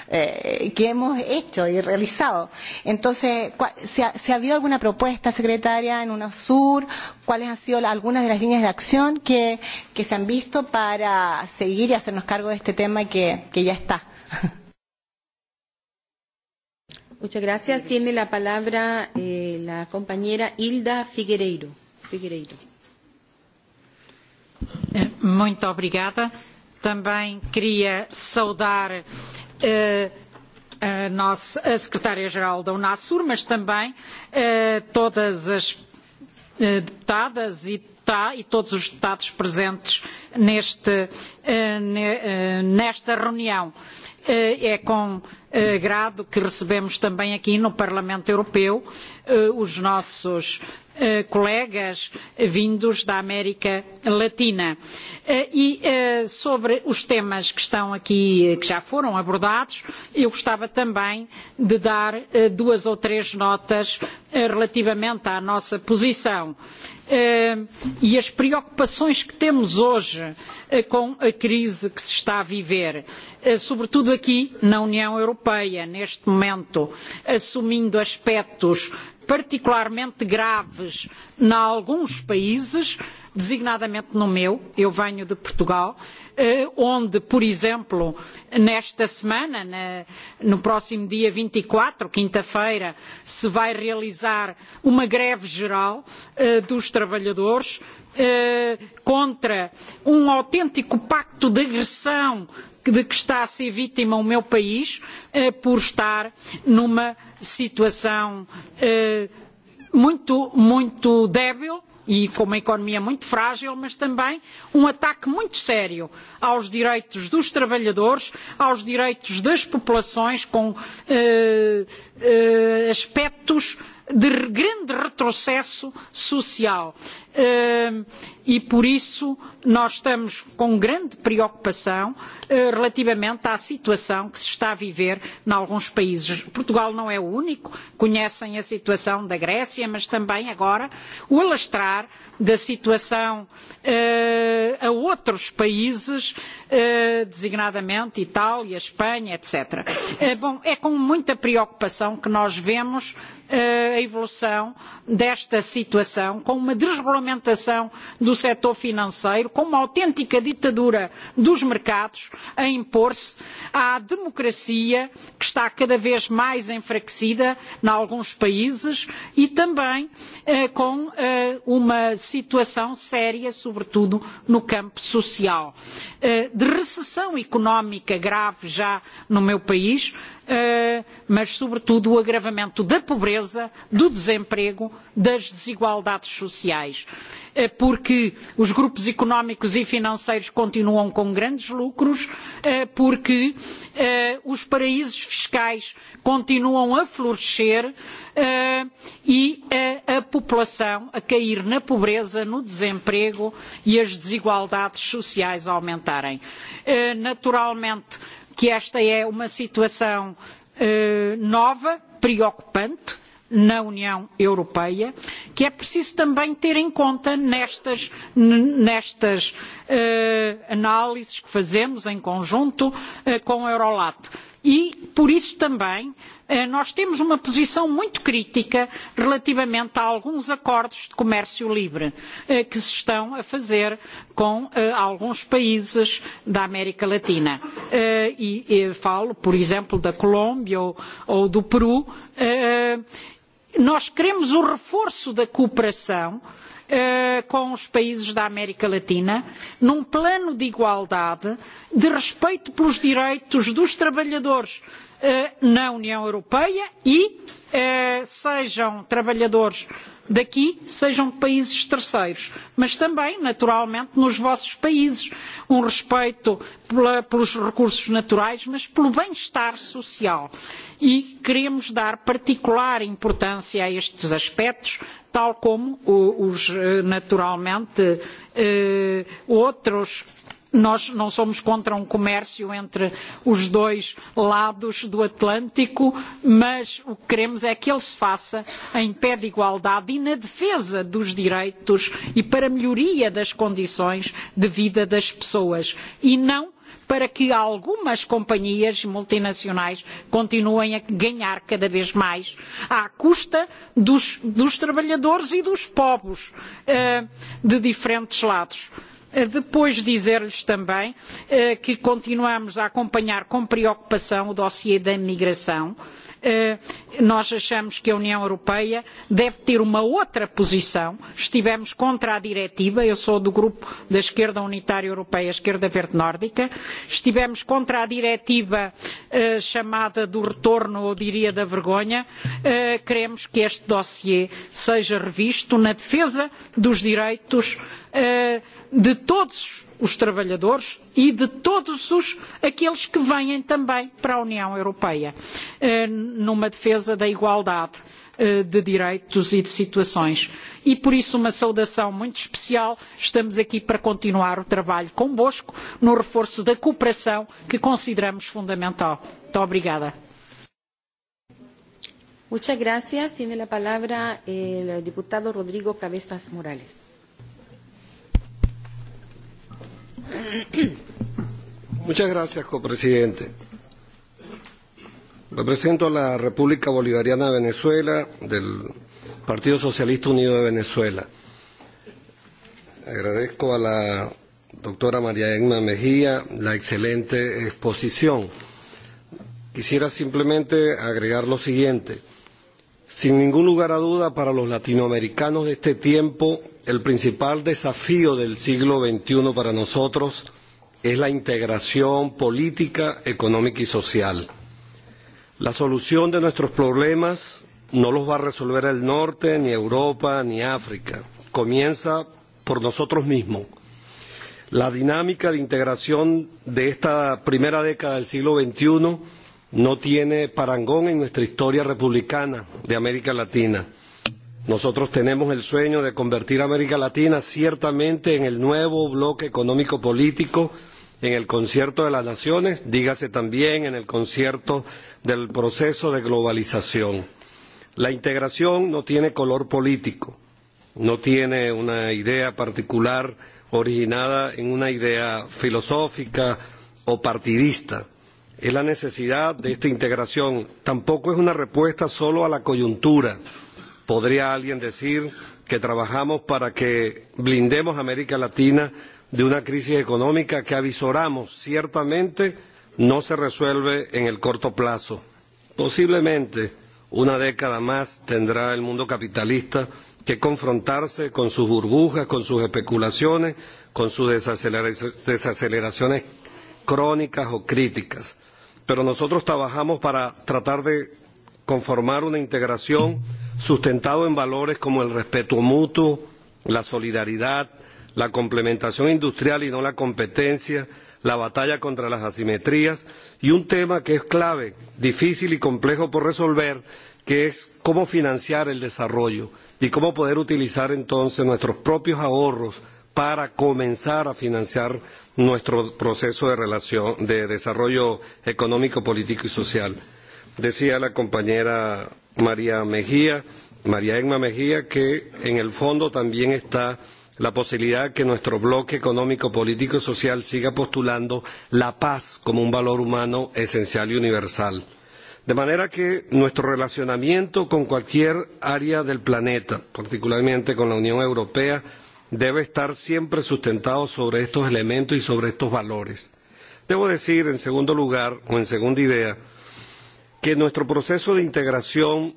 eh, que hemos hecho y realizado. Entonces, ¿se ha, ¿se ha habido alguna propuesta, secretaria, en UNASUR? ¿Cuáles han sido algunas de las líneas de acción que, que se han visto para seguir y hacernos cargo de este tema que, que ya está? Muchas gracias. Tiene la palabra eh, la compañera Hilda Figueiredo. Figueiredo. Muito obrigada. Também queria saudar eh, a, nossa, Secretária-Geral da UNASUR, mas também eh, todas as eh, deputadas e, tá, e todos os deputados presentes neste, eh, ne, eh, nesta reunião. Eh, é com agrado que recebemos também aqui no Parlamento Europeu os nossos colegas vindos da América Latina. E sobre os temas que estão aqui, que já foram abordados, eu gostava também de dar duas ou três notas relativamente à nossa posição e as preocupações que temos hoje com a crise que se está a viver, sobretudo aqui na União Europeia, neste momento, assumindo aspectos particularmente graves em alguns países, designadamente no meu, eu venho de Portugal, onde, por exemplo, nesta semana, no próximo dia vinte e quatro, quinta-feira, se vai realizar uma greve geral dos trabalhadores contra um autêntico pacto de agressão de que está a ser vítima o meu país por estar numa situação muito, muito débil e com uma economia muito frágil, mas também um ataque muito sério aos direitos dos trabalhadores, aos direitos das populações, com aspectos de grande retrocesso social e por isso nós estamos com grande preocupação relativamente à situação que se está a viver em alguns países. Portugal não é o único, conhecem a situação da Grécia, mas também agora o alastrar da situação a outros países, designadamente Itália, Espanha, etc. Bom, é com muita preocupação que nós vemos a evolução desta situação com uma desregulamentação regulamentação do setor financeiro, com uma autêntica ditadura dos mercados a impor-se à democracia que está cada vez mais enfraquecida em alguns países e também com uma situação séria, sobretudo no campo social, de recessão económica grave já no meu país mas sobretudo o agravamento da pobreza, do desemprego, das desigualdades sociais, porque os grupos económicos e financeiros continuam com grandes lucros, porque os paraísos fiscais continuam a florescer e a população a cair na pobreza, no desemprego e as desigualdades sociais a aumentarem. Naturalmente, que esta é uma situação nova, preocupante na União Europeia, que é preciso também ter em conta nestas, análises que fazemos em conjunto com a Eurolat. E, por isso também, nós temos uma posição muito crítica relativamente a alguns acordos de comércio livre que se estão a fazer com alguns países da América Latina. E falo, por exemplo, da Colômbia ou do Peru. Nós queremos o reforço da cooperação com os países da América Latina, num plano de igualdade, de respeito pelos direitos dos trabalhadores na União Europeia e sejam trabalhadores daqui sejam de países terceiros, mas também, naturalmente, nos vossos países. Um respeito pelos recursos naturais, mas pelo bem-estar social. E queremos dar particular importância a estes aspectos, tal como os, naturalmente, outros nós não somos contra um comércio entre os dois lados do Atlântico, mas o que queremos é que ele se faça em pé de igualdade e na defesa dos direitos e para a melhoria das condições de vida das pessoas e não para que algumas companhias multinacionais continuem a ganhar cada vez mais à custa dos, trabalhadores e dos povos de diferentes lados Depois dizer-lhes também que continuamos a acompanhar com preocupação o dossiê da migração. Nós achamos que a União Europeia deve ter uma outra posição. Estivemos contra a diretiva, eu sou do grupo da Esquerda Unitária Europeia, Esquerda Verde Nórdica. Estivemos contra a diretiva chamada do retorno, ou diria da vergonha. Queremos que este dossiê seja revisto na defesa dos direitos de todos os trabalhadores e de todos os, aqueles que vêm também para a União Europeia, numa defesa da igualdade de direitos e de situações. E por isso uma saudação muito especial. Estamos aqui para continuar o trabalho convosco no reforço da cooperação que consideramos fundamental. Muito obrigada. Muchas gracias. Tiene la palabra el diputado Rodrigo Cabezas Morales. Muchas gracias, copresidente. Represento a la República Bolivariana de Venezuela, del Partido Socialista Unido de Venezuela. Agradezco a la doctora María Emma Mejía la excelente exposición. Quisiera simplemente agregar lo siguiente. Sin ningún lugar a duda, para los latinoamericanos de este tiempo, el principal desafío del siglo XXI para nosotros es la integración política, económica y social. La solución de nuestros problemas no los va a resolver el norte, ni Europa, ni África. Comienza por nosotros mismos. La dinámica de integración de esta primera década del siglo XXI no tiene parangón en nuestra historia republicana de América Latina Nosotros tenemos el sueño de convertir a América Latina ciertamente en el nuevo bloque económico político, en el concierto de las naciones, dígase también en el concierto del proceso de globalización. La integración no tiene color político, no tiene una idea particular originada en una idea filosófica o partidista es la necesidad de esta integración. Tampoco es una respuesta solo a la coyuntura. ¿Podría alguien decir que trabajamos para que blindemos a América Latina de una crisis económica que avisoramos ciertamente no se resuelve en el corto plazo? Posiblemente una década más tendrá el mundo capitalista que confrontarse con sus burbujas, con sus especulaciones, con sus desaceleraciones crónicas o críticas. Pero nosotros trabajamos para tratar de conformar una integración sustentado en valores como el respeto mutuo, la solidaridad, la complementación industrial y no la competencia, la batalla contra las asimetrías y un tema que es clave, difícil y complejo por resolver, que es cómo financiar el desarrollo y cómo poder utilizar entonces nuestros propios ahorros para comenzar a financiar nuestro proceso de, desarrollo económico, político y social. Decía la compañera María Mejía, María Egma Mejía, que en el fondo también está la posibilidad de que nuestro bloque económico, político y social siga postulando la paz como un valor humano esencial y universal. De manera que nuestro relacionamiento con cualquier área del planeta, particularmente con la Unión Europea, debe estar siempre sustentado sobre estos elementos y sobre estos valores. Debo decir, en segundo lugar, o en segunda idea, que nuestro proceso de integración,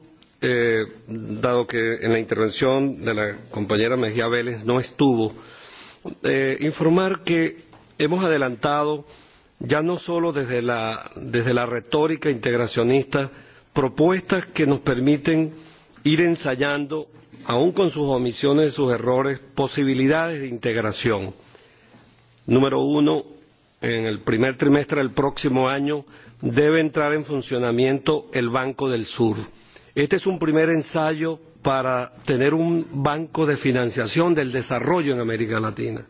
dado que en la intervención de la compañera Mejía Vélez no estuvo, informar que hemos adelantado ya no solo desde la, desde la retórica integracionista, propuestas que nos permiten ir ensayando, aun con sus omisiones y sus errores, posibilidades de integración. Número uno, en el primer trimestre del próximo año debe entrar en funcionamiento el Banco del Sur. Este es un primer ensayo para tener un banco de financiación del desarrollo en América Latina.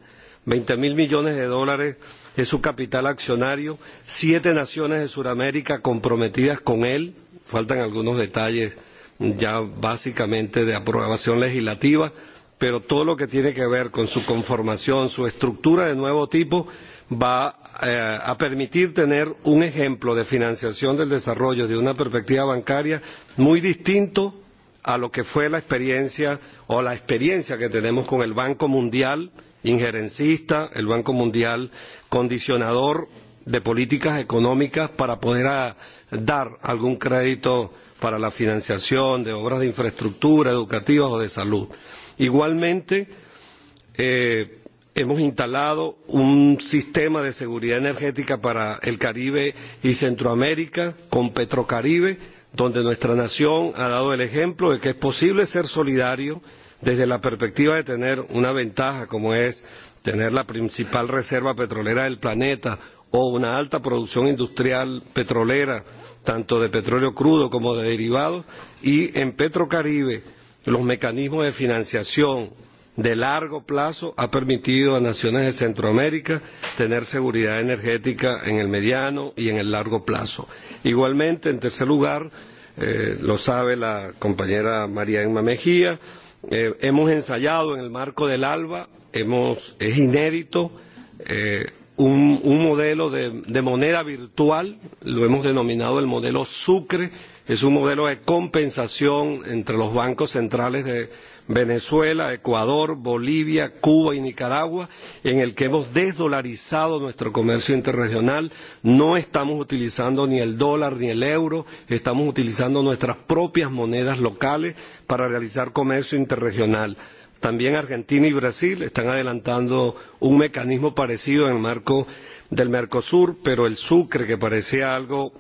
Veinte mil millones de dólares es su capital accionario, siete naciones de Sudamérica comprometidas con él, faltan algunos detalles ya básicamente de aprobación legislativa, pero todo lo que tiene que ver con su conformación, su estructura de nuevo tipo, va a permitir tener un ejemplo de financiación del desarrollo de una perspectiva bancaria muy distinto a lo que fue la experiencia o la experiencia que tenemos con el Banco Mundial injerencista, el Banco Mundial condicionador de políticas económicas para poder dar algún crédito para la financiación de obras de infraestructura, educativas o de salud. Igualmente, eh, hemos instalado un sistema de seguridad energética para el Caribe y Centroamérica con Petrocaribe, donde nuestra nación ha dado el ejemplo de que es posible ser solidario desde la perspectiva de tener una ventaja como es tener la principal reserva petrolera del planeta o una alta producción industrial petrolera, tanto de petróleo crudo como de derivados, y en Petrocaribe los mecanismos de financiación de largo plazo ha permitido a naciones de Centroamérica tener seguridad energética en el mediano y en el largo plazo. Igualmente, en tercer lugar, lo sabe la compañera María Emma Mejía, hemos ensayado en el marco del ALBA, es inédito, un, modelo de moneda virtual, lo hemos denominado el modelo Sucre, es un modelo de compensación entre los bancos centrales de Venezuela, Ecuador, Bolivia, Cuba y Nicaragua, en el que hemos desdolarizado nuestro comercio interregional, no estamos utilizando ni el dólar ni el euro, estamos utilizando nuestras propias monedas locales para realizar comercio interregional. También Argentina y Brasil están adelantando un mecanismo parecido en el marco del Mercosur, pero el Sucre, que parecía algo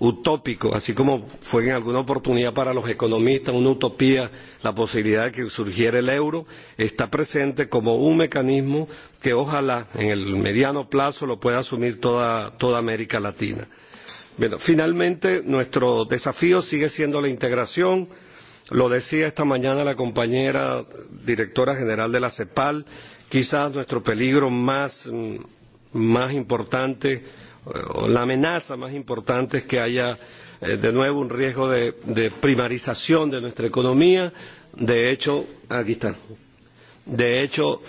utópico, así como fue en alguna oportunidad para los economistas una utopía la posibilidad de que surgiera el euro, está presente como un mecanismo que ojalá en el mediano plazo lo pueda asumir toda, América Latina. finalmente, nuestro desafío sigue siendo la integración. Lo decía esta mañana la compañera directora general de la CEPAL, quizás nuestro peligro más, importante la amenaza más importante es que haya de nuevo un riesgo de, primarización de nuestra economía. De hecho, aquí está. De hecho,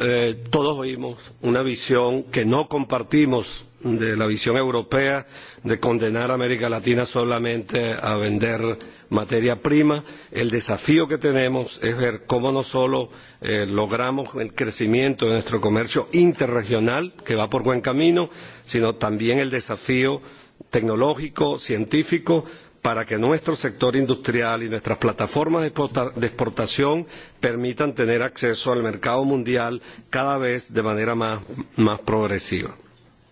todos oímos una visión que no compartimos de la visión europea de condenar a América Latina solamente a vender materia prima. El desafío que tenemos es ver cómo no solo logramos el crecimiento de nuestro comercio interregional, que va por buen camino, sino también el desafío tecnológico, científico, para que nuestro sector industrial y nuestras plataformas de exportación permitan tener acceso al mercado mundial cada vez de manera más progresiva.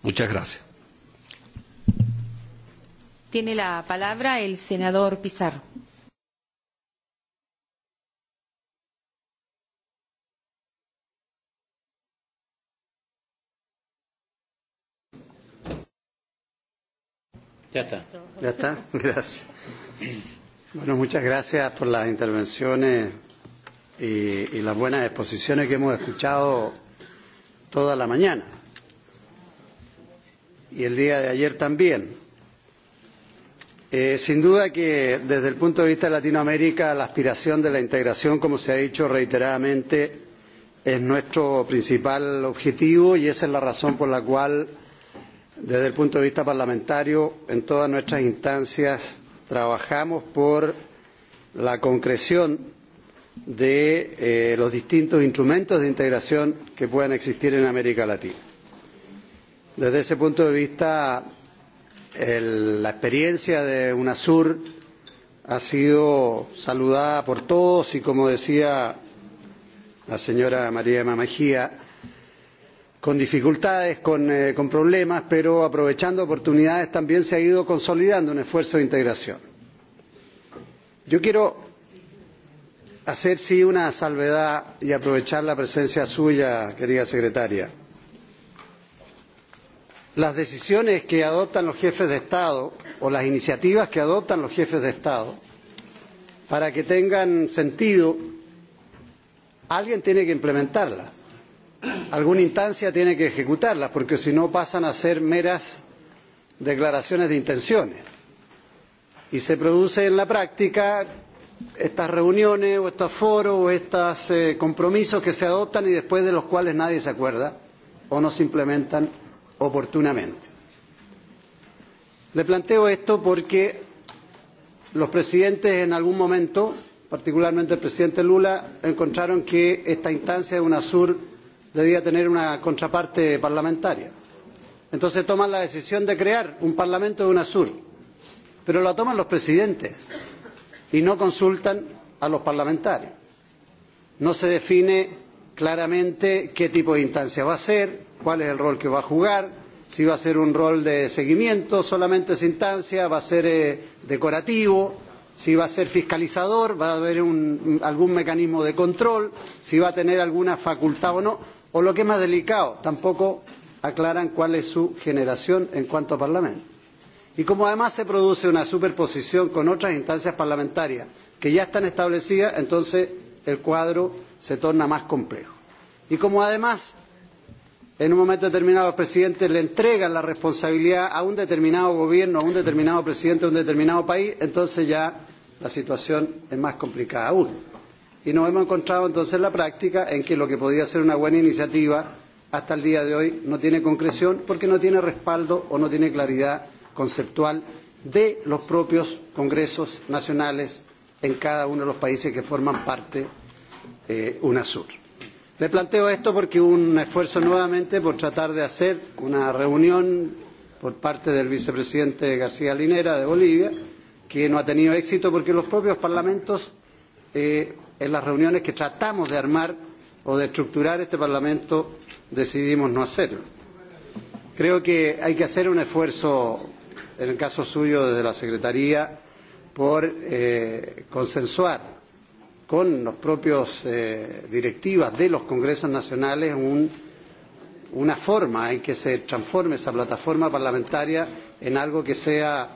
Muchas gracias. Tiene la palabra el senador Pizarro. Ya está. Ya está, gracias. Bueno, muchas gracias por las intervenciones y, y las buenas exposiciones que hemos escuchado toda la mañana y el día de ayer también. sin duda que desde el punto de vista de Latinoamérica la aspiración de la integración, como se ha dicho reiteradamente, es nuestro principal objetivo y esa es la razón por la cual desde el punto de vista parlamentario en todas nuestras instancias trabajamos por la concreción de los distintos instrumentos de integración que puedan existir en América Latina. Desde ese punto de vista, la experiencia de UNASUR ha sido saludada por todos y, como decía la señora María Mamajía, con dificultades, con, problemas, pero aprovechando oportunidades también se ha ido consolidando un esfuerzo de integración. Yo quiero hacer sí una salvedad y aprovechar la presencia suya, querida secretaria las decisiones que adoptan los jefes de Estado o las iniciativas que adoptan los jefes de Estado, para que tengan sentido, alguien tiene que implementarlas, alguna instancia tiene que ejecutarlas, porque si no pasan a ser meras declaraciones de intenciones. Y se produce en la práctica estas reuniones o estos foros o estos compromisos que se adoptan y después de los cuales nadie se acuerda o no se implementan oportunamente. Le planteo esto porque los presidentes en algún momento, particularmente el presidente Lula, encontraron que esta instancia de UNASUR debía tener una contraparte parlamentaria. Entonces toman la decisión de crear un Parlamento de UNASUR, pero la toman los presidentes y no consultan a los parlamentarios. No se define claramente qué tipo de instancia va a ser, cuál es el rol que va a jugar, si va a ser un rol de seguimiento solamente esa instancia, va a ser decorativo, si va a ser fiscalizador, va a haber algún mecanismo de control, si va a tener alguna facultad o no, o lo que es más delicado, tampoco aclaran cuál es su generación en cuanto a Parlamento. Y como además se produce una superposición con otras instancias parlamentarias que ya están establecidas, entonces el cuadro se torna más complejo. Y como además en un momento determinado el presidente le entrega la responsabilidad a un determinado gobierno, a un determinado presidente de un determinado país, entonces ya la situación es más complicada aún. Y nos hemos encontrado entonces en la práctica en que lo que podía ser una buena iniciativa hasta el día de hoy no tiene concreción porque no tiene respaldo o no tiene claridad conceptual de los propios congresos nacionales en cada uno de los países que forman parte eh, UNASUR. Le planteo esto porque un esfuerzo nuevamente por tratar de hacer una reunión por parte del vicepresidente García Linera de Bolivia, que no ha tenido éxito porque los propios parlamentos, en las reuniones que tratamos de armar o de estructurar este Parlamento, decidimos no hacerlo. Creo que hay que hacer un esfuerzo, en el caso suyo, desde la Secretaría, por consensuar con las propias eh, directivas de los congresos nacionales un, una forma en que se transforme esa plataforma parlamentaria en algo que sea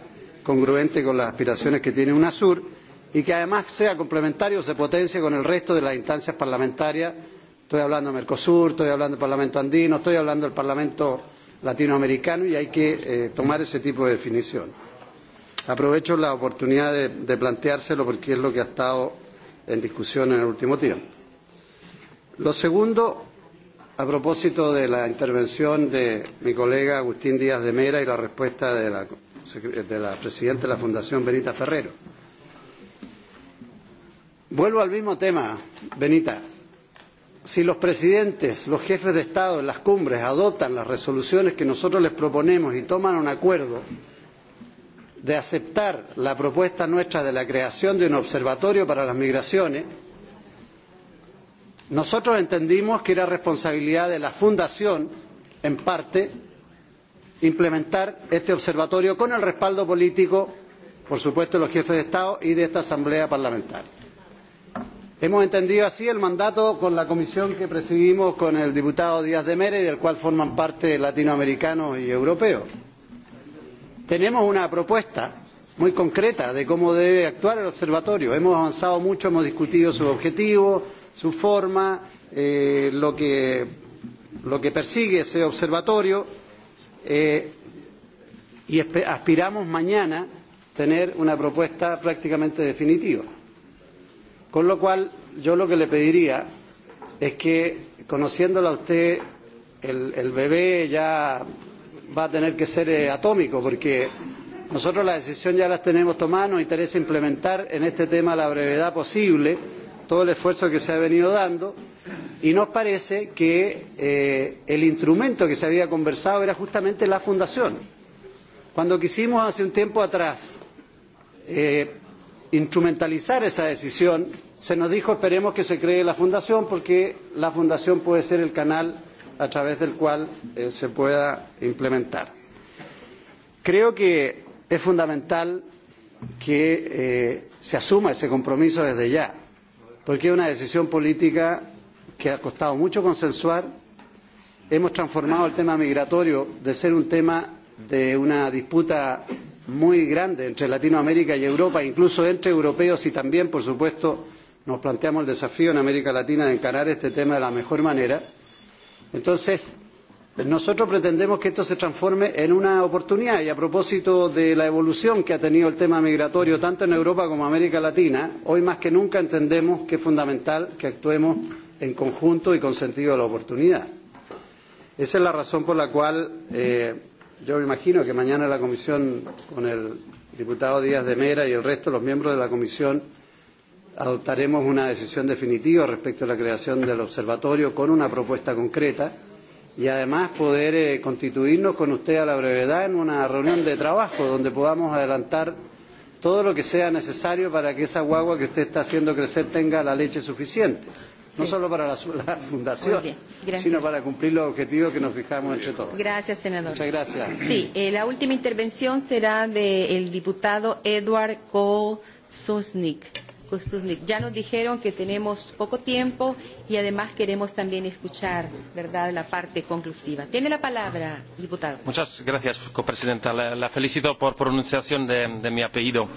congruente con las aspiraciones que tiene UNASUR y que además sea complementario, se potencie con el resto de las instancias parlamentarias. Estoy hablando de Mercosur, estoy hablando del Parlamento andino, estoy hablando del Parlamento latinoamericano y hay que eh, tomar ese tipo de definición. Aprovecho la oportunidad de, de planteárselo porque es lo que ha estado en discusión en el último tiempo. Lo segundo, a propósito de la intervención de mi colega Agustín Díaz de Mera y la respuesta de la, de la presidenta de la Fundación Benita Ferrero. Vuelvo al mismo tema, Benita. Si los presidentes, los jefes de Estado en las cumbres adoptan las resoluciones que nosotros les proponemos y toman un acuerdo, de aceptar la propuesta nuestra de la creación de un observatorio para las migraciones, nosotros entendimos que era responsabilidad de la Fundación, en parte, implementar este observatorio con el respaldo político, por supuesto, de los jefes de Estado y de esta Asamblea Parlamentaria. Hemos entendido así el mandato con la comisión que presidimos con el diputado Díaz de Mera y del cual forman parte latinoamericanos y europeos tenemos una propuesta muy concreta de cómo debe actuar el observatorio. Hemos avanzado mucho, hemos discutido sus objetivos, su forma, lo, que, persigue ese observatorio y aspiramos mañana tener una propuesta prácticamente definitiva. Con lo cual, yo lo que le pediría es que, conociéndola a usted, el, el bebé ya va a tener que ser atómico, porque nosotros la decisión ya la tenemos tomada, nos interesa implementar en este tema a la brevedad posible todo el esfuerzo que se ha venido dando y nos parece que el instrumento que se había conversado era justamente la fundación. Cuando quisimos hace un tiempo atrás instrumentalizar esa decisión, se nos dijo esperemos que se cree la fundación porque la fundación puede ser el canal a través del cual se pueda implementar. Creo que es fundamental que se asuma ese compromiso desde ya, porque es una decisión política que ha costado mucho consensuar. Hemos transformado el tema migratorio de ser un tema de una disputa muy grande entre Latinoamérica y Europa, incluso entre europeos y también, por supuesto, nos planteamos el desafío en América Latina de encarar este tema de la mejor manera Entonces, nosotros pretendemos que esto se transforme en una oportunidad y a propósito de la evolución que ha tenido el tema migratorio tanto en Europa como en América Latina, hoy más que nunca entendemos que es fundamental que actuemos en conjunto y con sentido de la oportunidad. Esa es la razón por la cual yo me imagino que mañana la comisión, con el diputado Díaz de Mera y el resto de los miembros de la comisión, adoptaremos una decisión definitiva respecto a la creación del observatorio con una propuesta concreta y además poder eh, constituirnos con usted a la brevedad en una reunión de trabajo donde podamos adelantar todo lo que sea necesario para que esa guagua que usted está haciendo crecer tenga la leche suficiente. No solo para la, la fundación, sino para cumplir los objetivos que nos fijamos entre todos. Gracias, senador. Muchas gracias. Sí, eh, la última intervención será del de diputado Edward Kosusnik ya nos dijeron que tenemos poco tiempo y además queremos también escuchar ¿verdad? la parte conclusiva. Tiene la palabra, diputado. Muchas gracias, copresidenta. La, la felicito por pronunciación de, de mi apellido.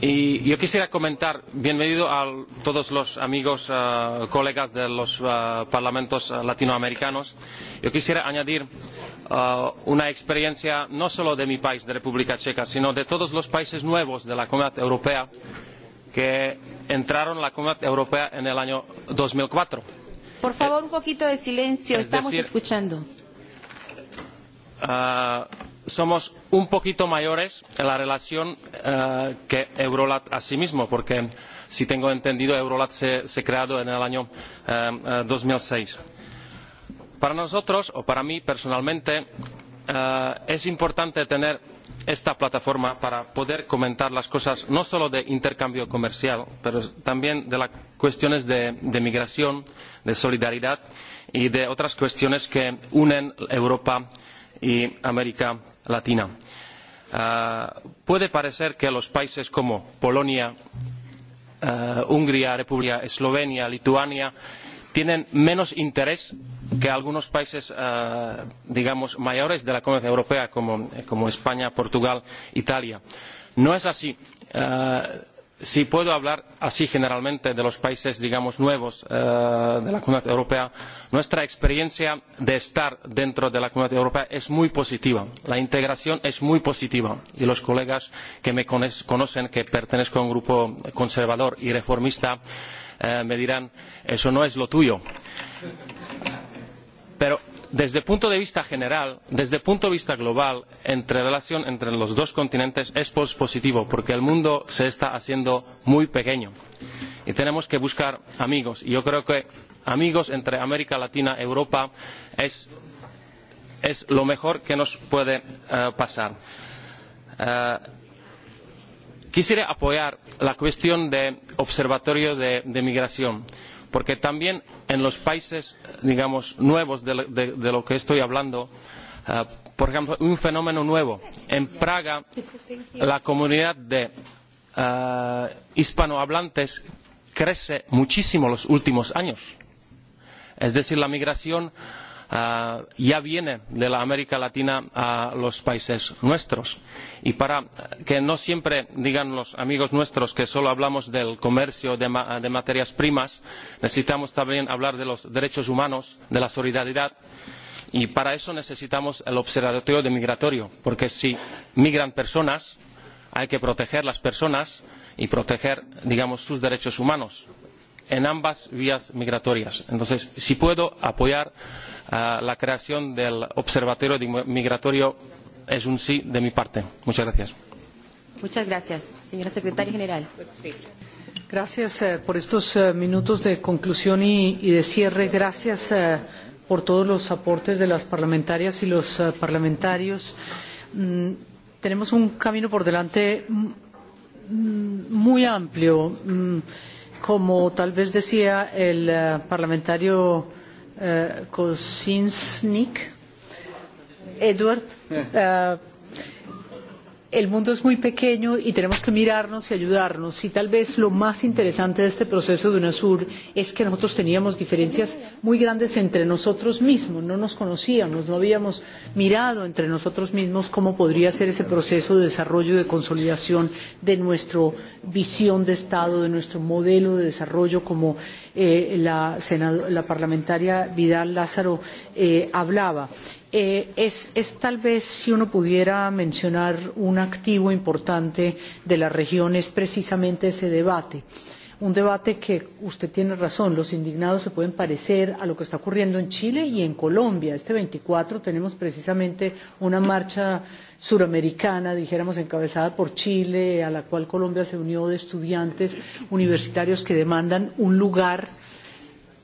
Y yo quisiera comentar, bienvenido a todos los amigos, uh, colegas de los uh, parlamentos latinoamericanos, yo quisiera añadir uh, una experiencia no solo de mi país, de República Checa, sino de todos los países nuevos de la Comunidad Europea que entraron en la Comunidad Europea en el año 2004. Por favor, un poquito de silencio, estamos escuchando. Uh, somos un poquito mayores en la relación que Eurolat a sí mismo, porque si tengo entendido, Eurolat se, ha creado en el año dos mil seis. Para nosotros, o para mí personalmente, es importante tener esta plataforma para poder comentar las cosas no solo de intercambio comercial, pero también de las cuestiones de, migración, de solidaridad y de otras cuestiones que unen Europa y América Latina. puede parecer que los países como Polonia, Hungría, República Eslovenia, Lituania tienen menos interés que algunos países, digamos, mayores de la Comunidad Europea como, España, Portugal, Italia. No es así si puedo hablar así generalmente de los países, digamos, nuevos de la Comunidad Europea, nuestra experiencia de estar dentro de la Comunidad Europea es muy positiva. La integración es muy positiva. Y los colegas que me conocen, que pertenezco a un grupo conservador y reformista, me dirán, eso no es lo tuyo. Pero desde el punto de vista general, desde el punto de vista global, en relación entre los dos continentes es positivo porque el mundo se está haciendo muy pequeño y tenemos que buscar amigos. Y yo creo que amigos entre América Latina y Europa es, lo mejor que nos puede pasar. quisiera apoyar la cuestión del observatorio de migración. Uh, porque también en los países, digamos, nuevos de, lo que estoy hablando, por ejemplo, un fenómeno nuevo. En Praga, la comunidad de hispanohablantes crece muchísimo los últimos años. Es decir, la migración uh, ya viene de la América Latina a los países nuestros. Y para que no siempre digan los amigos nuestros que solo hablamos del comercio de, materias primas, necesitamos también hablar de los derechos humanos, de la solidaridad. Y para eso necesitamos el observatorio de migratorio, porque si migran personas, hay que proteger las personas y proteger, digamos, sus derechos humanos en ambas vías migratorias. Entonces, si puedo apoyar la creación del Observatorio Migratorio, es un sí de mi parte. Muchas gracias. Muchas gracias, señora secretaria general. Gracias por estos minutos de conclusión y, de cierre. Gracias por todos los aportes de las parlamentarias y los parlamentarios. tenemos un camino por delante muy amplio. Mm, Como tal vez decía el parlamentario Kosinski, Edward, el mundo es muy pequeño y tenemos que mirarnos y ayudarnos. Y tal vez lo más interesante de este proceso de UNASUR es que nosotros teníamos diferencias muy grandes entre nosotros mismos, no nos conocíamos, no habíamos mirado entre nosotros mismos cómo podría ser ese proceso de desarrollo y de consolidación de nuestra visión de Estado, de nuestro modelo de desarrollo, como la, parlamentaria Vidal Lázaro hablaba es, tal vez si uno pudiera mencionar un activo importante de la región es precisamente ese debate. Un debate que usted tiene razón, los indignados se pueden parecer a lo que está ocurriendo en Chile y en Colombia. Este veinticuatro tenemos precisamente una marcha suramericana, dijéramos, encabezada por Chile, a la cual Colombia se unió de estudiantes universitarios que demandan un lugar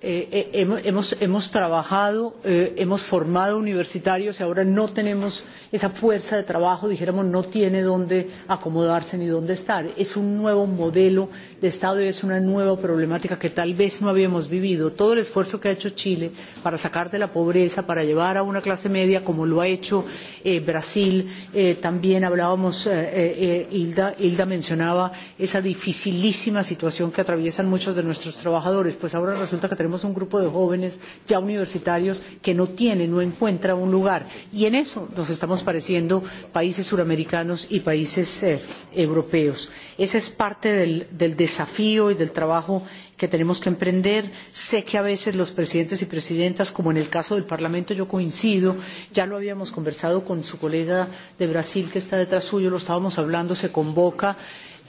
hemos, trabajado, hemos formado universitarios y ahora no tenemos esa fuerza de trabajo, dijéramos, no tiene dónde acomodarse ni dónde estar. Es un nuevo modelo de Estado y es una nueva problemática que tal vez no habíamos vivido. Todo el esfuerzo que ha hecho Chile para sacar de la pobreza, para llevar a una clase media, como lo ha hecho Brasil, también hablábamos, Hilda, Hilda mencionaba esa dificilísima situación que atraviesan muchos de nuestros trabajadores. Pues ahora resulta que tenemos un grupo de jóvenes ya universitarios que no tiene, no encuentra un lugar. Y en eso nos estamos pareciendo países suramericanos y países europeos. Esa es parte del, del desafío y del trabajo que tenemos que emprender. Sé que a veces los presidentes y presidentas, como en el caso del Parlamento, yo coincido, ya lo habíamos conversado con su colega de Brasil que está detrás suyo, lo estábamos hablando, se convoca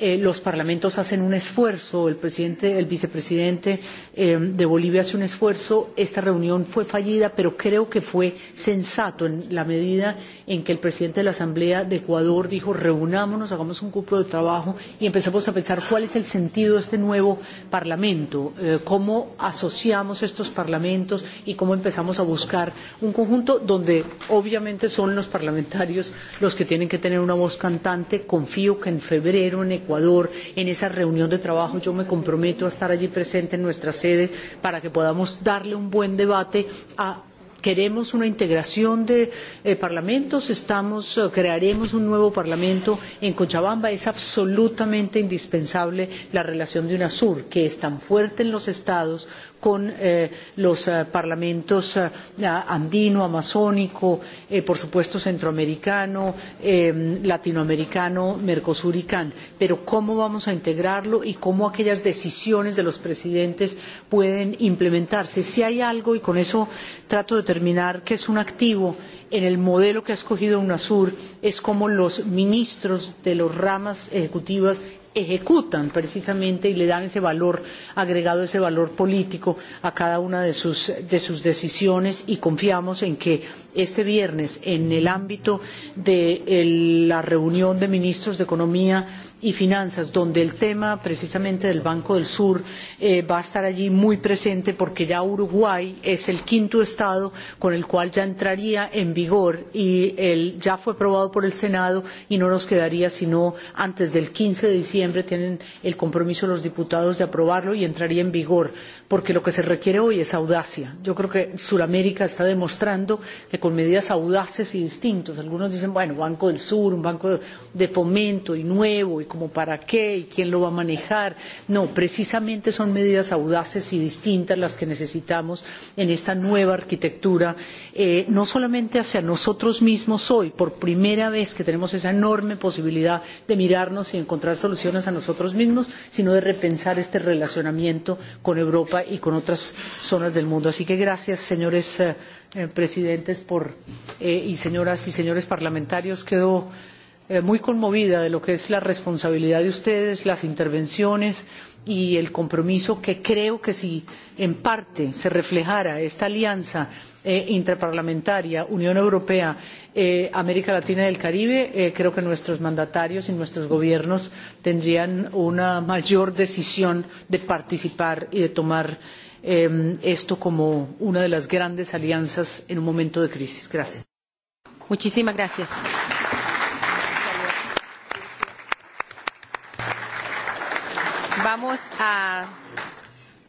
los parlamentos hacen un esfuerzo, el presidente, el vicepresidente de Bolivia hace un esfuerzo. Esta reunión fue fallida, pero creo que fue sensato en la medida en que el presidente de la Asamblea de Ecuador dijo reunámonos, hagamos un grupo de trabajo y empecemos a pensar cuál es el sentido de este nuevo Parlamento, cómo asociamos estos parlamentos y cómo empezamos a buscar un conjunto donde obviamente son los parlamentarios los que tienen que tener una voz cantante. Confío que en febrero en Ecuador, en esa reunión de trabajo. Yo me comprometo a estar allí presente en nuestra sede para que podamos darle un buen debate a queremos una integración de parlamentos, estamos, crearemos un nuevo parlamento en Cochabamba. Es absolutamente indispensable la relación de UNASUR, que es tan fuerte en los estados con los parlamentos andino, amazónico, por supuesto centroamericano, latinoamericano, Mercosur y CAN. Pero cómo vamos a integrarlo y cómo aquellas decisiones de los presidentes pueden implementarse. Si hay algo, y con eso trato de terminar, que es un activo en el modelo que ha escogido UNASUR es cómo los ministros de las ramas ejecutivas ejecutan precisamente y le dan ese valor agregado, ese valor político a cada una de sus, decisiones y confiamos en que este viernes en el ámbito de la reunión de ministros de Economía y Finanzas, donde el tema precisamente del Banco del Sur va a estar allí muy presente porque ya Uruguay es el quinto estado con el cual ya entraría en vigor y ya fue aprobado por el Senado y no nos quedaría sino antes del quince de diciembre tienen el compromiso los diputados de aprobarlo y entraría en vigor porque lo que se requiere hoy es audacia. Yo creo que Sudamérica está demostrando que con medidas audaces y distintas, algunos dicen, bueno, Banco del Sur, un banco de fomento y nuevo y como para qué y quién lo va a manejar. No, precisamente son medidas audaces y distintas las que necesitamos en esta nueva arquitectura, no solamente hacia nosotros mismos hoy, por primera vez que tenemos esa enorme posibilidad de mirarnos y encontrar soluciones a nosotros mismos, sino de repensar este relacionamiento con Europa y con otras zonas del mundo. Así que gracias, señores presidentes y señoras y señores parlamentarios. Quedo muy conmovida de lo que es la responsabilidad de ustedes, las intervenciones y el compromiso que creo que si en parte se reflejara esta alianza interparlamentaria Unión Europea América Latina y el Caribe, creo que nuestros mandatarios y nuestros gobiernos tendrían una mayor decisión de participar y de tomar esto como una de las grandes alianzas en un momento de crisis. Gracias. Muchísimas gracias. vamos a,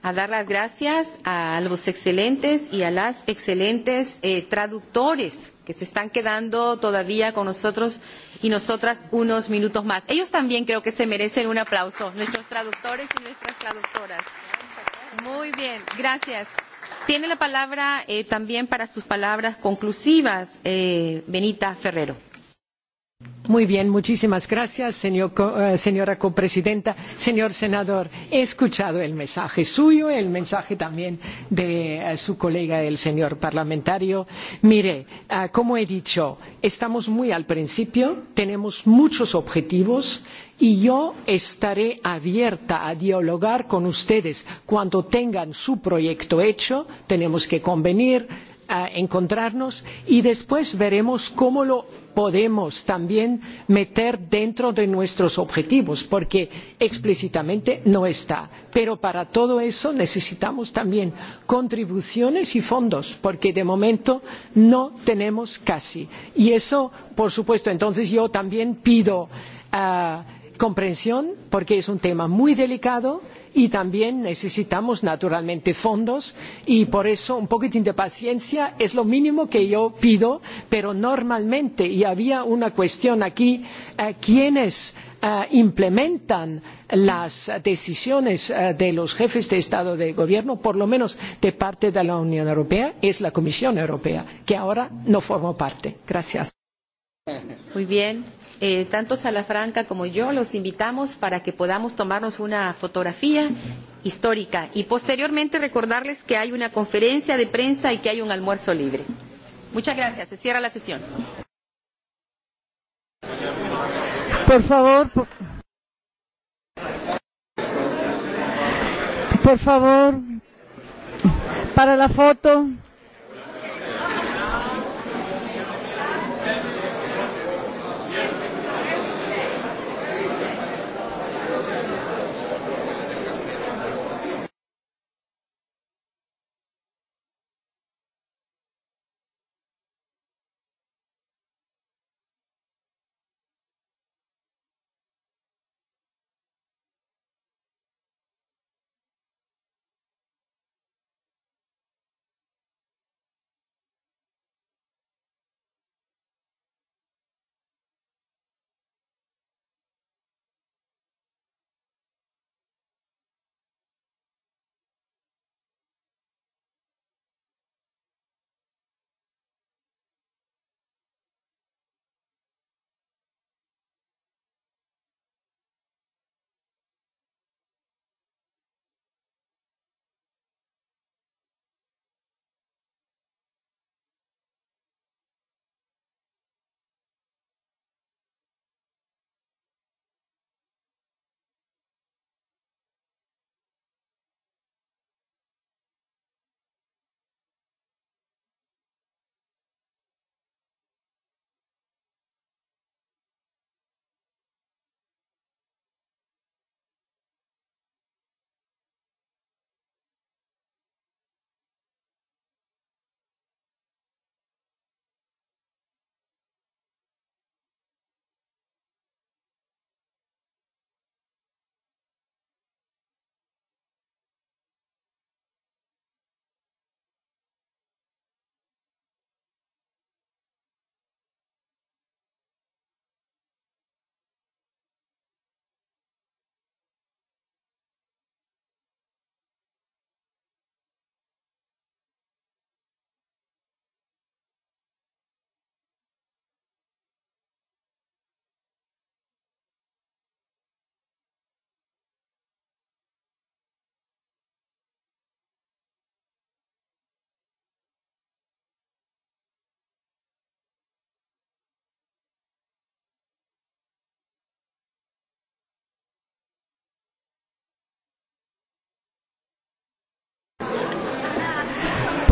a dar las gracias a los excelentes y a las excelentes eh, traductores que se están quedando todavía con nosotros y nosotras unos minutos más. Ellos también creo que se merecen un aplauso, nuestros traductores y nuestras traductoras. Muy bien, gracias. Tiene la palabra eh, también para sus palabras conclusivas, eh, Benita Ferrero. Muy bien, muchísimas gracias, señora copresidenta. Señor senador, he escuchado el mensaje suyo, el mensaje también de su colega, el señor parlamentario. Mire, como he dicho, estamos muy al principio, tenemos muchos objetivos y yo estaré abierta a dialogar con ustedes cuando tengan su proyecto hecho. Tenemos que convenir, encontrarnos y después veremos cómo lo podemos también meter dentro de nuestros objetivos, porque explícitamente no está. Pero para todo eso necesitamos también contribuciones y fondos, porque de momento no tenemos casi. Y eso, por supuesto, entonces yo también pido comprensión, porque es un tema muy delicado y también necesitamos naturalmente fondos y por eso un poquitín de paciencia es lo mínimo que yo pido, pero normalmente, y había una cuestión aquí, quienes implementan las decisiones de los jefes de Estado y de Gobierno, por lo menos de parte de la Unión Europea, es la Comisión Europea, que ahora no forma parte. Gracias. Muy bien eh, tanto Salafranca como yo los invitamos para que podamos tomarnos una fotografía histórica y posteriormente recordarles que hay una conferencia de prensa y que hay un almuerzo libre. Muchas gracias. Se cierra la sesión. Por favor. Por, por favor. Para la foto.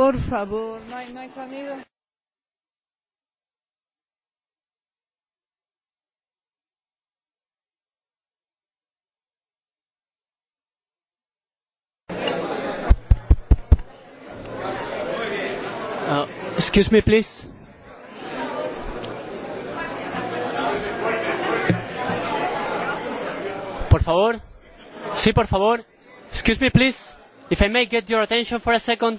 Por favor, no hay, no hay sonido. excuse me, please. Por favor. Sí, por favor. Excuse me, please. If I may get your attention for a second